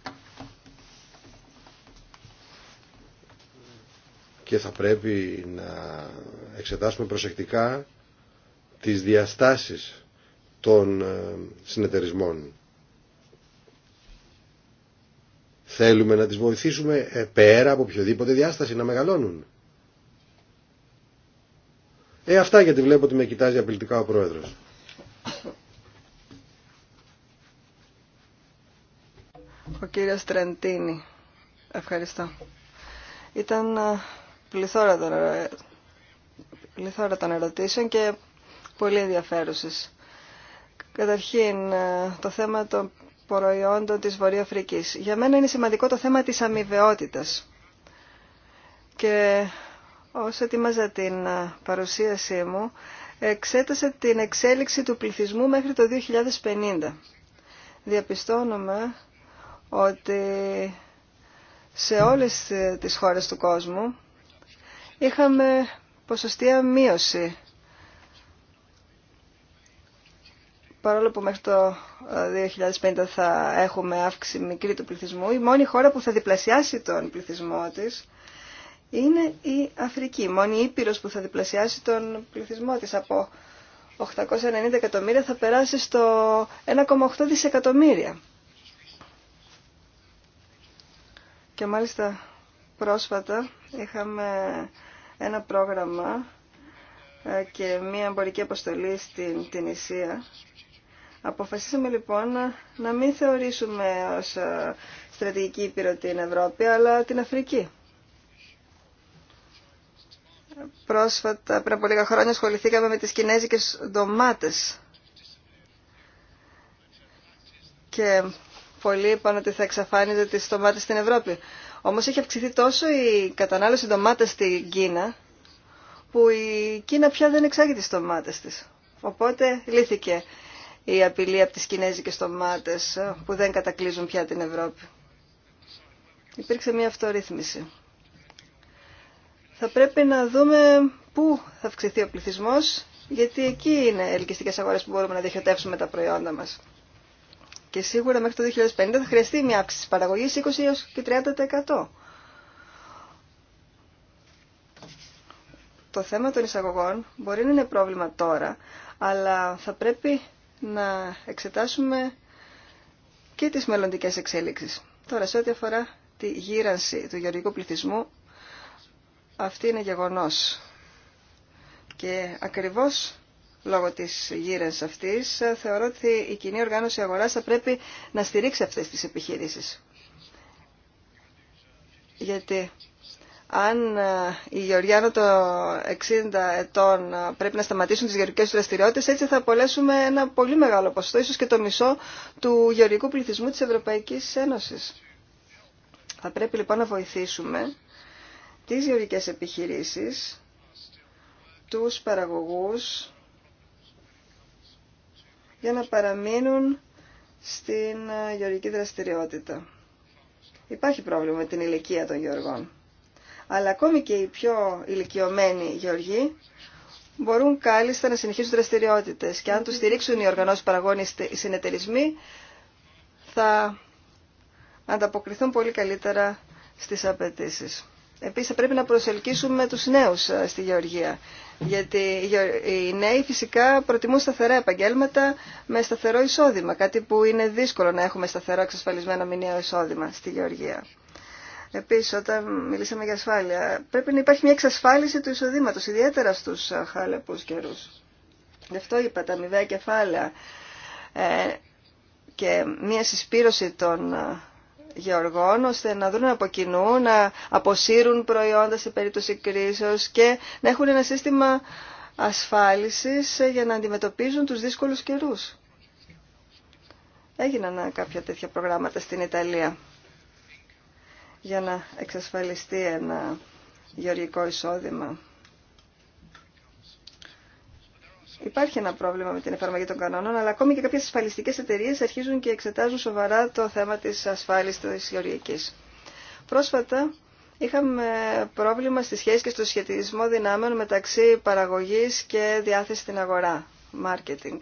S2: Και θα πρέπει να εξετάσουμε προσεκτικά τις διαστάσεις των ε, συνεταιρισμών. Θέλουμε να τις βοηθήσουμε ε, πέρα από οποιοδήποτε διάσταση να μεγαλώνουν. Ε, αυτά γιατί βλέπω ότι με κοιτάζει απειλητικά ο Πρόεδρος.
S1: Ο κύριος Τρεντίνη. Ευχαριστώ. Ήταν ε, πληθώρα των, ε, πληθώρα ερωτήσεων και πολύ ενδιαφέρουσες. Καταρχήν, ε, το θέμα των προϊόντων της Αφρικής. Για μένα είναι σημαντικό το θέμα της αμοιβαιότητα. Και όσο ετοίμαζα την παρουσίασή μου, εξέτασε την εξέλιξη του πληθυσμού μέχρι το 2050. Διαπιστώνουμε ότι σε όλες τις χώρες του κόσμου είχαμε ποσοστία μείωση. Παρόλο που μέχρι το 2050 ε, θα έχουμε αύξηση μικρή του πληθυσμού, η μόνη χώρα που θα διπλασιάσει τον πληθυσμό της είναι η Αφρική. Η μόνη Ήπειρος που θα διπλασιάσει τον πληθυσμό της από 890 εκατομμύρια θα περάσει στο 1,8 δισεκατομμύρια. Και μάλιστα πρόσφατα είχαμε ένα πρόγραμμα ε, και μία εμπορική αποστολή στην Τινησία. Αποφασίσαμε λοιπόν να μην θεωρήσουμε ως ε, στρατηγική ήπειρο την Ευρώπη, αλλά την Αφρική. Πρόσφατα, πριν από λίγα χρόνια, ασχοληθήκαμε με τις κινέζικες ντομάτες. Και Πολύ είπαν ότι θα εξαφάνιζε τις ντομάτες στην Ευρώπη. Όμως έχει αυξηθεί τόσο η κατανάλωση ντομάτας στην Κίνα, που η Κίνα πια δεν εξάγει τις ντομάτες της. Οπότε λύθηκε η απειλή από τις κινέζικες ντομάτες ε, που δεν κατακλείζουν πια την Ευρώπη. Υπήρξε μια αυτορύθμιση. Θα πρέπει να δούμε πού θα αυξηθεί ο πληθυσμός, γιατί εκεί είναι ελκυστικές αγορές που μπορούμε να διαχειοτεύσουμε τα προϊόντα μας και σίγουρα μέχρι το 2050 θα χρειαστεί μια αύξηση της παραγωγής 20 έως και 30%. Το θέμα των εισαγωγών μπορεί να είναι πρόβλημα τώρα, αλλά θα πρέπει να εξετάσουμε και τις μελλοντικές εξέλιξεις. Τώρα, σε ό,τι αφορά τη γύρανση του γεωργικού πληθυσμού, αυτή είναι γεγονός. Και ακριβώς λόγω της γύρα αυτής, θεωρώ ότι η κοινή οργάνωση αγοράς θα πρέπει να στηρίξει αυτές τις επιχειρήσεις. Γιατί αν οι ε, Γεωργιάνο το 60 ετών ε, πρέπει να σταματήσουν τις γεωργικές δραστηριότητε, έτσι θα απολέσουμε ένα πολύ μεγάλο ποσοστό, ίσως και το μισό του γεωργικού πληθυσμού της Ευρωπαϊκής Ένωσης. Θα πρέπει λοιπόν να βοηθήσουμε τις γεωργικές επιχειρήσεις, τους παραγωγούς, για να παραμείνουν στην ε, γεωργική δραστηριότητα. Υπάρχει πρόβλημα με την ηλικία των γεωργών. Αλλά ακόμη και οι πιο ηλικιωμένοι γεωργοί μπορούν κάλλιστα να συνεχίσουν δραστηριότητες και αν τους στηρίξουν οι οργανώσεις παραγόνοι οι συνεταιρισμοί θα ανταποκριθούν πολύ καλύτερα στις απαιτήσεις. Επίσης θα πρέπει να προσελκύσουμε τους νέους ε, στη γεωργία. Γιατί οι νέοι φυσικά προτιμούν σταθερά επαγγέλματα με σταθερό εισόδημα. Κάτι που είναι δύσκολο να έχουμε σταθερό εξασφαλισμένο μηνιαίο εισόδημα στη γεωργία. Επίσης, όταν μιλήσαμε για ασφάλεια, πρέπει να υπάρχει μια εξασφάλιση του εισοδήματος, ιδιαίτερα στους ε, χάλεπους καιρούς. Γι' αυτό είπα τα αμοιβαία κεφάλαια ε, και μια συσπήρωση των γεωργών ώστε να δουν από κοινού, να αποσύρουν προϊόντα σε περίπτωση κρίσεως και να έχουν ένα σύστημα ασφάλισης για να αντιμετωπίζουν τους δύσκολους καιρούς. Έγιναν κάποια τέτοια προγράμματα στην Ιταλία για να εξασφαλιστεί ένα γεωργικό εισόδημα. Υπάρχει ένα πρόβλημα με την εφαρμογή των κανόνων, αλλά ακόμη και κάποιες ασφαλιστικές εταιρείες αρχίζουν και εξετάζουν σοβαρά το θέμα της ασφάλισης της Πρόσφατα είχαμε πρόβλημα στη σχέση και στο σχετισμό δυνάμεων μεταξύ παραγωγής και διάθεση στην αγορά, marketing.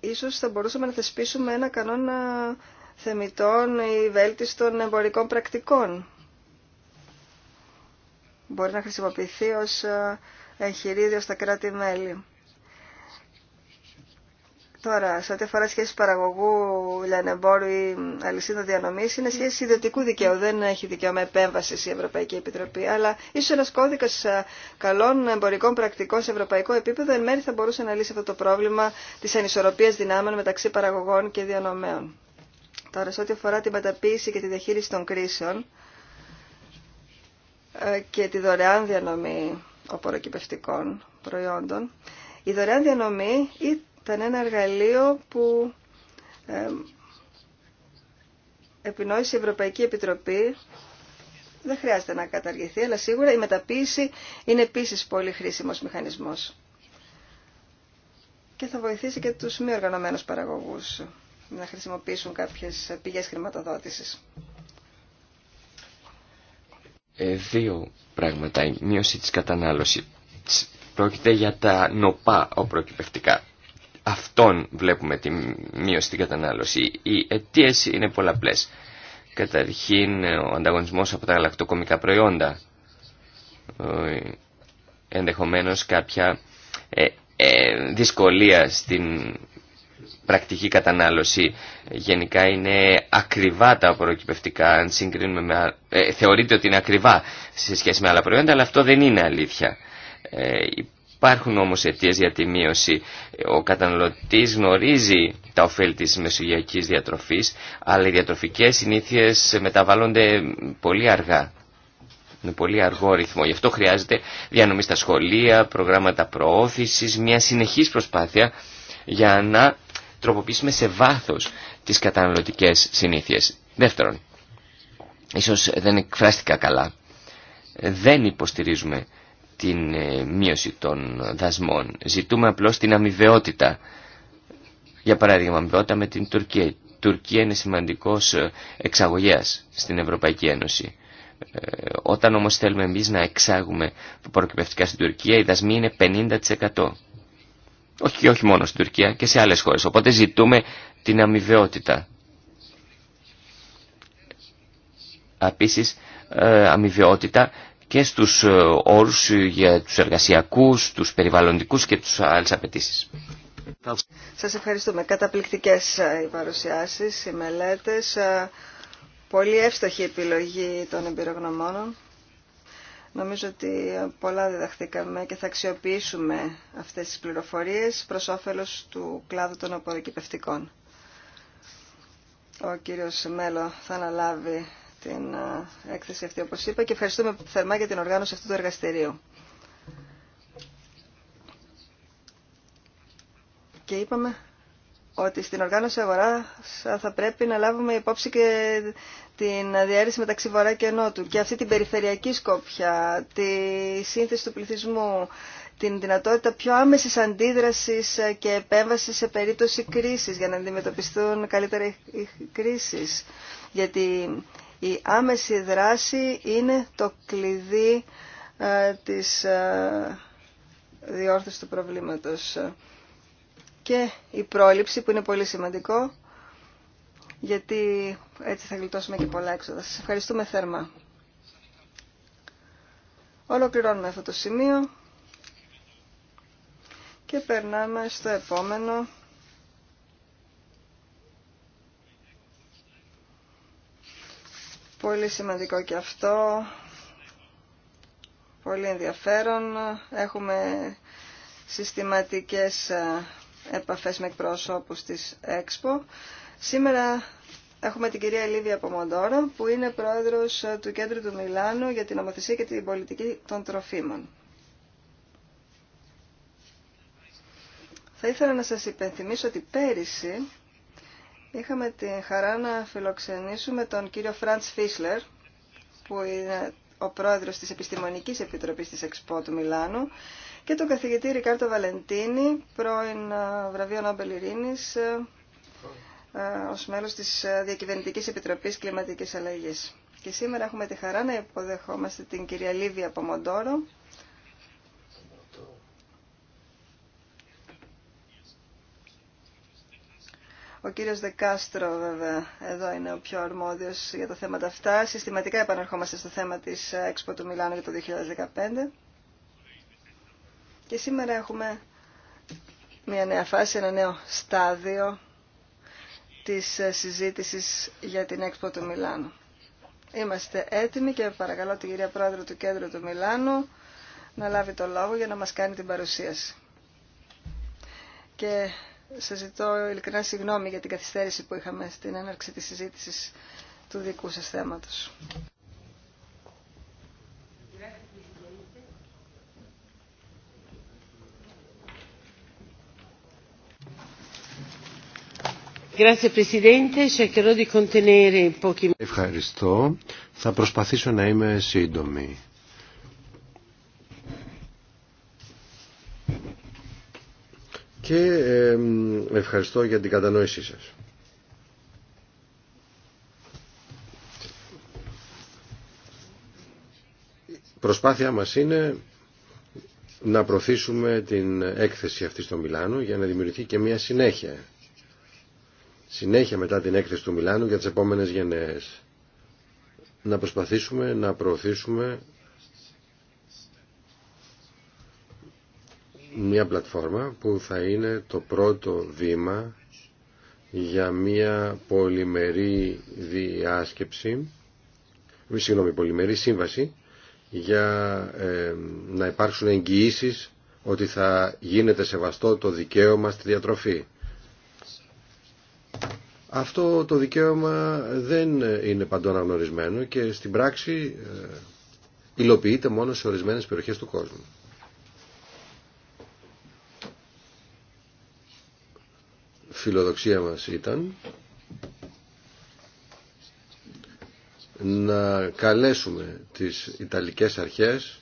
S1: Ίσως θα μπορούσαμε να θεσπίσουμε ένα κανόνα θεμητών ή βέλτιστων εμπορικών πρακτικών. Μπορεί να χρησιμοποιηθεί ως ε, εγχειρίδιο στα κράτη-μέλη. Τώρα, σε ό,τι αφορά σχέση παραγωγού, λιανεμπόρου ή αλυσίδα διανομή, είναι σχέση ιδιωτικού δικαίου. Δεν έχει δικαίωμα επέμβαση η Ευρωπαϊκή Επιτροπή. Αλλά ίσω ένα κώδικα ε, καλών εμπορικών πρακτικών σε ευρωπαϊκό επίπεδο εν μέρει θα μπορούσε να λύσει αυτό το πρόβλημα τη ανισορροπία δυνάμεων μεταξύ παραγωγών και διανομέων. Τώρα, σε ό,τι αφορά την μεταποίηση και τη διαχείριση των κρίσεων ε, και τη δωρεάν διανομή οπωροκυπευτικών προϊόντων, η δωρεάν διανομή ήταν ένα εργαλείο που επινόησε η Ευρωπαϊκή Επιτροπή δεν χρειάζεται να καταργηθεί, αλλά σίγουρα η μεταποίηση είναι επίσης πολύ χρήσιμος μηχανισμός. Και θα βοηθήσει και τους μη οργανωμένους παραγωγούς να χρησιμοποιήσουν κάποιες πηγές χρηματοδότησης.
S3: Ε, δύο πράγματα. Η μείωση της κατανάλωσης πρόκειται για τα νοπά οπροκυπευτικά. Αυτόν βλέπουμε τη μείωση στην κατανάλωση. Οι αιτίε είναι πολλαπλές. Καταρχήν ο ανταγωνισμός από τα γαλακτοκομικά προϊόντα. Ενδεχομένως κάποια ε, ε, δυσκολία στην πρακτική κατανάλωση. Γενικά είναι ακριβά τα προκυπευτικά αν συγκρίνουμε με, ε, θεωρείται ότι είναι ακριβά σε σχέση με άλλα προϊόντα, αλλά αυτό δεν είναι αλήθεια. Ε, υπάρχουν όμως αιτίες για τη μείωση. Ο καταναλωτής γνωρίζει τα ωφέλη της μεσογειακής διατροφής, αλλά οι διατροφικές συνήθειες μεταβάλλονται πολύ αργά. Με πολύ αργό ρυθμό. Γι' αυτό χρειάζεται διανομή στα σχολεία, προγράμματα προώθησης, μια συνεχής προσπάθεια για να τροποποιήσουμε σε βάθος τις καταναλωτικές συνήθειες. Δεύτερον, ίσως δεν εκφράστηκα καλά, δεν υποστηρίζουμε την ε, μείωση των δασμών. Ζητούμε απλώς την αμοιβαιότητα. Για παράδειγμα, αμοιβαιότητα με την Τουρκία. Η Τουρκία είναι σημαντικός ε, εξαγωγέας στην Ευρωπαϊκή Ένωση. Ε, όταν όμως θέλουμε εμείς να εξάγουμε προκυπευτικά στην Τουρκία, οι δασμοί είναι 50%. Όχι όχι μόνο στην Τουρκία και σε άλλες χώρες. Οπότε ζητούμε την αμοιβαιότητα. Επίσης ε, αμοιβαιότητα και στους ε, όρους για τους εργασιακούς, τους περιβαλλοντικούς και τους άλλες απαιτήσει.
S1: Σας ευχαριστούμε. Καταπληκτικές ε, οι παρουσιάσεις, οι μελέτες. Πολύ εύστοχη επιλογή των εμπειρογνωμόνων. Νομίζω ότι πολλά διδαχθήκαμε και θα αξιοποιήσουμε αυτές τις πληροφορίες προς όφελος του κλάδου των απορροκυπευτικών. Ο κύριος Μέλο θα αναλάβει την έκθεση αυτή όπως είπα και ευχαριστούμε θερμά για την οργάνωση αυτού του εργαστηρίου. Και είπαμε ότι στην οργάνωση αγορά θα πρέπει να λάβουμε υπόψη και την διαίρεση μεταξύ Βορρά και Νότου και αυτή την περιφερειακή σκόπια, τη σύνθεση του πληθυσμού, την δυνατότητα πιο άμεσης αντίδρασης και επέμβαση σε περίπτωση κρίσης για να αντιμετωπιστούν καλύτερα οι κρίσεις. Γιατί η άμεση δράση είναι το κλειδί ε, της ε, διόρθωσης του προβλήματος. Και η πρόληψη που είναι πολύ σημαντικό γιατί έτσι θα γλιτώσουμε και πολλά έξοδα. Σας ευχαριστούμε θερμά. Ολοκληρώνουμε αυτό το σημείο και περνάμε στο επόμενο. Πολύ σημαντικό και αυτό. Πολύ ενδιαφέρον. Έχουμε συστηματικές ε, επαφές με εκπροσώπους της Έκσπο. Σήμερα έχουμε την κυρία Λίβια Πομοντόρο, που είναι πρόεδρος του Κέντρου του Μιλάνου για την νομοθεσία και την πολιτική των τροφίμων. Θα ήθελα να σας υπενθυμίσω ότι πέρυσι είχαμε την χαρά να φιλοξενήσουμε τον κύριο Φραντς Φίσλερ, που είναι ο πρόεδρος της Επιστημονικής Επιτροπής της ΕΞΠΟ του Μιλάνου, και τον καθηγητή Ρικάρτο Βαλεντίνη, πρώην βραβείο Νόμπελ Ειρήνης, ε, ως μέλος της ε, Διακυβερνητικής Επιτροπής Κλιματικής Αλλαγής. Και σήμερα έχουμε τη χαρά να υποδεχόμαστε την κυρία Λίβια Πομοντόρο, Ο κύριος Δεκάστρο βέβαια εδώ είναι ο πιο αρμόδιος για τα θέματα αυτά. Συστηματικά επαναρχόμαστε στο θέμα της ε, Expo του Μιλάνου για το 2015. Και σήμερα έχουμε μια νέα φάση, ένα νέο στάδιο της ε, συζήτησης για την Expo του Μιλάνου. Είμαστε έτοιμοι και παρακαλώ την κυρία Πρόεδρο του Κέντρου του Μιλάνου να λάβει το λόγο για να μας κάνει την παρουσίαση. Και σας ζητώ ειλικρινά συγγνώμη για την καθυστέρηση που είχαμε στην έναρξη της συζήτησης του δικού σας θέματος.
S2: Ευχαριστώ. Θα προσπαθήσω να είμαι σύντομη. Και ευχαριστώ για την κατανόησή σας. Προσπάθειά μας είναι να προωθήσουμε την έκθεση αυτή στο Μιλάνο για να δημιουργηθεί και μια συνέχεια συνέχεια μετά την έκθεση του Μιλάνου για τις επόμενες γενναίες. Να προσπαθήσουμε να προωθήσουμε μια πλατφόρμα που θα είναι το πρώτο βήμα για μια πολυμερή διάσκεψη, συγγνώμη, πολυμερή σύμβαση για ε, να υπάρξουν εγγυήσει ότι θα γίνεται σεβαστό το δικαίωμα στη διατροφή. Αυτό το δικαίωμα δεν είναι παντού αναγνωρισμένο και στην πράξη ε, υλοποιείται μόνο σε ορισμένες περιοχές του κόσμου. Φιλοδοξία μας ήταν να καλέσουμε τις Ιταλικές αρχές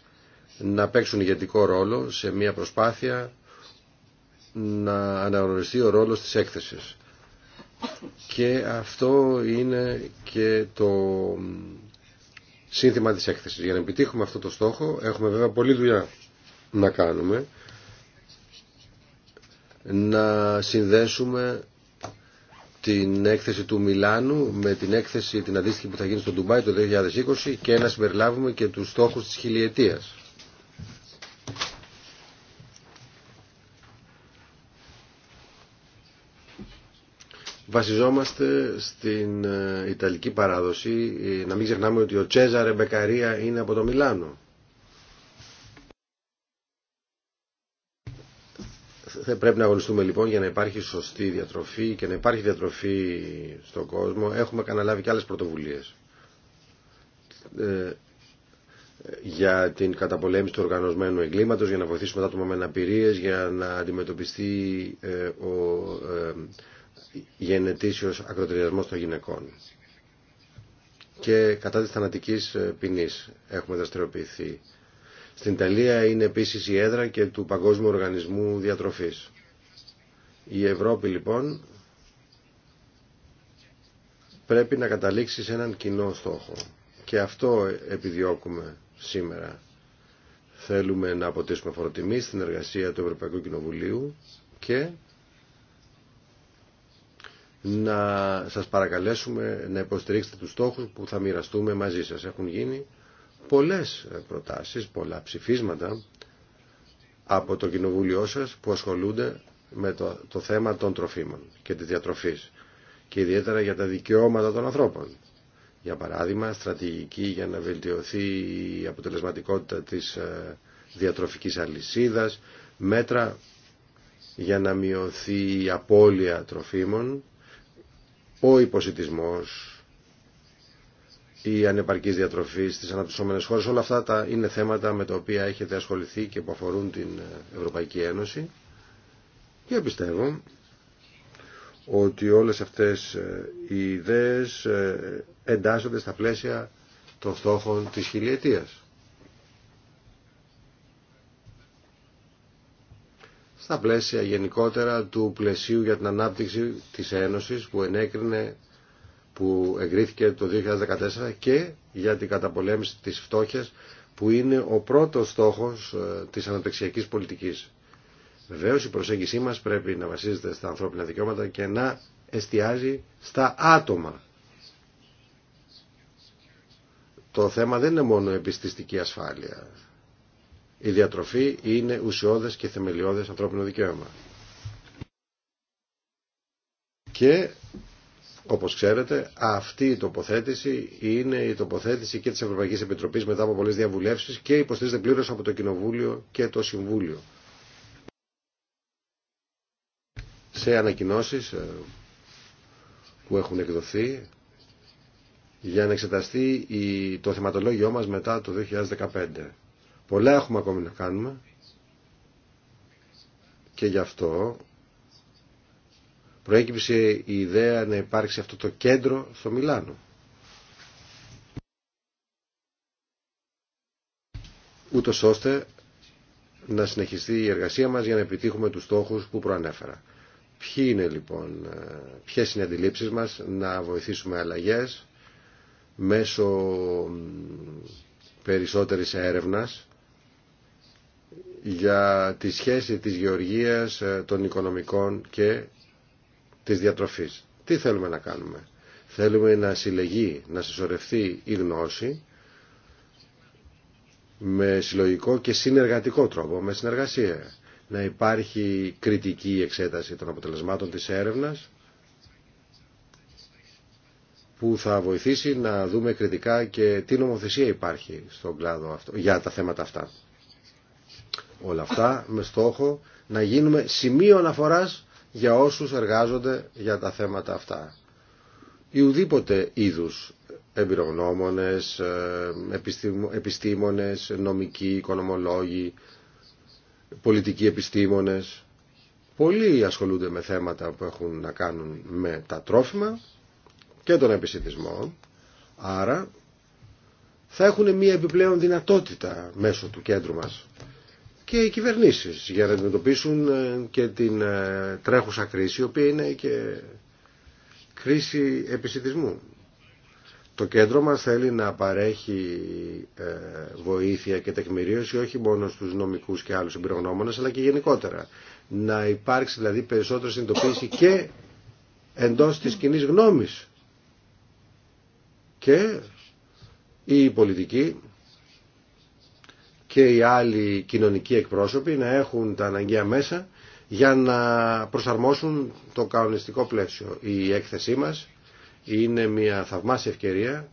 S2: να παίξουν ηγετικό ρόλο σε μια προσπάθεια να αναγνωριστεί ο ρόλος της έκθεσης. Και αυτό είναι και το σύνθημα της έκθεσης. Για να επιτύχουμε αυτό το στόχο έχουμε βέβαια πολλή δουλειά να κάνουμε. Να συνδέσουμε την έκθεση του Μιλάνου με την έκθεση την αντίστοιχη που θα γίνει στο Ντουμπάι το 2020 και να συμπεριλάβουμε και τους στόχους της χιλιετίας. βασιζόμαστε στην ε, Ιταλική παράδοση. Ε, να μην ξεχνάμε ότι ο Τσέζαρε Μπεκαρία είναι από το Μιλάνο. Πρέπει να αγωνιστούμε λοιπόν για να υπάρχει σωστή διατροφή και να υπάρχει διατροφή στον κόσμο. Έχουμε καναλάβει και άλλες πρωτοβουλίες ε, για την καταπολέμηση του οργανωσμένου εγκλήματος, για να βοηθήσουμε τα άτομα με αναπηρίες, για να αντιμετωπιστεί ο γενετήσιος ακροτηριασμός των γυναικών. Και κατά της θανατικής ε, ποινής έχουμε δραστηριοποιηθεί. Στην Ιταλία είναι επίσης η έδρα και του Παγκόσμιου Οργανισμού Διατροφής. Η Ευρώπη λοιπόν πρέπει να καταλήξει σε έναν κοινό στόχο. Και αυτό επιδιώκουμε σήμερα. Θέλουμε να αποτίσουμε φοροτιμή στην εργασία του Ευρωπαϊκού Κοινοβουλίου και να σας παρακαλέσουμε να υποστηρίξετε τους στόχους που θα μοιραστούμε μαζί σας. Έχουν γίνει πολλές προτάσεις, πολλά ψηφίσματα από το κοινοβούλιο σας που ασχολούνται με το, το θέμα των τροφίμων και της διατροφής και ιδιαίτερα για τα δικαιώματα των ανθρώπων. Για παράδειγμα, στρατηγική για να βελτιωθεί η αποτελεσματικότητα της ε, διατροφικής αλυσίδας, μέτρα για να μειωθεί η απώλεια τροφίμων ο υποσυτισμός, η ανεπαρκής διατροφή στις αναπτυσσόμενες χώρες, όλα αυτά τα είναι θέματα με τα οποία έχετε ασχοληθεί και που αφορούν την Ευρωπαϊκή Ένωση. Και πιστεύω ότι όλες αυτές ε, οι ιδέες ε, εντάσσονται στα πλαίσια των στόχων της χιλιετίας. στα πλαίσια γενικότερα του πλαισίου για την ανάπτυξη της Ένωσης που ενέκρινε που εγκρίθηκε το 2014 και για την καταπολέμηση της φτώχειας που είναι ο πρώτος στόχος ε, της αναπτυξιακής πολιτικής. Βεβαίω η προσέγγισή μας πρέπει να βασίζεται στα ανθρώπινα δικαιώματα και να εστιάζει στα άτομα. Το θέμα δεν είναι μόνο επιστηστική ασφάλεια η διατροφή είναι ουσιώδες και θεμελιώδες ανθρώπινο δικαίωμα. Και όπως ξέρετε, αυτή η τοποθέτηση είναι η τοποθέτηση και της Ευρωπαϊκής Επιτροπής μετά από πολλές διαβουλεύσεις και υποστηρίζεται πλήρως από το Κοινοβούλιο και το Συμβούλιο. Σε ανακοινώσεις ε, που έχουν εκδοθεί για να εξεταστεί το θεματολόγιο μας μετά το 2015. Πολλά έχουμε ακόμη να κάνουμε και γι' αυτό προέκυψε η ιδέα να υπάρξει αυτό το κέντρο στο Μιλάνο. Ούτως ώστε να συνεχιστεί η εργασία μας για να επιτύχουμε τους στόχους που προανέφερα. Ποιοι είναι λοιπόν, ποιες είναι οι αντιλήψεις μας να βοηθήσουμε αλλαγές μέσω περισσότερης έρευνας για τη σχέση της γεωργίας, ε, των οικονομικών και της διατροφής. Τι θέλουμε να κάνουμε. Θέλουμε να συλλεγεί, να συσσωρευτεί η γνώση με συλλογικό και συνεργατικό τρόπο, με συνεργασία. Να υπάρχει κριτική εξέταση των αποτελεσμάτων της έρευνας που θα βοηθήσει να δούμε κριτικά και τι νομοθεσία υπάρχει στον αυτό, για τα θέματα αυτά. Όλα αυτά με στόχο να γίνουμε σημείο αναφοράς για όσους εργάζονται για τα θέματα αυτά. Ή ουδήποτε είδους εμπειρογνώμονες, ε, επιστήμονες, νομικοί, οικονομολόγοι, πολιτικοί επιστήμονες. Πολλοί ασχολούνται με θέματα που έχουν να κάνουν με τα τρόφιμα και τον επιστημισμό. Άρα θα έχουν μια επιπλέον δυνατότητα μέσω του κέντρου μας και οι κυβερνήσεις για να αντιμετωπίσουν ε, και την ε, τρέχουσα κρίση, η οποία είναι και κρίση επισητισμού. Το κέντρο μας θέλει να παρέχει ε, βοήθεια και τεκμηρίωση όχι μόνο στους νομικούς και άλλους εμπειρογνώμονες, αλλά και γενικότερα. Να υπάρξει δηλαδή περισσότερη συνειδητοποίηση και εντός της κοινή γνώμης. Και η πολιτική και οι άλλοι κοινωνικοί εκπρόσωποι να έχουν τα αναγκαία μέσα για να προσαρμόσουν το κανονιστικό πλαίσιο. Η έκθεσή μας είναι μια θαυμάσια ευκαιρία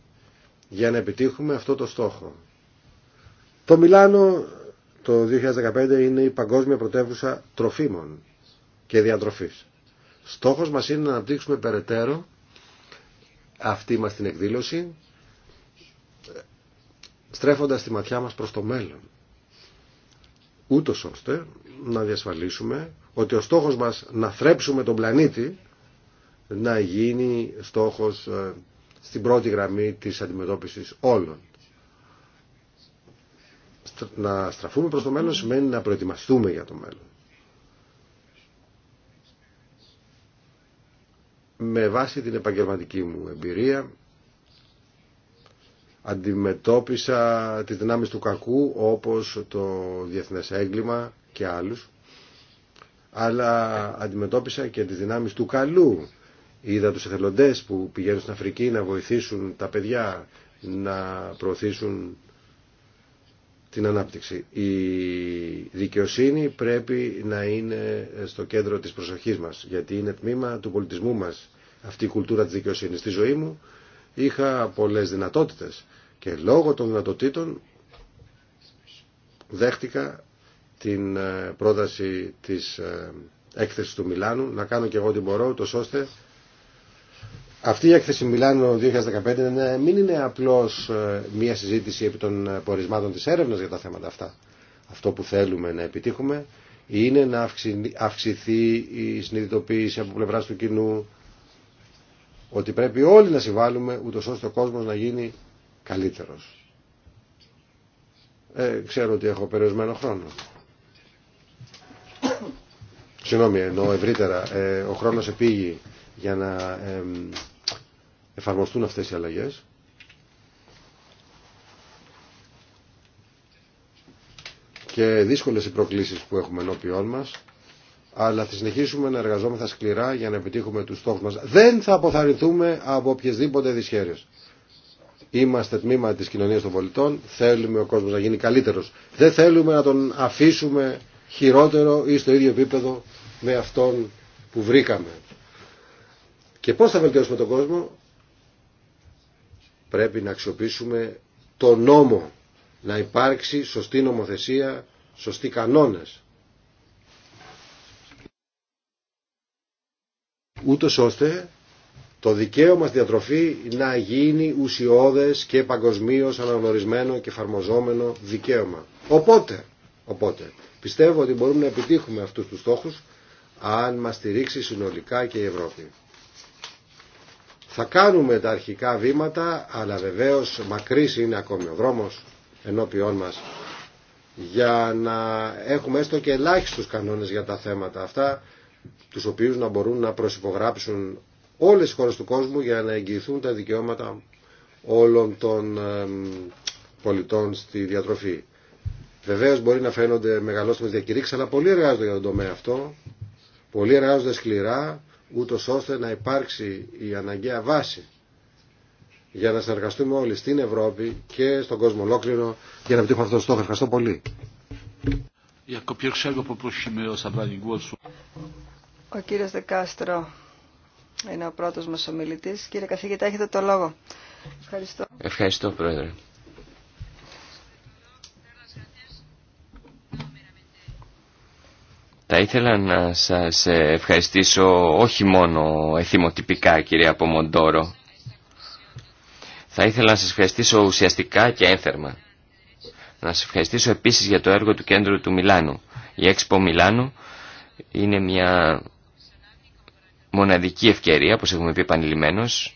S2: για να επιτύχουμε αυτό το στόχο. Το Μιλάνο το 2015 είναι η παγκόσμια πρωτεύουσα τροφίμων και διατροφής. Στόχος μας είναι να αναπτύξουμε περαιτέρω αυτή μας την εκδήλωση στρέφοντας τη ματιά μας προς το μέλλον. Ούτως ώστε να διασφαλίσουμε ότι ο στόχος μας να θρέψουμε τον πλανήτη να γίνει στόχος ε, στην πρώτη γραμμή της αντιμετώπισης όλων. Να στραφούμε προς το μέλλον σημαίνει να προετοιμαστούμε για το μέλλον. Με βάση την επαγγελματική μου εμπειρία αντιμετώπισα τις δυνάμεις του κακού όπως το διεθνές έγκλημα και άλλους αλλά αντιμετώπισα και τις δυνάμεις του καλού είδα τους εθελοντές που πηγαίνουν στην Αφρική να βοηθήσουν τα παιδιά να προωθήσουν την ανάπτυξη. Η δικαιοσύνη πρέπει να είναι στο κέντρο της προσοχής μας, γιατί είναι τμήμα του πολιτισμού μας αυτή η κουλτούρα της δικαιοσύνης. Στη ζωή μου είχα πολλές δυνατότητες και λόγω των δυνατοτήτων δέχτηκα την ε, πρόταση της ε, έκθεσης του Μιλάνου να κάνω και εγώ την μπορώ τόσο ώστε αυτή η έκθεση Μιλάνου 2015 μην είναι απλώς ε, μια συζήτηση επί των πορισμάτων της έρευνας για τα θέματα αυτά. Αυτό που θέλουμε να επιτύχουμε είναι να αυξηθεί η συνειδητοποίηση από πλευράς του κοινού ότι πρέπει όλοι να συμβάλλουμε ούτως ώστε ο κόσμος να γίνει καλύτερος. Ε, ξέρω ότι έχω περιορισμένο χρόνο. Συγγνώμη, ενώ ευρύτερα ε, ο χρόνος επήγει για να ε, εφαρμοστούν αυτές οι αλλαγές. Και δύσκολες οι προκλήσεις που έχουμε ενώπιόν μας αλλά θα συνεχίσουμε να εργαζόμεθα σκληρά για να επιτύχουμε τους στόχους μας. Δεν θα αποθαρρυνθούμε από οποιασδήποτε δυσχέρειες. Είμαστε τμήμα της κοινωνίας των πολιτών, θέλουμε ο κόσμος να γίνει καλύτερος. Δεν θέλουμε να τον αφήσουμε χειρότερο ή στο ίδιο επίπεδο με αυτόν που βρήκαμε. Και πώς θα βελτιώσουμε τον κόσμο? Πρέπει να αξιοποιήσουμε το νόμο, να υπάρξει σωστή νομοθεσία, σωστοί κανόνες ούτως ώστε το δικαίωμα στη διατροφή να γίνει ουσιώδες και παγκοσμίως αναγνωρισμένο και εφαρμοζόμενο δικαίωμα. Οπότε, οπότε πιστεύω ότι μπορούμε να επιτύχουμε αυτούς τους στόχους αν μας στηρίξει συνολικά και η Ευρώπη. Θα κάνουμε τα αρχικά βήματα, αλλά βεβαίως μακρύς είναι ακόμη ο δρόμος ενώπιόν μας για να έχουμε έστω και ελάχιστους κανόνες για τα θέματα αυτά τους οποίους να μπορούν να προσυπογράψουν όλες οι χώρες του κόσμου για να εγγυηθούν τα δικαιώματα όλων των πολιτών στη διατροφή. Βεβαίω μπορεί να φαίνονται μεγαλώστε διακηρύξει, αλλά πολλοί εργάζονται για τον τομέα αυτό. Πολλοί εργάζονται σκληρά, ούτω ώστε να υπάρξει η αναγκαία βάση για να συνεργαστούμε όλοι στην Ευρώπη και στον κόσμο ολόκληρο για να πετύχουμε αυτό το στόχο. Ευχαριστώ πολύ.
S1: Ο κύριος Δεκάστρο είναι ο πρώτος μας ομιλητής. Κύριε καθηγητά, έχετε το λόγο. Ευχαριστώ.
S3: Ευχαριστώ, Πρόεδρε. Θα ήθελα να σας ευχαριστήσω όχι μόνο εθιμοτυπικά, κυρία Απομοντόρο. Θα ήθελα να σας ευχαριστήσω ουσιαστικά και ένθερμα. Να σας ευχαριστήσω επίσης για το έργο του Κέντρου του Μιλάνου. Η Expo Μιλάνου είναι μια μοναδική ευκαιρία, όπως έχουμε πει επανειλημμένως,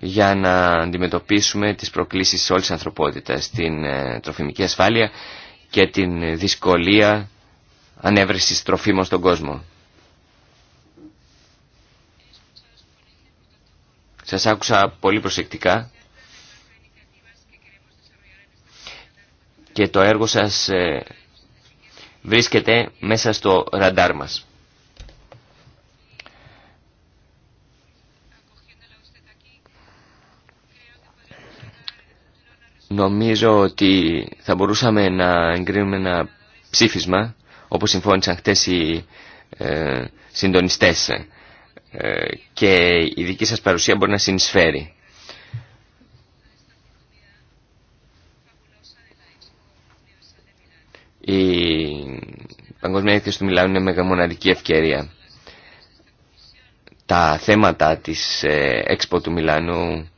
S3: για να αντιμετωπίσουμε τις προκλήσεις όλης της ανθρωπότητας, την ε, τροφιμική ασφάλεια και την δυσκολία ανέβρεσης τροφίμων στον κόσμο. Σας άκουσα πολύ προσεκτικά και το έργο σας ε, βρίσκεται μέσα στο ραντάρ μας. Νομίζω ότι θα μπορούσαμε να εγκρίνουμε ένα ψήφισμα, όπως συμφώνησαν χτες οι ε, συντονιστές ε, και η δική σας παρουσία μπορεί να συνεισφέρει. Η Παγκοσμία Έκθεση του Μιλάνου είναι μεγαμοναδική ευκαιρία. Τα θέματα της ε, του Μιλάνου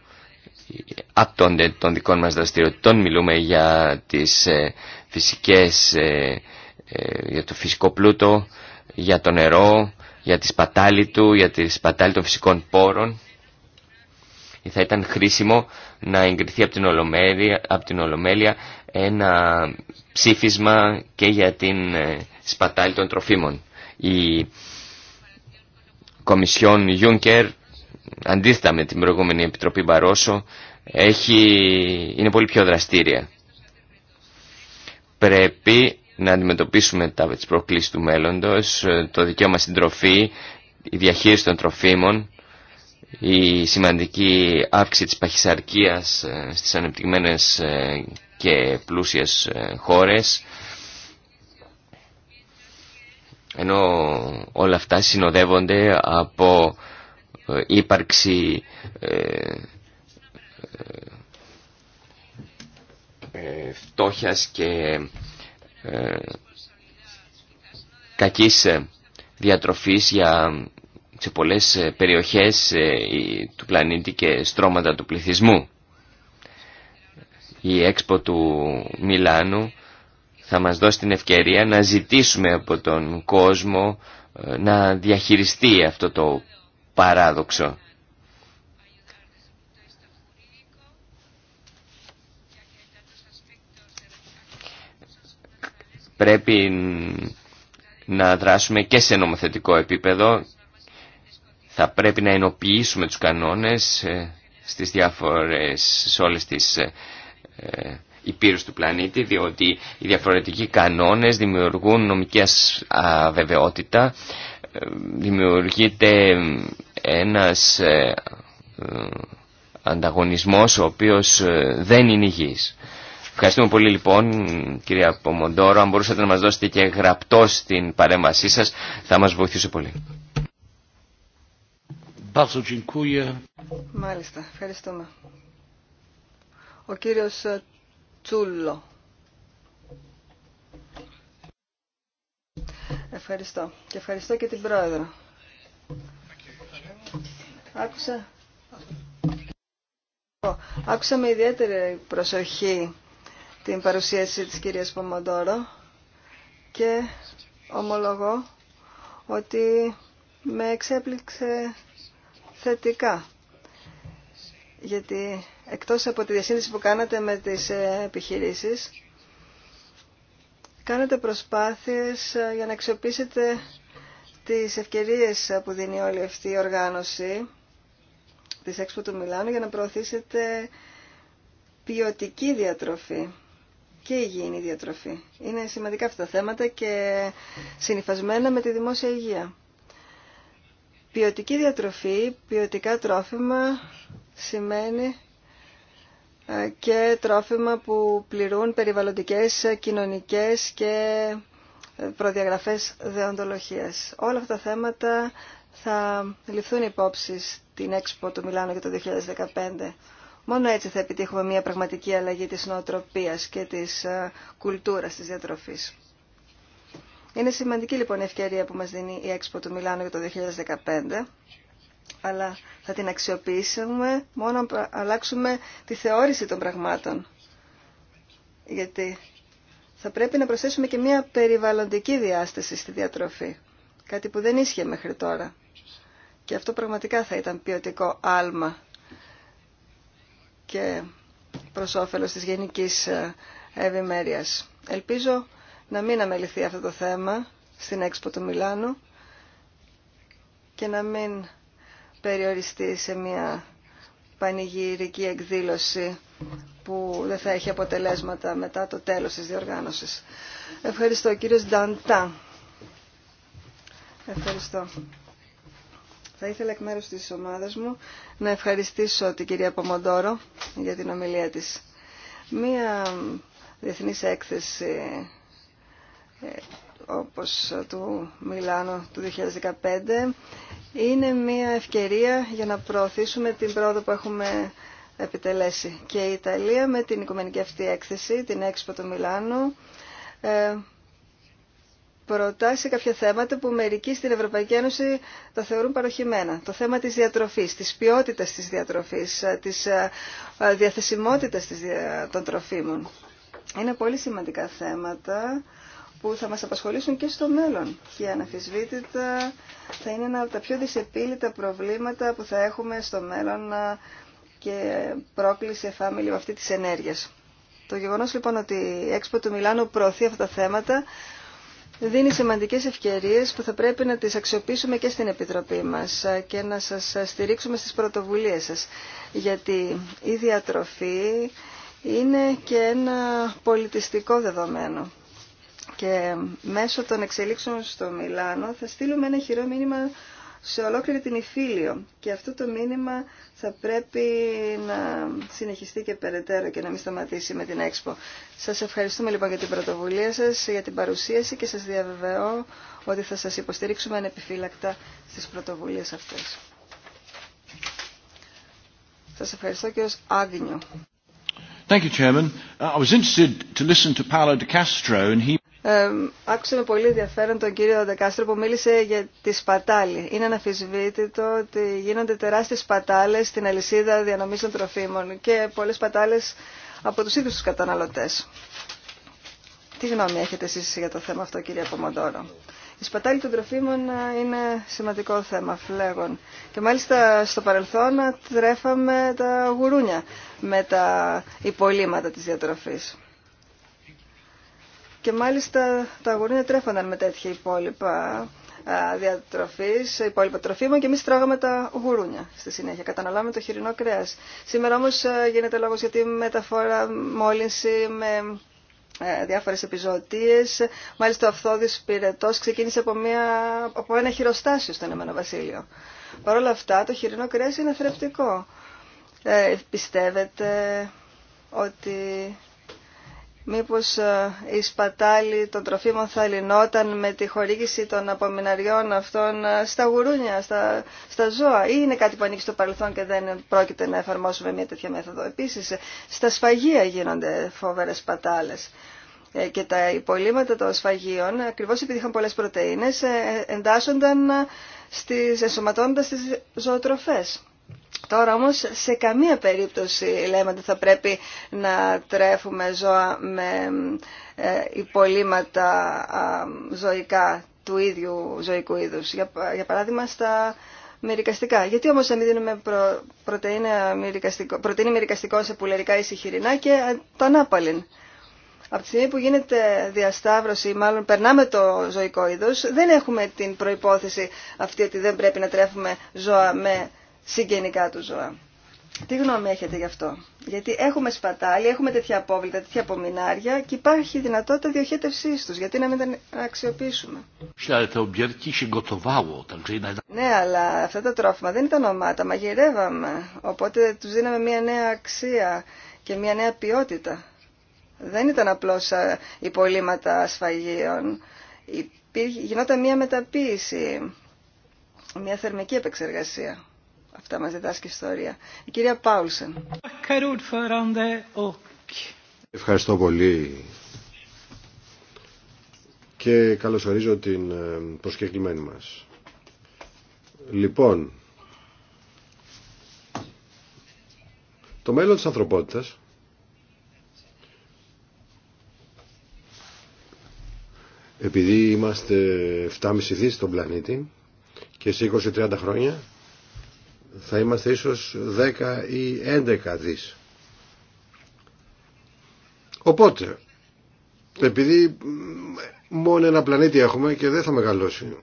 S3: από ε, των δικών μας δραστηριοτήτων. Μιλούμε για, τις, ε, φυσικές, ε, για το φυσικό πλούτο, για το νερό, για τη σπατάλη του, για τη σπατάλη των φυσικών πόρων. Θα ήταν χρήσιμο να εγκριθεί από την Ολομέλεια, από την Ολομέλεια ένα ψήφισμα και για την σπατάλη των τροφίμων. Η Κομισιόν Juncker αντίθετα με την προηγούμενη Επιτροπή Μπαρόσο, έχει, είναι πολύ πιο δραστήρια. Πρέπει να αντιμετωπίσουμε τα, τις προκλήσεις του μέλλοντος, το δικαίωμα στην τροφή, η διαχείριση των τροφίμων, η σημαντική αύξηση της παχυσαρκίας ε, στις ανεπτυγμένες ε, και πλούσιες ε, χώρες, ενώ όλα αυτά συνοδεύονται από ε, ύπαρξη ε, ε, φτώχειας και κακής διατροφής για, σε πολλές περιοχές του πλανήτη και στρώματα του πληθυσμού. Η έξπο του Μιλάνου θα μας δώσει την ευκαιρία να ζητήσουμε από τον κόσμο να διαχειριστεί αυτό το παράδοξο. Πρέπει να δράσουμε και σε νομοθετικό επίπεδο. Θα πρέπει να ενοποιήσουμε τους κανόνες ε, στις διάφορες, σε όλες τις ε, ε, υπήρους του πλανήτη, διότι οι διαφορετικοί κανόνες δημιουργούν νομική αβεβαιότητα, δημιουργείται ένας ε, ε, ανταγωνισμός ο οποίος ε, δεν είναι υγιής. Ευχαριστούμε πολύ λοιπόν κυρία Πομοντόρο. Αν μπορούσατε να μας δώσετε και γραπτό στην παρέμβασή σας θα μας βοηθούσε πολύ.
S1: Μάλιστα, ευχαριστούμε. Ο κύριος Τσούλο. Ευχαριστώ. Και ευχαριστώ και την Πρόεδρο. Άκουσα... Άκουσα με ιδιαίτερη προσοχή την παρουσίαση της κυρίας Πομοντόρο και ομολογώ ότι με εξέπληξε θετικά. Γιατί εκτός από τη διασύνδεση που κάνατε με τις ε, επιχειρήσεις, κάνετε προσπάθειες ε, για να αξιοποιήσετε τις ευκαιρίες που δίνει όλη αυτή η οργάνωση της Expo του Μιλάνου για να προωθήσετε ποιοτική διατροφή και υγιεινή διατροφή. Είναι σημαντικά αυτά τα θέματα και συνειφασμένα με τη δημόσια υγεία. Ποιοτική διατροφή, ποιοτικά τρόφιμα σημαίνει ε, και τρόφιμα που πληρούν περιβαλλοντικές, κοινωνικές και ε, προδιαγραφές δεοντολογίας. Όλα αυτά τα θέματα θα ληφθούν υπόψη την έξπο του Μιλάνου για το 2015. Μόνο έτσι θα επιτύχουμε μια πραγματική αλλαγή της νοοτροπίας και της ε, κουλτούρας της διατροφής. Είναι σημαντική λοιπόν η ευκαιρία που μας δίνει η έξπο του Μιλάνου για το 2015 αλλά θα την αξιοποιήσουμε μόνο αν αλλάξουμε τη θεώρηση των πραγμάτων. Γιατί θα πρέπει να προσθέσουμε και μια περιβαλλοντική διάσταση στη διατροφή, κάτι που δεν ίσχυε μέχρι τώρα. Και αυτό πραγματικά θα ήταν ποιοτικό άλμα και προς όφελος της γενικής ε, ευημέρειας. Ελπίζω να μην αμεληθεί αυτό το θέμα στην έξπο του Μιλάνου και να μην περιοριστεί σε μια πανηγυρική εκδήλωση που δεν θα έχει αποτελέσματα μετά το τέλος της διοργάνωσης. Ευχαριστώ κύριος Νταντά. Ευχαριστώ. Θα ήθελα εκ μέρους της ομάδας μου να ευχαριστήσω την κυρία Πομοντόρο για την ομιλία της. Μία διεθνής έκθεση ε, όπως του Μιλάνου του 2015 είναι μία ευκαιρία για να προωθήσουμε την πρόοδο που έχουμε επιτελέσει. Και η Ιταλία με την οικουμενική αυτή έκθεση, την έξπο του Μιλάνου, ε, προτάσει σε κάποια θέματα που μερικοί στην Ευρωπαϊκή Ένωση τα θεωρούν παροχημένα. Το θέμα της διατροφής, της ποιότητας της διατροφής, ε, της ε, ε, διαθεσιμότητας των τροφίμων. Είναι πολύ σημαντικά θέματα που θα μας απασχολήσουν και στο μέλλον. Και αναφυσβήτητα θα είναι ένα από τα πιο δυσεπίλητα προβλήματα που θα έχουμε στο μέλλον και πρόκληση εφάμιλη αυτή της ενέργειας. Το γεγονός λοιπόν ότι η Expo του προωθεί αυτά τα θέματα δίνει σημαντικές ευκαιρίες που θα πρέπει να τις αξιοποιήσουμε και στην Επιτροπή μας και να σας στηρίξουμε στις πρωτοβουλίες σας. Γιατί η διατροφή είναι και ένα πολιτιστικό δεδομένο. Και μέσω των εξελίξεων στο Μιλάνο θα στείλουμε ένα χειρό μήνυμα σε ολόκληρη την Ιφίλιο. Και αυτό το μήνυμα θα πρέπει να συνεχιστεί και περαιτέρω και να μην σταματήσει με την ΕΞΠΟ. Σας ευχαριστούμε λοιπόν για την πρωτοβουλία σας, για την παρουσίαση και σας διαβεβαιώ ότι θα σας υποστηρίξουμε ανεπιφύλακτα στις πρωτοβουλίες αυτές. Σας ευχαριστώ και ως Thank you, Chairman. Uh, I was interested to listen to De Castro, and άκουσα με πολύ ενδιαφέρον τον κύριο Δεκάστρο που μίλησε για τη σπατάλη. Είναι αναφυσβήτητο ότι γίνονται τεράστιες σπατάλες στην αλυσίδα διανομής των τροφίμων και πολλές σπατάλες από τους ίδιους τους καταναλωτές. Τι γνώμη έχετε εσείς για το θέμα αυτό κύριε Πομοντόρο. Η σπατάλη των τροφίμων ε, είναι σημαντικό θέμα φλέγων. Και μάλιστα στο παρελθόν τρέφαμε τα γουρούνια με τα υπολείμματα της διατροφής. Και μάλιστα τα γουρούνια τρέφονταν με τέτοια υπόλοιπα διατροφής, υπόλοιπα τροφίμων και εμεί τρώγαμε τα γουρούνια στη συνέχεια. Καταναλάμε το χοιρινό κρέα. Σήμερα όμω γίνεται λόγο για τη μεταφορά, μόλυνση με ε, διάφορες επιζωτίες. Μάλιστα ο αυθόδης πυρετός ξεκίνησε από, μια, από ένα χειροστάσιο στον Εμένο Βασίλειο. Παρ' όλα αυτά το χοιρινό κρέας είναι θρεπτικό. Ε, πιστεύετε ότι μήπως ε, η σπατάλη των τροφίμων θα λυνόταν με τη χορήγηση των απομιναριών αυτών ε, στα γουρούνια, στα, στα ζώα ή είναι κάτι που ανήκει στο παρελθόν και δεν πρόκειται να εφαρμόσουμε μια τέτοια μέθοδο. Επίσης, ε, στα σφαγεία γίνονται φοβερές σπατάλες και τα υπολείμματα των σφαγείων, ακριβώς επειδή είχαν πολλές πρωτεΐνες, εντάσσονταν στις, ενσωματώνοντας τις ζωοτροφές. Τώρα όμως σε καμία περίπτωση λέμε ότι θα πρέπει να τρέφουμε ζώα με ε, υπολείμματα ζωικά του ίδιου ζωικού είδους. Για, παράδειγμα στα μυρικαστικά. Γιατί όμως να μην δίνουμε προ, πρωτεΐνη μυρικαστικό σε πουλερικά ή χοιρινά και ε, το ανάπαλιν. Από τη στιγμή που γίνεται διασταύρωση, μάλλον περνάμε το ζωικό είδος, δεν έχουμε την προϋπόθεση αυτή ότι δεν πρέπει να τρέφουμε ζώα με συγγενικά του ζώα. Τι γνώμη έχετε γι' αυτό. Γιατί έχουμε σπατάλη, έχουμε τέτοια απόβλητα, τέτοια απομεινάρια και υπάρχει δυνατότητα διοχέτευσή του. Γιατί να μην τα αξιοποιήσουμε. Ναι, αλλά αυτά τα τρόφιμα δεν ήταν ομάτα, μαγειρεύαμε. Οπότε του δίναμε μια νέα αξία και μια νέα ποιότητα. Δεν ήταν απλώ υπολείμματα ασφαγείων. Γινόταν μια μεταποίηση, μια θερμική επεξεργασία. Αυτά μας διδάσκει η ιστορία. Η κυρία Πάουλσεν.
S2: Ευχαριστώ πολύ και καλωσορίζω την ε, προσκεκλημένη μας. Λοιπόν, το μέλλον της ανθρωπότητας επειδή είμαστε 7,5 δις στον πλανήτη και σε 20-30 χρόνια θα είμαστε ίσως 10 ή 11 δις. Οπότε, επειδή μόνο ένα πλανήτη έχουμε και δεν θα μεγαλώσει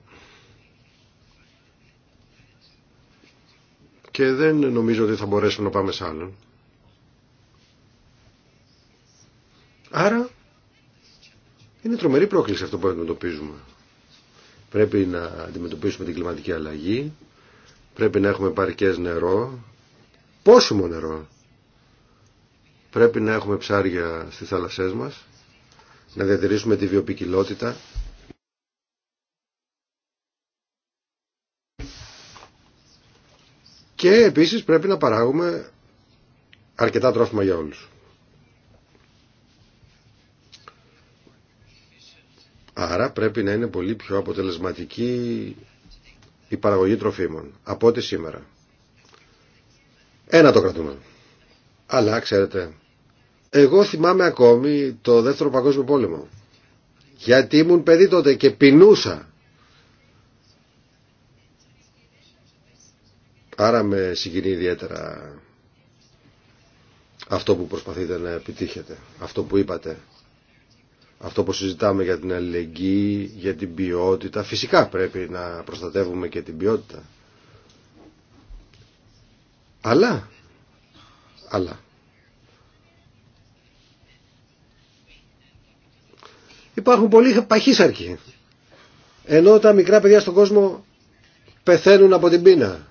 S2: και δεν νομίζω ότι θα μπορέσουμε να πάμε σε άλλον. Άρα, είναι τρομερή πρόκληση αυτό που αντιμετωπίζουμε. Πρέπει να αντιμετωπίσουμε την κλιματική αλλαγή, Πρέπει να έχουμε παρκές νερό, πόσιμο νερό. Πρέπει να έχουμε ψάρια στις θάλασσές μας, να διατηρήσουμε τη βιοπικιλότητα. Και επίσης πρέπει να παράγουμε αρκετά τρόφιμα για όλους. Άρα πρέπει να είναι πολύ πιο αποτελεσματική η παραγωγή τροφίμων από ό,τι σήμερα. Ένα το κρατούμε. Αλλά ξέρετε, εγώ θυμάμαι ακόμη το δεύτερο παγκόσμιο πόλεμο. Γιατί ήμουν παιδί τότε και πεινούσα. Άρα με συγκινεί ιδιαίτερα αυτό που προσπαθείτε να επιτύχετε, αυτό που είπατε αυτό που συζητάμε για την αλληλεγγύη, για την ποιότητα. Φυσικά πρέπει να προστατεύουμε και την ποιότητα. Αλλά, αλλά, υπάρχουν πολλοί παχύσαρκοι. Ενώ τα μικρά παιδιά στον κόσμο πεθαίνουν από την πείνα.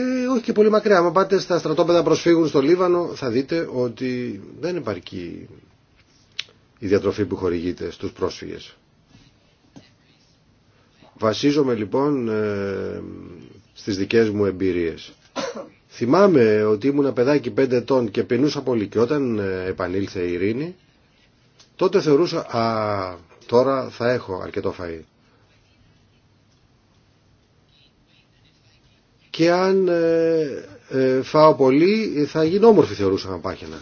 S2: και όχι και πολύ μακριά. Αν πάτε στα στρατόπεδα προσφύγων στο Λίβανο θα δείτε ότι δεν υπάρχει η διατροφή που χορηγείται στους πρόσφυγες. Βασίζομαι λοιπόν ε, στις δικές μου εμπειρίες. Θυμάμαι ότι ήμουν παιδάκι πέντε ετών και πεινούσα πολύ και όταν ε, επανήλθε η ειρήνη τότε θεωρούσα α, τώρα θα έχω αρκετό φαΐ. και αν ε, ε, φάω
S1: πολύ
S2: θα γίνω όμορφη θεωρούσα να πάχαινα.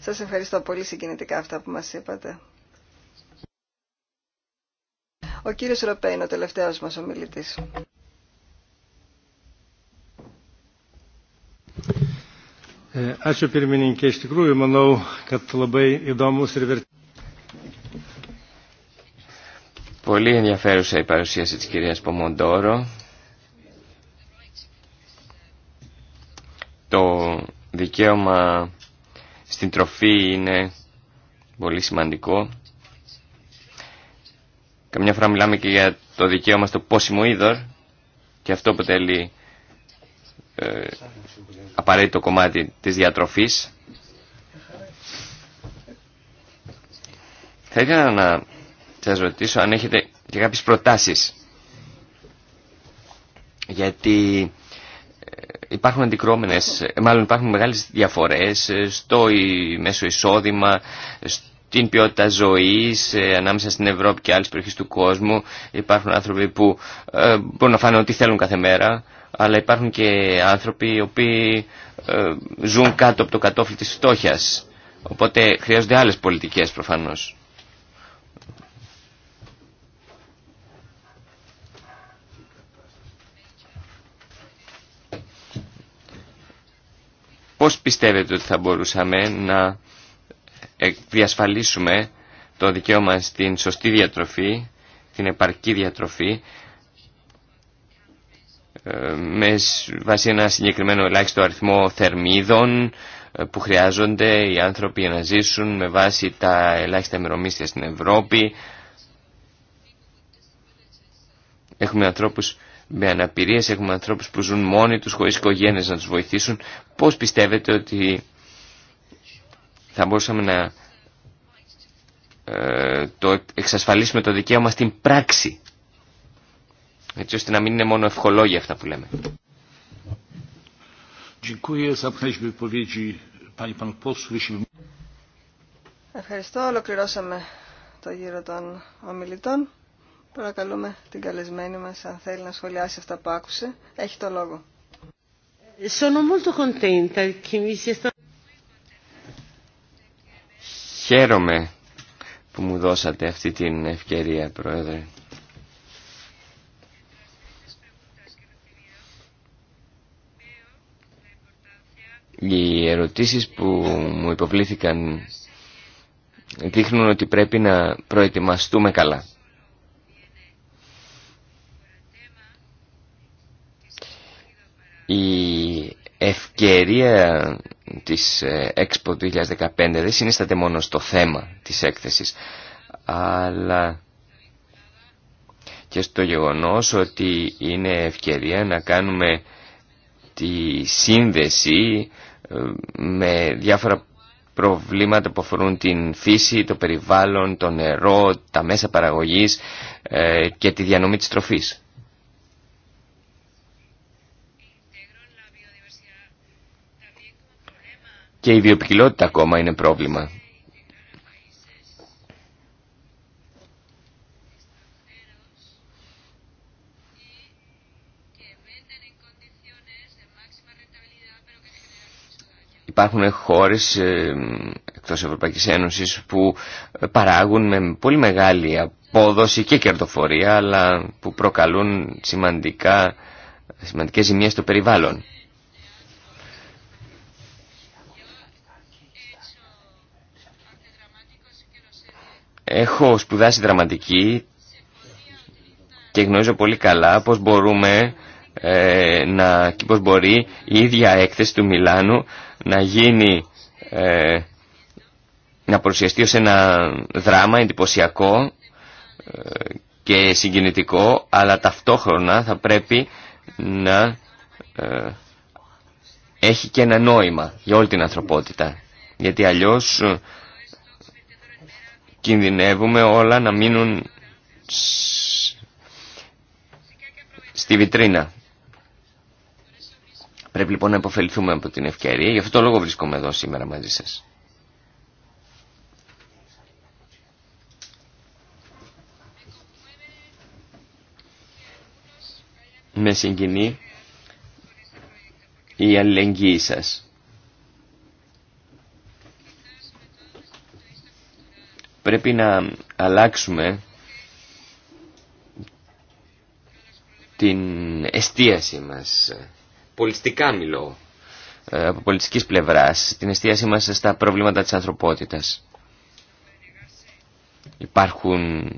S1: Σας ευχαριστώ πολύ συγκινητικά αυτά που μας είπατε. Ο κύριος Ροπέ είναι ο τελευταίος μας ομιλητής.
S2: Ε, ačiū pirmininkė, iš tikrųjų manau, kad labai įdomus ir vertingas.
S3: Πολύ ενδιαφέρουσα η παρουσίαση της κυρίας Πομοντόρο. Το δικαίωμα στην τροφή είναι πολύ σημαντικό. Καμιά φορά μιλάμε και για το δικαίωμα στο πόσιμο είδωρ και αυτό αποτελεί ε, απαραίτητο κομμάτι της διατροφής. Θα ήθελα να θα σας ρωτήσω αν έχετε και κάποιες προτάσεις. Γιατί ε, υπάρχουν αντικρώμενες, ε, μάλλον υπάρχουν μεγάλες διαφορές ε, στο μέσο εισόδημα, στην ποιότητα ζωής ανάμεσα στην Ευρώπη και άλλες περιοχές του κόσμου. Υπάρχουν άνθρωποι που μπορούν να φάνε ό,τι θέλουν κάθε μέρα, αλλά υπάρχουν και άνθρωποι οι οποίοι ζουν κάτω από το κατόφλι της φτώχειας. Οπότε χρειάζονται άλλες πολιτικές προφανώς. Πώς πιστεύετε ότι θα μπορούσαμε να ε, διασφαλίσουμε το δικαίωμα στην σωστή διατροφή, την επαρκή διατροφή, ε, με βάση ένα συγκεκριμένο ελάχιστο αριθμό θερμίδων ε, που χρειάζονται οι άνθρωποι για να ζήσουν με βάση τα ελάχιστα μερομίστια στην Ευρώπη. Έχουμε ανθρώπους με αναπηρία έχουμε ανθρώπους που ζουν μόνοι τους χωρίς οικογένειες να τους βοηθήσουν. Πώς πιστεύετε ότι θα μπορούσαμε να ε, το εξασφαλίσουμε το δικαίωμα στην πράξη έτσι ώστε να μην είναι μόνο ευχολόγια αυτά που λέμε.
S1: Ευχαριστώ. Ολοκληρώσαμε το γύρο των ομιλητών. Παρακαλούμε την καλεσμένη μας αν θέλει να σχολιάσει αυτά που άκουσε. Έχει το λόγο.
S3: Χαίρομαι που μου δώσατε αυτή την ευκαιρία, Πρόεδρε. Οι ερωτήσεις που μου υποβλήθηκαν δείχνουν ότι πρέπει να προετοιμαστούμε καλά. Η ευκαιρία της ε, Expo 2015 δεν συνίσταται μόνο στο θέμα της έκθεσης, αλλά και στο γεγονός ότι είναι ευκαιρία να κάνουμε τη σύνδεση ε, με διάφορα προβλήματα που αφορούν την φύση, το περιβάλλον, το νερό, τα μέσα παραγωγής ε, και τη διανομή της τροφής. και η βιοπικιλότητα ακόμα είναι πρόβλημα. Υπάρχουν χώρες ε, εκτός Ευρωπαϊκής Ένωσης που παράγουν με πολύ μεγάλη απόδοση και κερδοφορία αλλά που προκαλούν σημαντικά, σημαντικές ζημίες στο περιβάλλον. Έχω σπουδάσει δραματική και γνωρίζω πολύ καλά πώς μπορούμε ε, να, και πώς μπορεί η ίδια έκθεση του Μιλάνου να γίνει ε, να παρουσιαστεί ως ένα δράμα εντυπωσιακό ε, και συγκινητικό αλλά ταυτόχρονα θα πρέπει να έχει και ένα νόημα για όλη την ανθρωπότητα γιατί αλλιώς κινδυνεύουμε όλα να μείνουν στη βιτρίνα. Πρέπει λοιπόν να υποφεληθούμε από την ευκαιρία. Γι' αυτό το λόγο βρίσκομαι εδώ σήμερα μαζί σας. Με συγκινεί η αλληλεγγύη σας. πρέπει να αλλάξουμε την εστίαση μας. Πολιστικά μιλώ ε, από πολιτικής πλευράς, την εστίαση μας στα προβλήματα της ανθρωπότητας. Υπάρχουν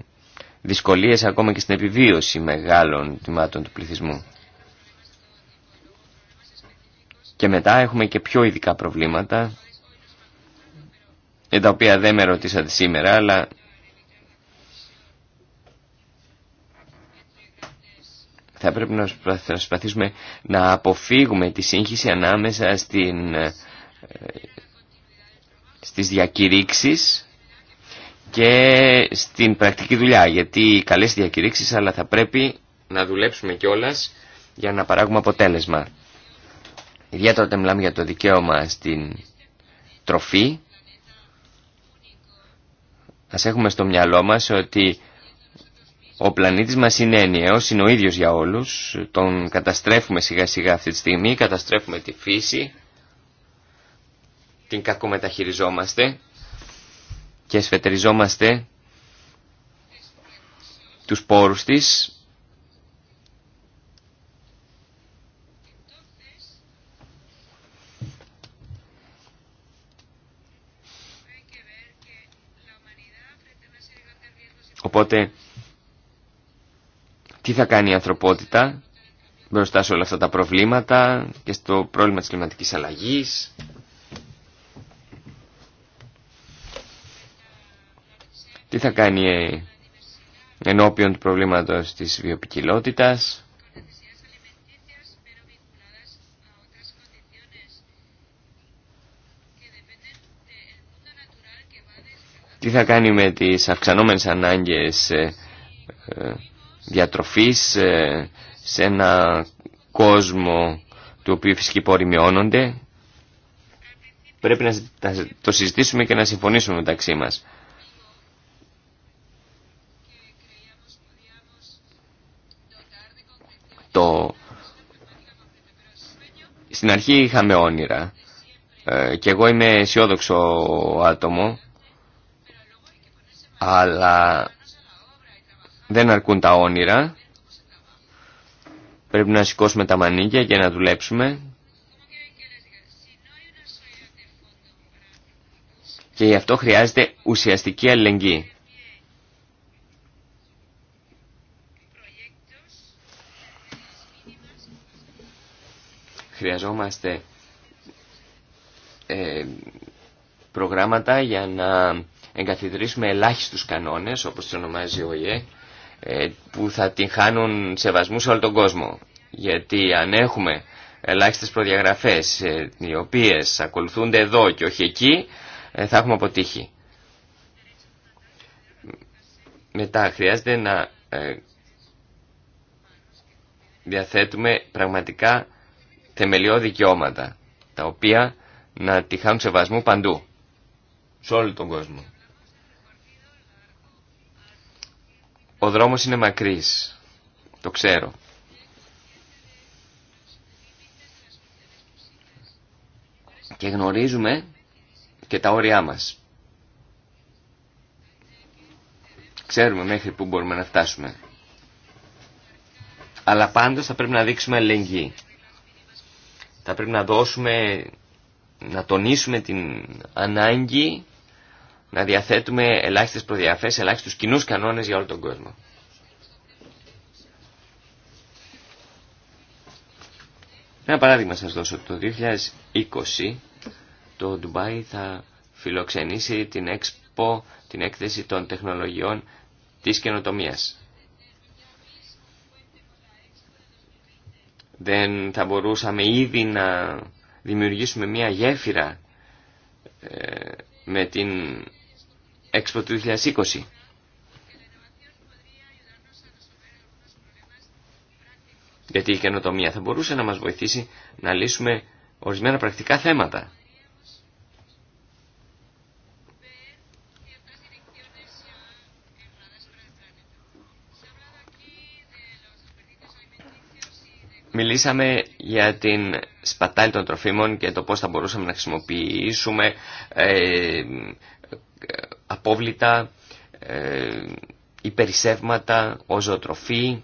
S3: δυσκολίες ακόμα και στην επιβίωση μεγάλων τιμάτων του πληθυσμού. Και μετά έχουμε και πιο ειδικά προβλήματα για ε, τα οποία δεν με ρωτήσατε σήμερα, αλλά θα πρέπει να προσπαθήσουμε να αποφύγουμε τη σύγχυση ανάμεσα στην, ε, στις διακηρύξεις και στην πρακτική δουλειά. Γιατί καλές διακηρύξεις, αλλά θα πρέπει να δουλέψουμε κιόλας για να παράγουμε αποτέλεσμα. Ιδιαίτερα όταν μιλάμε για το δικαίωμα στην τροφή, Ας έχουμε στο μυαλό μας ότι ο πλανήτης μας είναι ενιαίος, είναι ο ίδιος για όλους. Τον καταστρέφουμε σιγά σιγά αυτή τη στιγμή, καταστρέφουμε τη φύση, την κακομεταχειριζόμαστε και σφετεριζόμαστε τους πόρους της Οπότε, τι θα κάνει η ανθρωπότητα μπροστά σε όλα αυτά τα προβλήματα και στο πρόβλημα της κλιματικής αλλαγής. Τι θα κάνει ε, ενώπιον του προβλήματος της βιοπικιλότητας. τι θα κάνει με τις αυξανόμενες ανάγκες ε, ε, διατροφής ε, σε ένα κόσμο του οποίου οι φυσικοί πόροι μειώνονται. Πρέπει να το συζητήσουμε και να συμφωνήσουμε μεταξύ μας. Το... Στην αρχή είχαμε όνειρα και εγώ είμαι αισιόδοξο άτομο αλλά δεν αρκούν τα όνειρα. Πρέπει να σηκώσουμε τα μανίκια για να δουλέψουμε. Και γι' αυτό χρειάζεται ουσιαστική αλληλεγγύη. Χρειαζόμαστε ε, προγράμματα για να εγκαθιδρύσουμε ελάχιστους κανόνες, όπως τους ονομάζει ο ΙΕ, ε, που θα την χάνουν σεβασμού σε όλο τον κόσμο. Γιατί αν έχουμε ελάχιστες προδιαγραφές, ε, οι οποίες ακολουθούνται εδώ και όχι εκεί, ε, θα έχουμε αποτύχει. Μετά χρειάζεται να διαθέτουμε πραγματικά θεμελιώδη δικαιώματα, τα οποία να τη χάνουν σεβασμού παντού, σε όλο τον κόσμο. Ο δρόμος είναι μακρύς, το ξέρω. Και γνωρίζουμε και τα όρια μας. Ξέρουμε μέχρι πού μπορούμε να φτάσουμε. Αλλά πάντως θα πρέπει να δείξουμε αλληλεγγύη. Θα πρέπει να δώσουμε, να τονίσουμε την ανάγκη να διαθέτουμε ελάχιστες προδιαφές, ελάχιστους κοινούς κανόνες για όλο τον κόσμο. Ένα παράδειγμα σας δώσω. Το 2020 το Ντουμπάι θα φιλοξενήσει την έξπο, την έκθεση των τεχνολογιών της καινοτομίας. Δεν θα μπορούσαμε ήδη να δημιουργήσουμε μια γέφυρα ε, με την Expo 2020. Γιατί η καινοτομία θα μπορούσε να μας βοηθήσει να λύσουμε ορισμένα πρακτικά θέματα. Μιλήσαμε για την σπατάλη των τροφίμων και το πώς θα μπορούσαμε να χρησιμοποιήσουμε ε, απόβλητα, ε, υπερισεύματα, οζοτροφή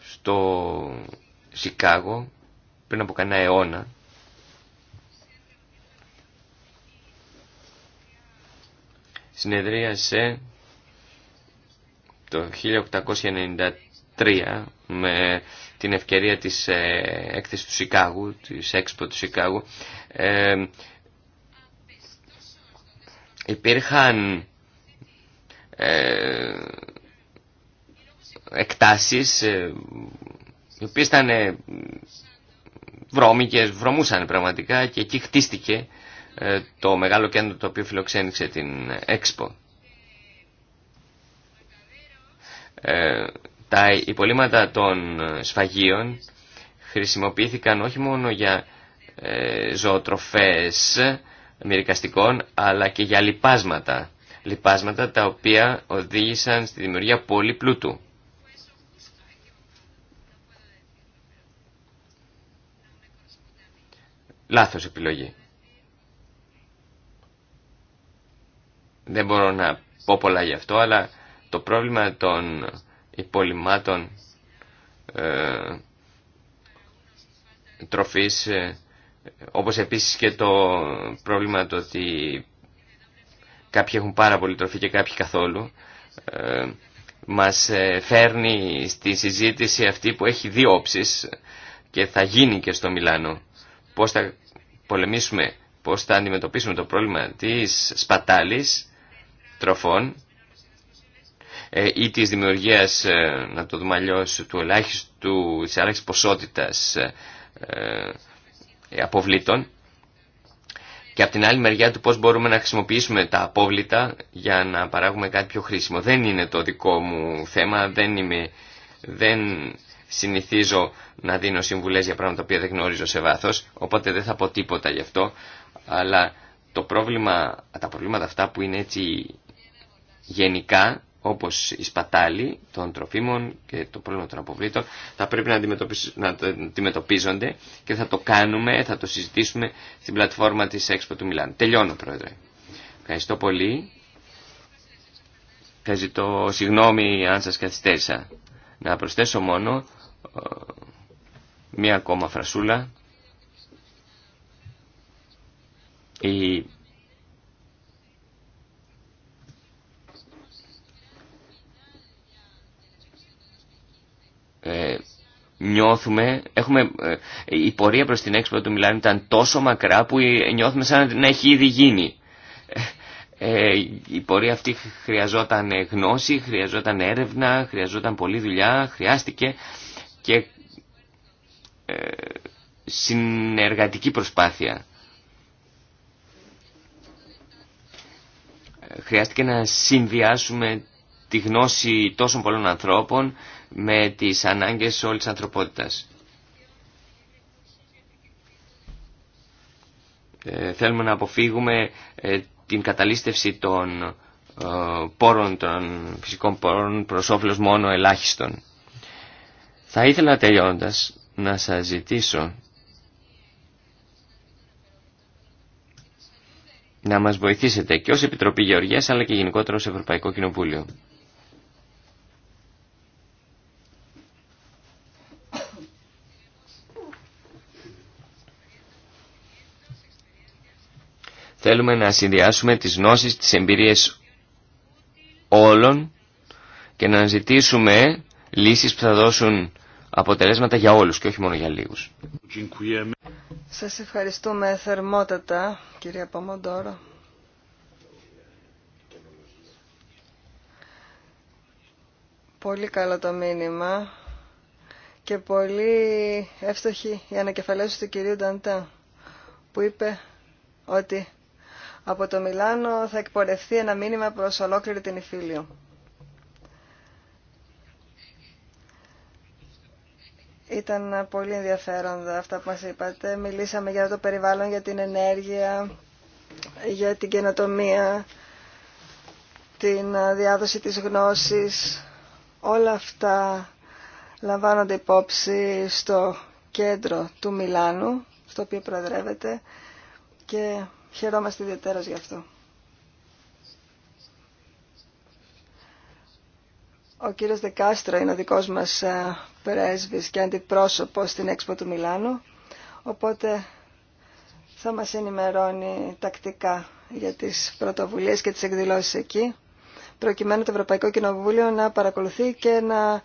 S3: στο Σικάγο πριν από κανένα αιώνα. Συνεδρίασε το 1893 με την ευκαιρία της ε, έκθεσης του Σικάγου, της έξπο του Σικάγου, ε, υπήρχαν ε, εκτάσεις ε, οι οποίες ήταν ε, βρώμικες, βρωμούσαν πραγματικά και εκεί χτίστηκε ε, το μεγάλο κέντρο το οποίο φιλοξένησε την ΕΞΠΟ. τα υπολείμματα των σφαγίων χρησιμοποιήθηκαν όχι μόνο για ε, ζωοτροφές μυρικαστικών αλλά και για λιπάσματα. Λιπάσματα τα οποία οδήγησαν στη δημιουργία πολύ πλούτου. Λάθος επιλογή. Δεν μπορώ να πω πολλά γι' αυτό, αλλά το πρόβλημα των υπολοιμάτων ε, τροφής ε, όπως επίσης και το πρόβλημα το ότι κάποιοι έχουν πάρα πολύ τροφή και κάποιοι καθόλου, ε, μας ε, φέρνει στη συζήτηση αυτή που έχει δύο όψεις και θα γίνει και στο Μιλάνο. Πώς θα πολεμήσουμε, πώς θα αντιμετωπίσουμε το πρόβλημα της σπατάλης τροφών ε, ή της δημιουργίας, να το δούμε αλλιώς, του ελάχιστου, της ποσότητας αποβλήτων και από την άλλη μεριά του πώς μπορούμε να χρησιμοποιήσουμε τα απόβλητα για να παράγουμε κάτι πιο χρήσιμο. Δεν είναι το δικό μου θέμα, δεν, είμαι, δεν συνηθίζω να δίνω συμβουλές για πράγματα που δεν γνωρίζω σε βάθος, οπότε δεν θα πω τίποτα γι' αυτό, αλλά το πρόβλημα, τα προβλήματα αυτά που είναι έτσι γενικά όπως η σπατάλη των τροφίμων και το πρόβλημα των αποβλήτων θα πρέπει να, να αντιμετωπίζονται και θα το κάνουμε, θα το συζητήσουμε στην πλατφόρμα της Expo του Μιλάνου. Τελειώνω Πρόεδρε. Ευχαριστώ πολύ. Θα ζητώ συγγνώμη αν σας καθυστέρησα. Να προσθέσω μόνο ε, μία ακόμα φρασούλα. Η ε, νιώθουμε, έχουμε, ε, η πορεία προς την έξοδο του Μιλάνου ήταν τόσο μακρά που νιώθουμε σαν να έχει ήδη γίνει. Ε, η πορεία αυτή χρειαζόταν γνώση, χρειαζόταν έρευνα, χρειαζόταν πολλή δουλειά, χρειάστηκε και ε, συνεργατική προσπάθεια. Ε, χρειάστηκε να συνδυάσουμε τη γνώση τόσων πολλών ανθρώπων με τις ανάγκες όλης της ανθρωπότητας. Ε, θέλουμε να αποφύγουμε ε, την καταλήστευση των ε, πόρων, των φυσικών πόρων προς όφελος μόνο ελάχιστον. Θα ήθελα τελειώντας να σας ζητήσω να μας βοηθήσετε και ως Επιτροπή Γεωργίας αλλά και γενικότερα ως Ευρωπαϊκό Κοινοβούλιο. Θέλουμε να συνδυάσουμε τις γνώσεις, τις εμπειρίες όλων και να ζητήσουμε λύσεις που θα δώσουν αποτελέσματα για όλους και όχι μόνο για λίγους.
S1: Σας ευχαριστούμε θερμότατα, κυρία Παμοντόρο. Πολύ καλό το μήνυμα και πολύ εύστοχη η ανακεφαλαίωση του κυρίου Νταντά που είπε ότι από το Μιλάνο θα εκπορευθεί ένα μήνυμα προς ολόκληρη την Ιφίλιο. Ήταν πολύ ενδιαφέροντα αυτά που μας είπατε. Μιλήσαμε για το περιβάλλον, για την ενέργεια, για την καινοτομία, την διάδοση της γνώσης. Όλα αυτά λαμβάνονται υπόψη στο κέντρο του Μιλάνου, στο οποίο προεδρεύεται και Χαιρόμαστε ιδιαίτερα γι' αυτό. Ο κύριος Δεκάστρο είναι ο δικός μας ε, πρέσβης και αντιπρόσωπος στην έξπο του Μιλάνου, οπότε θα μας ενημερώνει τακτικά για τις πρωτοβουλίες και τις εκδηλώσεις εκεί, προκειμένου το Ευρωπαϊκό Κοινοβούλιο να παρακολουθεί και να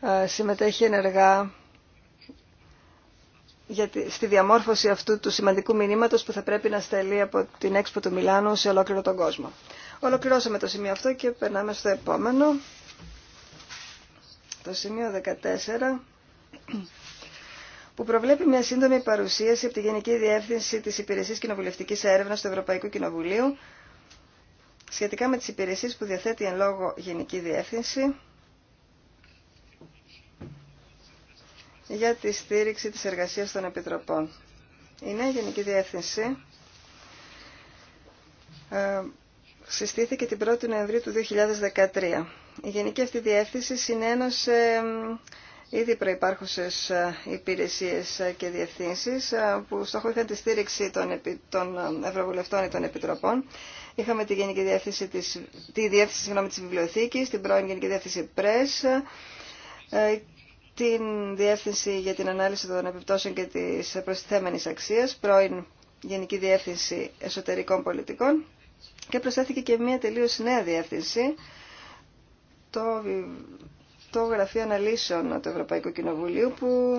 S1: ε, συμμετέχει ενεργά για τη, στη διαμόρφωση αυτού του σημαντικού μηνύματος που θα πρέπει να στελεί από την έξπο του Μιλάνου σε ολόκληρο τον κόσμο. Ολοκληρώσαμε το σημείο αυτό και περνάμε στο επόμενο. Το σημείο 14 που προβλέπει μια σύντομη παρουσίαση από τη Γενική Διεύθυνση της Υπηρεσίας Κοινοβουλευτικής Έρευνας του Ευρωπαϊκού Κοινοβουλίου σχετικά με τις υπηρεσίες που διαθέτει εν λόγω Γενική Διεύθυνση για τη στήριξη της εργασίας των Επιτροπών. Η νέα Γενική Διεύθυνση ε, συστήθηκε την 1η Νοεμβρίου του 2013. Η Γενική αυτή Διεύθυνση συνένωσε ε, ήδη προϋπάρχουσες ε, υπηρεσίες και διευθύνσεις που στόχο είχαν τη στήριξη των, Ευρωβουλευτών ή των Επιτροπών. Είχαμε τη Γενική Διεύθυνση της, τη διεύθυνση, συγγνώμη, της Βιβλιοθήκης, την πρώην Γενική Διεύθυνση Πρέσ την Διεύθυνση για την Ανάλυση των Επιπτώσεων και της Προστιθέμενης Αξίας, πρώην Γενική Διεύθυνση Εσωτερικών Πολιτικών και προσθέθηκε και μια τελείως νέα διεύθυνση, το, το Γραφείο Αναλύσεων του Ευρωπαϊκού Κοινοβουλίου που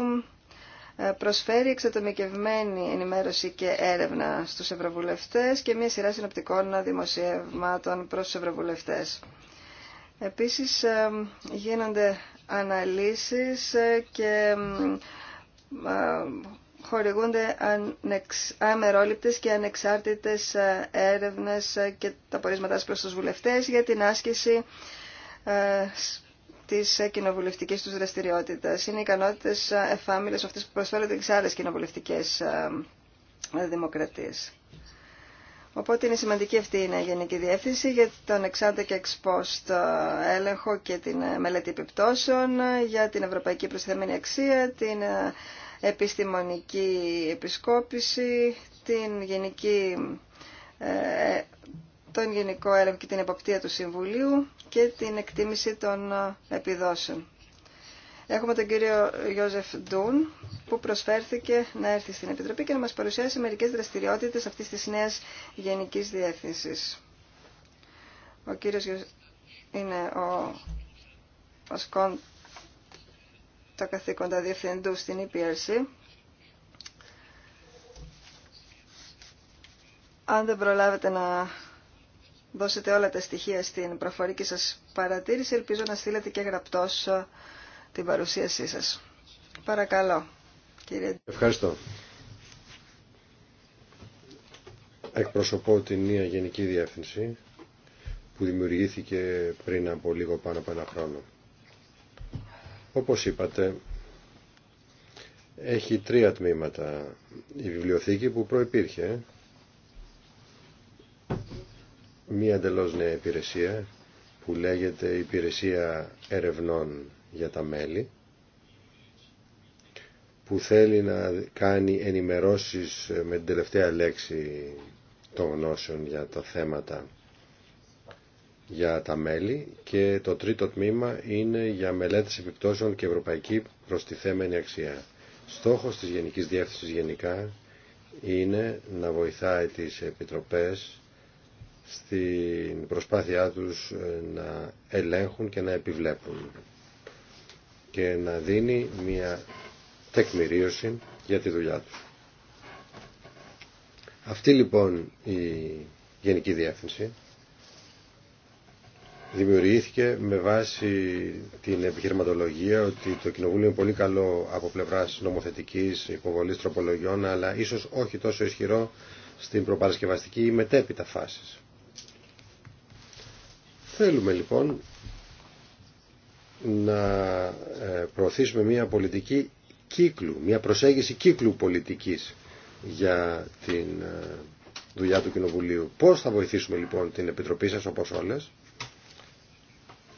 S1: ε, προσφέρει εξατομικευμένη ενημέρωση και έρευνα στους ευρωβουλευτές και μια σειρά συνοπτικών δημοσιευμάτων προς τους ευρωβουλευτές. Επίσης ε, γίνονται αναλύσεις ε, και χορηγούνται αμερόληπτες και ανεξάρτητες ε, έρευνες ε, και τα πορίσματά προς τους βουλευτές για την άσκηση της κοινοβουλευτικής τους δραστηριότητας. Είναι ικανότητες εφάμιλες αυτές που προσφέρονται και σε άλλες κοινοβουλευτικές δημοκρατίες. Οπότε είναι σημαντική αυτή η Γενική Διεύθυνση για τον εξάντα και εξπόστ ε, έλεγχο και την ε, μελέτη επιπτώσεων, ε, για την ευρωπαϊκή προσθεμένη αξία, την επιστημονική επισκόπηση, την γενική, τον γενικό έλεγχο και την εποπτεία του Συμβουλίου και την εκτίμηση των επιδόσεων. Έχουμε τον κύριο Γιώζεφ Ντούν που προσφέρθηκε να έρθει στην Επιτροπή και να μας παρουσιάσει μερικές δραστηριότητες αυτής της νέας Γενικής Διεύθυνσης. Ο κύριος είναι ο, ο Σκον, τα καθήκοντα διευθυντού στην EPRC. Αν δεν προλάβετε να δώσετε όλα τα στοιχεία στην προφορική σας παρατήρηση, ελπίζω να στείλετε και γραπτός την παρουσίασή σας. Παρακαλώ, κύριε.
S2: Ευχαριστώ. Εκπροσωπώ την μία γενική διεύθυνση που δημιουργήθηκε πριν από λίγο πάνω από ένα χρόνο. Όπως είπατε, έχει τρία τμήματα η βιβλιοθήκη που προϋπήρχε. Μία εντελώ νέα υπηρεσία που λέγεται Υπηρεσία Ερευνών για τα μέλη που θέλει να κάνει ενημερώσεις ε, με την τελευταία λέξη των γνώσεων για τα θέματα για τα μέλη και το τρίτο τμήμα είναι για μελέτες επιπτώσεων και ευρωπαϊκή προστιθέμενη αξία. Στόχος της Γενικής Διεύθυνσης γενικά είναι να βοηθάει τις επιτροπές στην προσπάθειά τους ε, να ελέγχουν και να επιβλέπουν και να δίνει μια τεκμηρίωση για τη δουλειά του. Αυτή λοιπόν η Γενική Διεύθυνση δημιουργήθηκε με βάση την επιχειρηματολογία ότι το Κοινοβούλιο είναι πολύ καλό από πλευράς νομοθετικής υποβολής τροπολογιών αλλά ίσως όχι τόσο ισχυρό στην προπαρασκευαστική ή μετέπειτα φάση. Θέλουμε λοιπόν να ε, προωθήσουμε μια πολιτική κύκλου, μια προσέγγιση κύκλου πολιτικής για την ε, δουλειά του Κοινοβουλίου. Πώς θα βοηθήσουμε λοιπόν την Επιτροπή σας όπως όλες.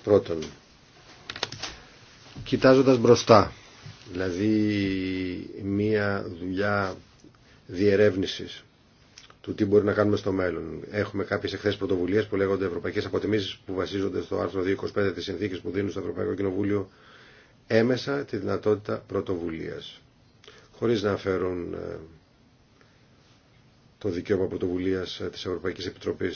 S2: Πρώτον, κοιτάζοντας μπροστά, δηλαδή μια δουλειά διερεύνησης του τι μπορεί να κάνουμε στο μέλλον. Έχουμε κάποιε εκθέσει πρωτοβουλία που λέγονται Ευρωπαϊκέ Αποτιμήσει που βασίζονται στο άρθρο 225 τη συνθήκη που δίνουν στο Ευρωπαϊκό Κοινοβούλιο έμεσα τη δυνατότητα πρωτοβουλία. Χωρί να αφαιρούν ε, το δικαίωμα πρωτοβουλία ε, τη Ευρωπαϊκή Επιτροπή.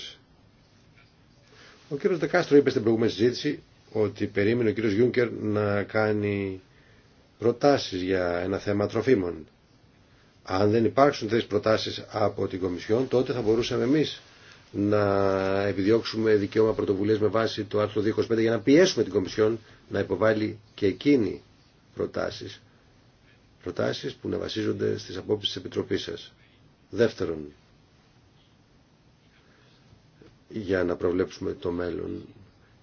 S2: Ο κύριο Δεκάστρο είπε στην προηγούμενη συζήτηση ότι περίμενε ο κύριο Γιούγκερ να κάνει προτάσει για ένα θέμα τροφίμων. Αν δεν υπάρξουν τέτοιες προτάσεις από την Κομισιόν, τότε θα μπορούσαμε εμείς να επιδιώξουμε δικαίωμα πρωτοβουλία με βάση το άρθρο 25 για να πιέσουμε την Κομισιόν να υποβάλει και εκείνη προτάσεις. Προτάσεις που να βασίζονται στις απόψεις της Επιτροπής σας. Δεύτερον, για να προβλέψουμε το μέλλον,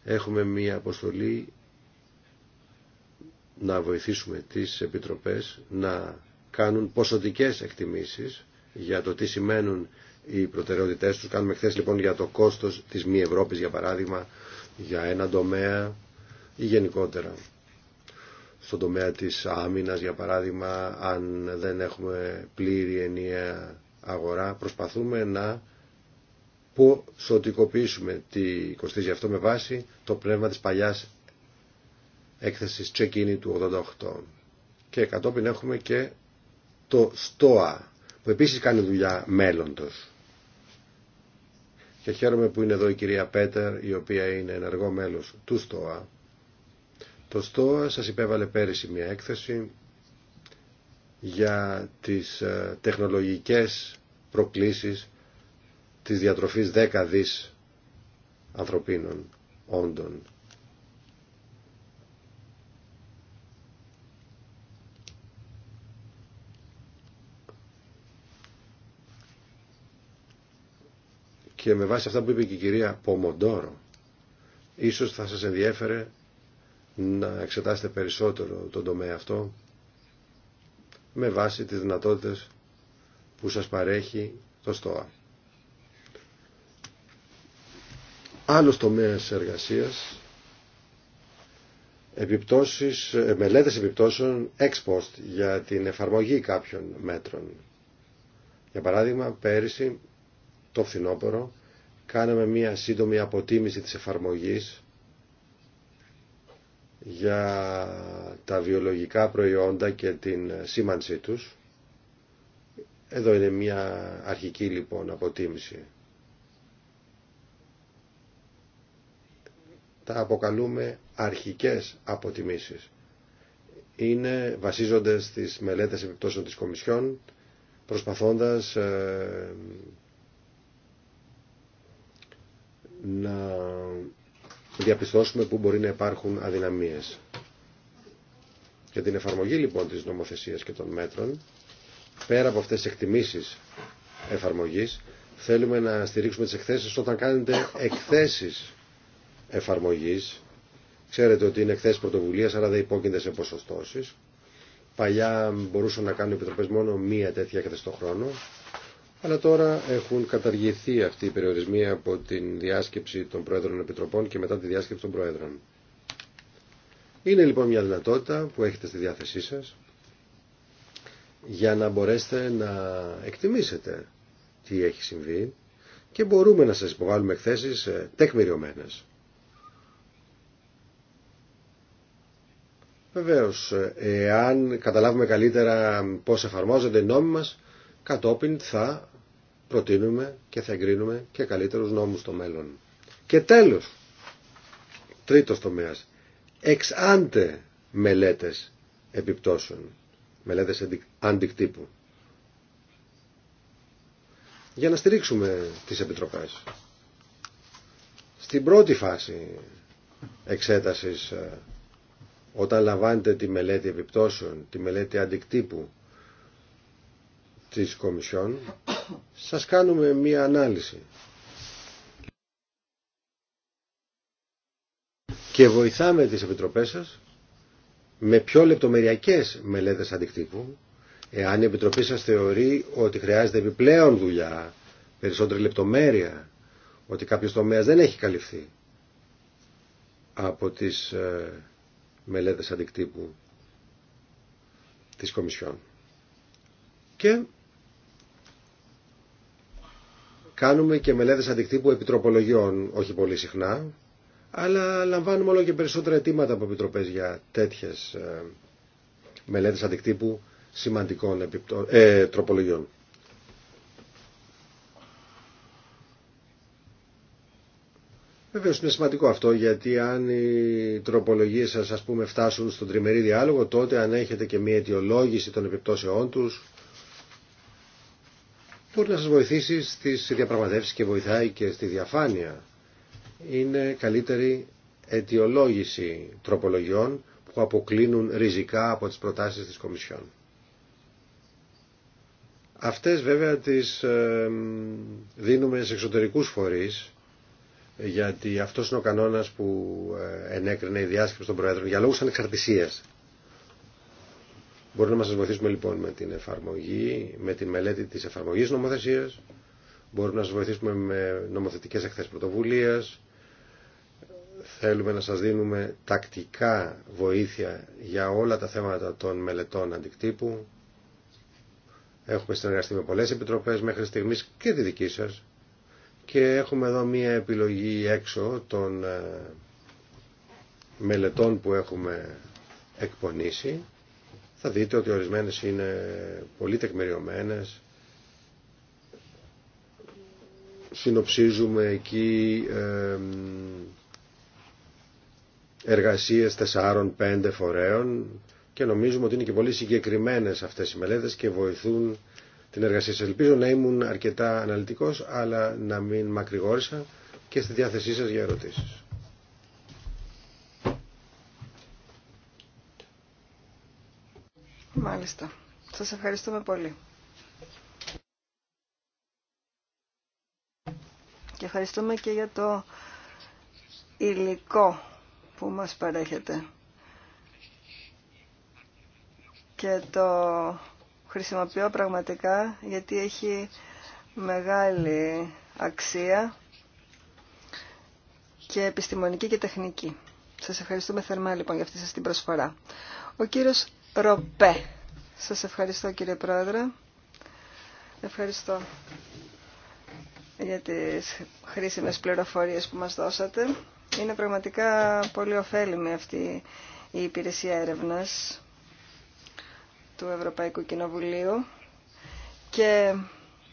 S2: έχουμε μία αποστολή να βοηθήσουμε τις Επιτροπές να κάνουν ποσοτικές εκτιμήσεις για το τι σημαίνουν οι προτεραιότητές τους. Κάνουμε χθε λοιπόν για το κόστος της μη Ευρώπης για παράδειγμα, για ένα τομέα ή γενικότερα. Στον τομέα της άμυνας για παράδειγμα, αν δεν έχουμε πλήρη ενιαία αγορά, προσπαθούμε να ποσοτικοποιήσουμε τι κοστίζει αυτό με βάση το πνεύμα της παλιάς έκθεσης τσεκίνη του 88. Και κατόπιν έχουμε και το ΣΤΟΑ που επίσης κάνει δουλειά μέλλοντος. Και χαίρομαι που είναι εδώ η κυρία Πέτερ η οποία είναι ενεργό μέλος του ΣΤΟΑ. Το ΣΤΟΑ σας υπέβαλε πέρυσι μια έκθεση για τις ε, τεχνολογικές προκλήσεις της διατροφής 10 δις ανθρωπίνων όντων. και με βάση αυτά που είπε και η κυρία Πομοντόρο ίσως θα σας ενδιέφερε να εξετάσετε περισσότερο τον τομέα αυτό με βάση τις δυνατότητες που σας παρέχει το ΣΤΟΑ. Άλλος τομέας εργασίας επιπτώσεις, ε, μελέτες επιπτώσεων ex post για την εφαρμογή κάποιων μέτρων. Για παράδειγμα, πέρυσι το φθινόπωρο κάναμε μία σύντομη αποτίμηση της εφαρμογής για τα βιολογικά προϊόντα και την σήμανσή τους. Εδώ είναι μία αρχική λοιπόν αποτίμηση. Τα αποκαλούμε αρχικές αποτιμήσεις. Είναι, βασίζονται στις μελέτες επιπτώσεων της Κομισιόν, προσπαθώντας ε, να διαπιστώσουμε που μπορεί να υπάρχουν αδυναμίες. Για την εφαρμογή λοιπόν της νομοθεσίας και των μέτρων, πέρα από αυτές τις εκτιμήσεις εφαρμογής, θέλουμε να στηρίξουμε τις εκθέσεις όταν κάνετε εκθέσεις εφαρμογής. Ξέρετε ότι είναι εκθέσεις πρωτοβουλίας, άρα δεν υπόκεινται σε ποσοστώσεις. Παλιά μπορούσαν να κάνουν επιτροπές μόνο μία τέτοια έκθεση το χρόνο αλλά τώρα έχουν καταργηθεί αυτοί οι περιορισμοί από τη διάσκεψη των Πρόεδρων Επιτροπών και μετά τη διάσκεψη των Πρόεδρων. Είναι λοιπόν μια δυνατότητα που έχετε στη διάθεσή σας για να μπορέσετε να εκτιμήσετε τι έχει συμβεί και μπορούμε να σας υποβάλουμε εκθέσεις ε, τεκμηριωμένες. Βεβαίως, ε, εάν καταλάβουμε καλύτερα πώς εφαρμόζονται οι νόμοι μας, κατόπιν θα προτείνουμε και θα εγκρίνουμε και καλύτερους νόμους στο μέλλον. Και τέλος, τρίτος τομέας, εξάντε μελέτες επιπτώσεων, μελέτες αντικτύπου, για να στηρίξουμε τις επιτροπές. Στην πρώτη φάση εξέτασης, ε, όταν λαμβάνετε τη μελέτη επιπτώσεων, τη μελέτη αντικτύπου, της Κομισιόν σας κάνουμε μία ανάλυση και βοηθάμε τις επιτροπές σας με πιο λεπτομεριακές μελέτες αντικτύπου εάν η επιτροπή σας θεωρεί ότι χρειάζεται επιπλέον δουλειά περισσότερη λεπτομέρεια ότι κάποιος τομέας δεν έχει καλυφθεί από τις ε, μελέτες αντικτύπου της Κομισιόν. Και Κάνουμε και μελέτες αντικτύπου επιτροπολογιών, όχι πολύ συχνά, αλλά λαμβάνουμε όλο και περισσότερα αιτήματα από επιτροπές για τέτοιες ε, μελέτες αντικτύπου σημαντικών επιπτω... ε, τροπολογιών. Βεβαίω είναι σημαντικό αυτό γιατί αν οι τροπολογίε σας ας πούμε φτάσουν στον τριμερή διάλογο τότε αν έχετε και μια αιτιολόγηση των επιπτώσεών τους μπορεί να σας βοηθήσει στις διαπραγματεύσεις και βοηθάει και στη διαφάνεια. Είναι καλύτερη αιτιολόγηση τροπολογιών που αποκλίνουν ριζικά από τις προτάσεις της Κομισιόν. Αυτές βέβαια τις ε, δίνουμε σε εξωτερικούς φορείς γιατί αυτός είναι ο κανόνας που ε, ενέκρινε η διάσκεψη των Προέδρων για λόγους ανεξαρτησίας Μπορούμε να σας βοηθήσουμε λοιπόν με την εφαρμογή, με τη μελέτη της εφαρμογής νομοθεσίας. Μπορούμε να σας βοηθήσουμε με νομοθετικές εκθέσεις πρωτοβουλίας. Θέλουμε να σας δίνουμε τακτικά βοήθεια για όλα τα θέματα των μελετών αντικτύπου. Έχουμε συνεργαστεί με πολλές επιτροπές μέχρι στιγμής και τη δική σας. Και έχουμε εδώ μία επιλογή έξω των ε, μελετών που έχουμε εκπονήσει θα δείτε ότι ορισμένες είναι πολύ τεκμηριωμένες. Συνοψίζουμε εκεί εργασίες τεσσάρων πέντε φορέων και νομίζουμε ότι είναι και πολύ συγκεκριμένες αυτές οι μελέτες και βοηθούν την εργασία σας. Ελπίζω να ήμουν αρκετά αναλυτικός αλλά να μην μακρηγόρησα και στη διάθεσή σας για ερωτήσεις.
S1: Μάλιστα. Σας ευχαριστούμε πολύ. Και ευχαριστούμε και για το υλικό που μας παρέχετε. Και το χρησιμοποιώ πραγματικά γιατί έχει μεγάλη αξία και επιστημονική και τεχνική. Σας ευχαριστούμε θερμά λοιπόν για αυτή σας την προσφορά. Ο κύριος Ροπέ. Σας ευχαριστώ κύριε Πρόεδρε. Ευχαριστώ για τις χρήσιμες πληροφορίες που μας δώσατε. Είναι πραγματικά πολύ ωφέλιμη αυτή η υπηρεσία έρευνας του Ευρωπαϊκού Κοινοβουλίου και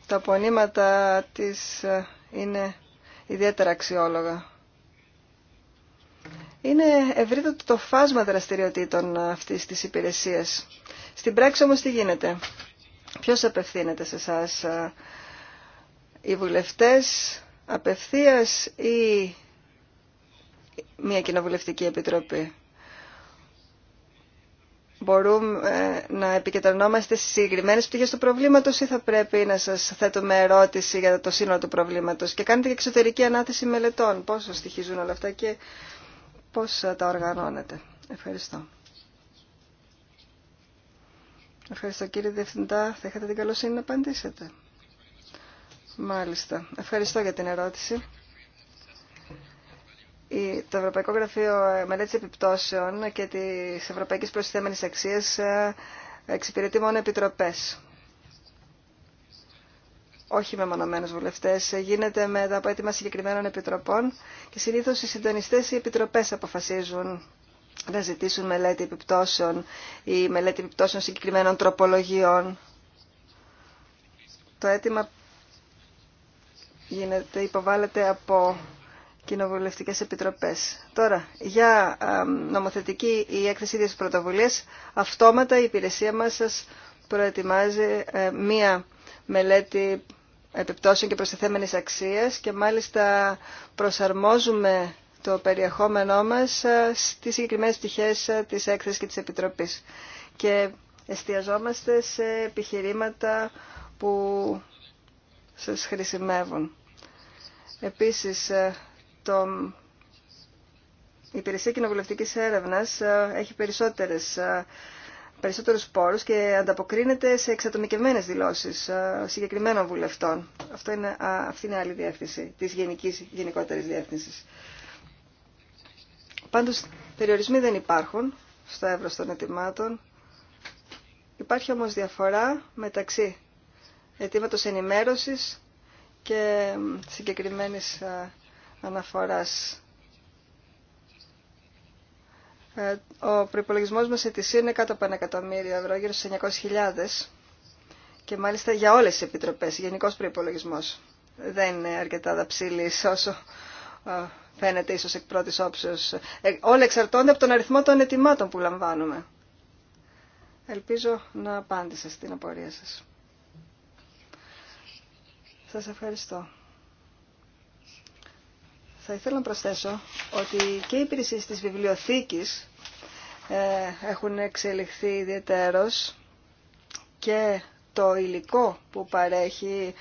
S1: τα απονήματα της είναι ιδιαίτερα αξιόλογα. Είναι ευρύτατο το φάσμα δραστηριοτήτων αυτή της υπηρεσία. Στην πράξη όμω τι γίνεται. Ποιο απευθύνεται σε εσά, ε, οι βουλευτές απευθεία ή μια κοινοβουλευτική επιτροπή. Μπορούμε ε, να επικεντρωνόμαστε στις συγκεκριμένες πτυχές του προβλήματος ή θα πρέπει να σας θέτουμε ερώτηση για το σύνολο του προβλήματος και κάνετε και εξωτερική ανάθεση μελετών. Πόσο στοιχίζουν όλα αυτά και πώς τα οργανώνετε. Ευχαριστώ. Ευχαριστώ κύριε Διευθυντά. Θα είχατε την καλοσύνη να απαντήσετε. Μάλιστα. Ευχαριστώ για την ερώτηση. Το Ευρωπαϊκό Γραφείο Μελέτης Επιπτώσεων και της Ευρωπαϊκής Προσθέμενη Αξίας ε, εξυπηρετεί μόνο επιτροπές όχι με μονομένους βουλευτές, γίνεται με τα απαίτημα συγκεκριμένων επιτροπών και συνήθως οι συντονιστές οι επιτροπές αποφασίζουν να ζητήσουν μελέτη επιπτώσεων ή μελέτη επιπτώσεων συγκεκριμένων τροπολογιών. Το αίτημα γίνεται, υποβάλλεται από κοινοβουλευτικές επιτροπές. Τώρα, για νομοθετική ή έκθεση ίδιας πρωτοβουλίας, αυτόματα η υπηρεσία μας σας προετοιμάζει ε, μία μελέτη επιπτώσεων και προστιθέμενης αξίας και μάλιστα προσαρμόζουμε το περιεχόμενό μας ε, στις συγκεκριμένες πτυχές ε, της έκθεσης και της Επιτροπής. Και εστιαζόμαστε σε επιχειρήματα που σας χρησιμεύουν. Επίσης, ε, το... η Υπηρεσία Κοινοβουλευτικής Έρευνας έχει περισσότερες περισσότερους πόρους και ανταποκρίνεται σε εξατομικευμένες δηλώσεις ε, συγκεκριμένων βουλευτών. Αυτό είναι, αυτή είναι άλλη διεύθυνση της γενικής, γενικότερης διεύθυνσης. Πάντως, περιορισμοί δεν υπάρχουν στο εύρος των ετοιμάτων. Υπάρχει όμως διαφορά μεταξύ αιτήματος ενημέρωσης και συγκεκριμένης ε, αναφοράς ε, ο προπολογισμό μα ετησίων είναι κάτω από ένα εκατομμύριο ευρώ, γύρω στου 900.000 και μάλιστα για όλε τι επιτροπέ. Γενικό προπολογισμό δεν είναι αρκετά δαψίλη όσο ε, φαίνεται ίσω εκ πρώτη όψεω. Ε, όλα εξαρτώνται από τον αριθμό των ετοιμάτων που λαμβάνουμε. Ελπίζω να απάντησα στην απορία σας. Σας ευχαριστώ. Θα ήθελα να προσθέσω ότι και οι υπηρεσίε της βιβλιοθήκης ε, έχουν εξελιχθεί ιδιαίτερως και το υλικό που παρέχει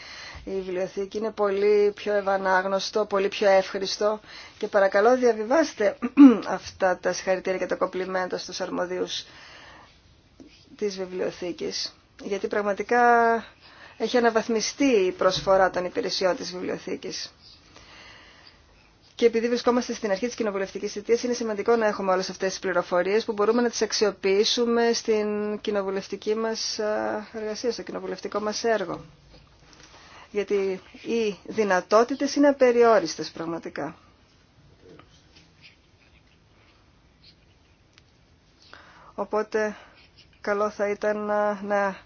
S1: η βιβλιοθήκη είναι πολύ πιο ευανάγνωστο, πολύ πιο εύχριστο και παρακαλώ διαβιβάστε [clears throat] αυτά τα συγχαρητήρια και τα κομπλιμέντα στους αρμοδίους της βιβλιοθήκης γιατί πραγματικά έχει αναβαθμιστεί η προσφορά των υπηρεσιών της βιβλιοθήκης. Και επειδή βρισκόμαστε στην αρχή τη κοινοβουλευτική θητεία, είναι σημαντικό να έχουμε όλε αυτέ τι πληροφορίε που μπορούμε να τι αξιοποιήσουμε στην κοινοβουλευτική μα εργασία, στο κοινοβουλευτικό μα έργο. Γιατί οι δυνατότητε είναι απεριόριστε πραγματικά. Οπότε καλό θα ήταν να, να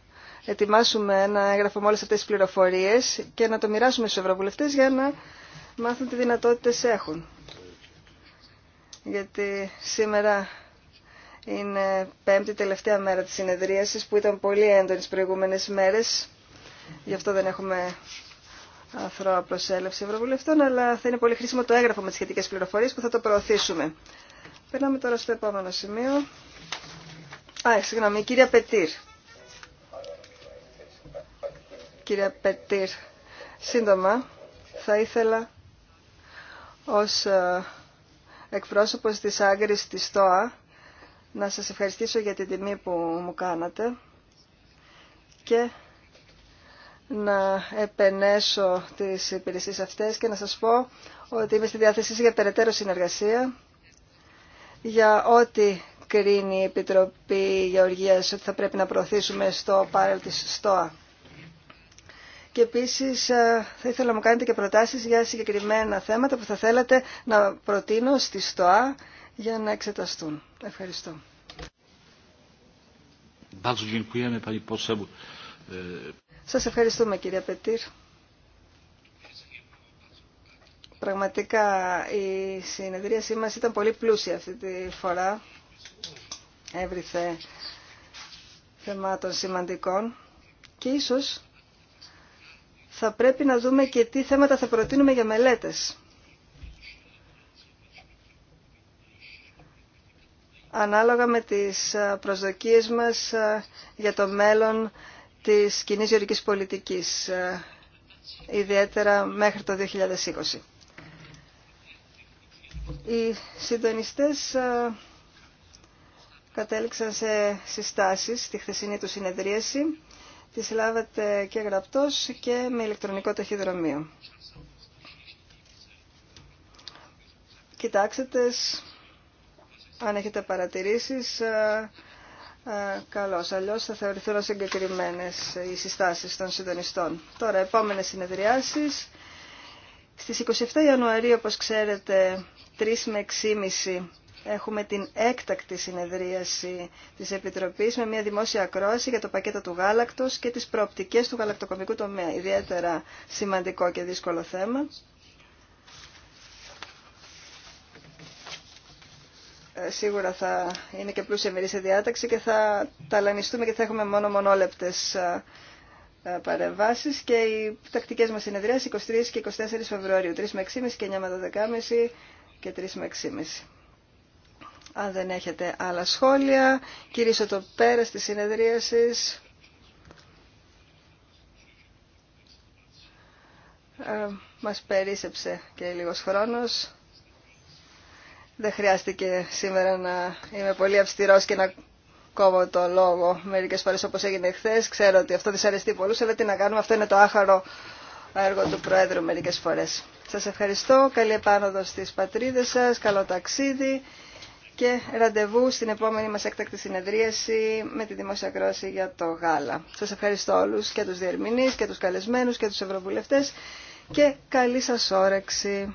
S1: ετοιμάσουμε ένα έγγραφο με όλες αυτές τις πληροφορίες και να το μοιράσουμε στου ευρωβουλευτέ για να μάθουν τι δυνατότητες έχουν. Γιατί σήμερα είναι πέμπτη τελευταία μέρα της συνεδρίασης που ήταν πολύ έντονη τις προηγούμενες μέρες. Γι' αυτό δεν έχουμε αθρώα προσέλευση ευρωβουλευτών, αλλά θα είναι πολύ χρήσιμο το έγγραφο με τις σχετικές πληροφορίες που θα το προωθήσουμε. Περνάμε τώρα στο επόμενο σημείο. Α, συγγνώμη, η κυρία Πετήρ. Κυρία Πετήρ, σύντομα θα ήθελα ως ε, εκπρόσωπος της Άγκρης της ΣΤΟΑ να σας ευχαριστήσω για την τιμή που μου κάνατε και να επενέσω τις υπηρεσίες αυτές και να σας πω ότι είμαι στη διάθεσή για περαιτέρω συνεργασία για ό,τι κρίνει η Επιτροπή Γεωργίας ότι θα πρέπει να προωθήσουμε στο πάρελ της ΣΤΟΑ και επίση ε, θα ήθελα να μου κάνετε και προτάσει για συγκεκριμένα θέματα που θα θέλατε να προτείνω στη ΣΤΟΑ για να εξεταστούν. Ευχαριστώ. Ε, Σας ευχαριστούμε κύριε Πετήρ. Πραγματικά η συνεδρίασή μας ήταν πολύ πλούσια αυτή τη φορά. Έβριθε θεμάτων σημαντικών και ίσως θα πρέπει να δούμε και τι θέματα θα προτείνουμε για μελέτες. Ανάλογα με τις ε, προσδοκίες μας ε, για το μέλλον της κοινή γεωρικής πολιτικής, ε, ιδιαίτερα μέχρι το 2020. Οι συντονιστές κατέληξαν σε συστάσεις στη χθεσινή του συνεδρίαση τις λάβατε και γραπτός και με ηλεκτρονικό ταχυδρομείο. Κοιτάξτε αν έχετε παρατηρήσεις, ε, ε, καλώς. Αλλιώς θα θεωρηθούν συγκεκριμένες οι συστάσεις των συντονιστών. Τώρα, επόμενες συνεδριάσεις. Στις 27 Ιανουαρίου, όπως ξέρετε, 3 με έχουμε την έκτακτη συνεδρίαση της Επιτροπής με μια δημόσια ακρόαση για το πακέτο του γάλακτος και τις προοπτικές του γαλακτοκομικού τομέα. Ιδιαίτερα σημαντικό και δύσκολο θέμα. Ε, σίγουρα θα είναι και πλούσια μερή σε διάταξη και θα ταλανιστούμε και θα έχουμε μόνο μονόλεπτες ε, ε, παρεμβάσεις και οι τακτικές μας συνεδρίες 23 και 24 Φεβρουαρίου, 3 με 6,5 και 9 με 12.30 και 3 με 6.30. Αν δεν έχετε άλλα σχόλια, κυρίσω το πέρας της συνεδρίασης. Ε, μας περίσεψε και λίγος χρόνος. Δεν χρειάστηκε σήμερα να είμαι πολύ αυστηρός και να κόβω το λόγο μερικές φορές όπως έγινε χθε. Ξέρω ότι αυτό δυσαρεστεί πολλούς, αλλά τι να κάνουμε, αυτό είναι το άχαρο έργο του Προέδρου μερικές φορές. Σας ευχαριστώ, καλή επάνωδο στις πατρίδες σας, καλό ταξίδι και ραντεβού στην επόμενη μας έκτακτη συνεδρίαση με τη δημόσια κρόση για το γάλα. Σας ευχαριστώ όλους και τους διερμηνείς και τους καλεσμένους και τους ευρωβουλευτές και καλή σας όρεξη.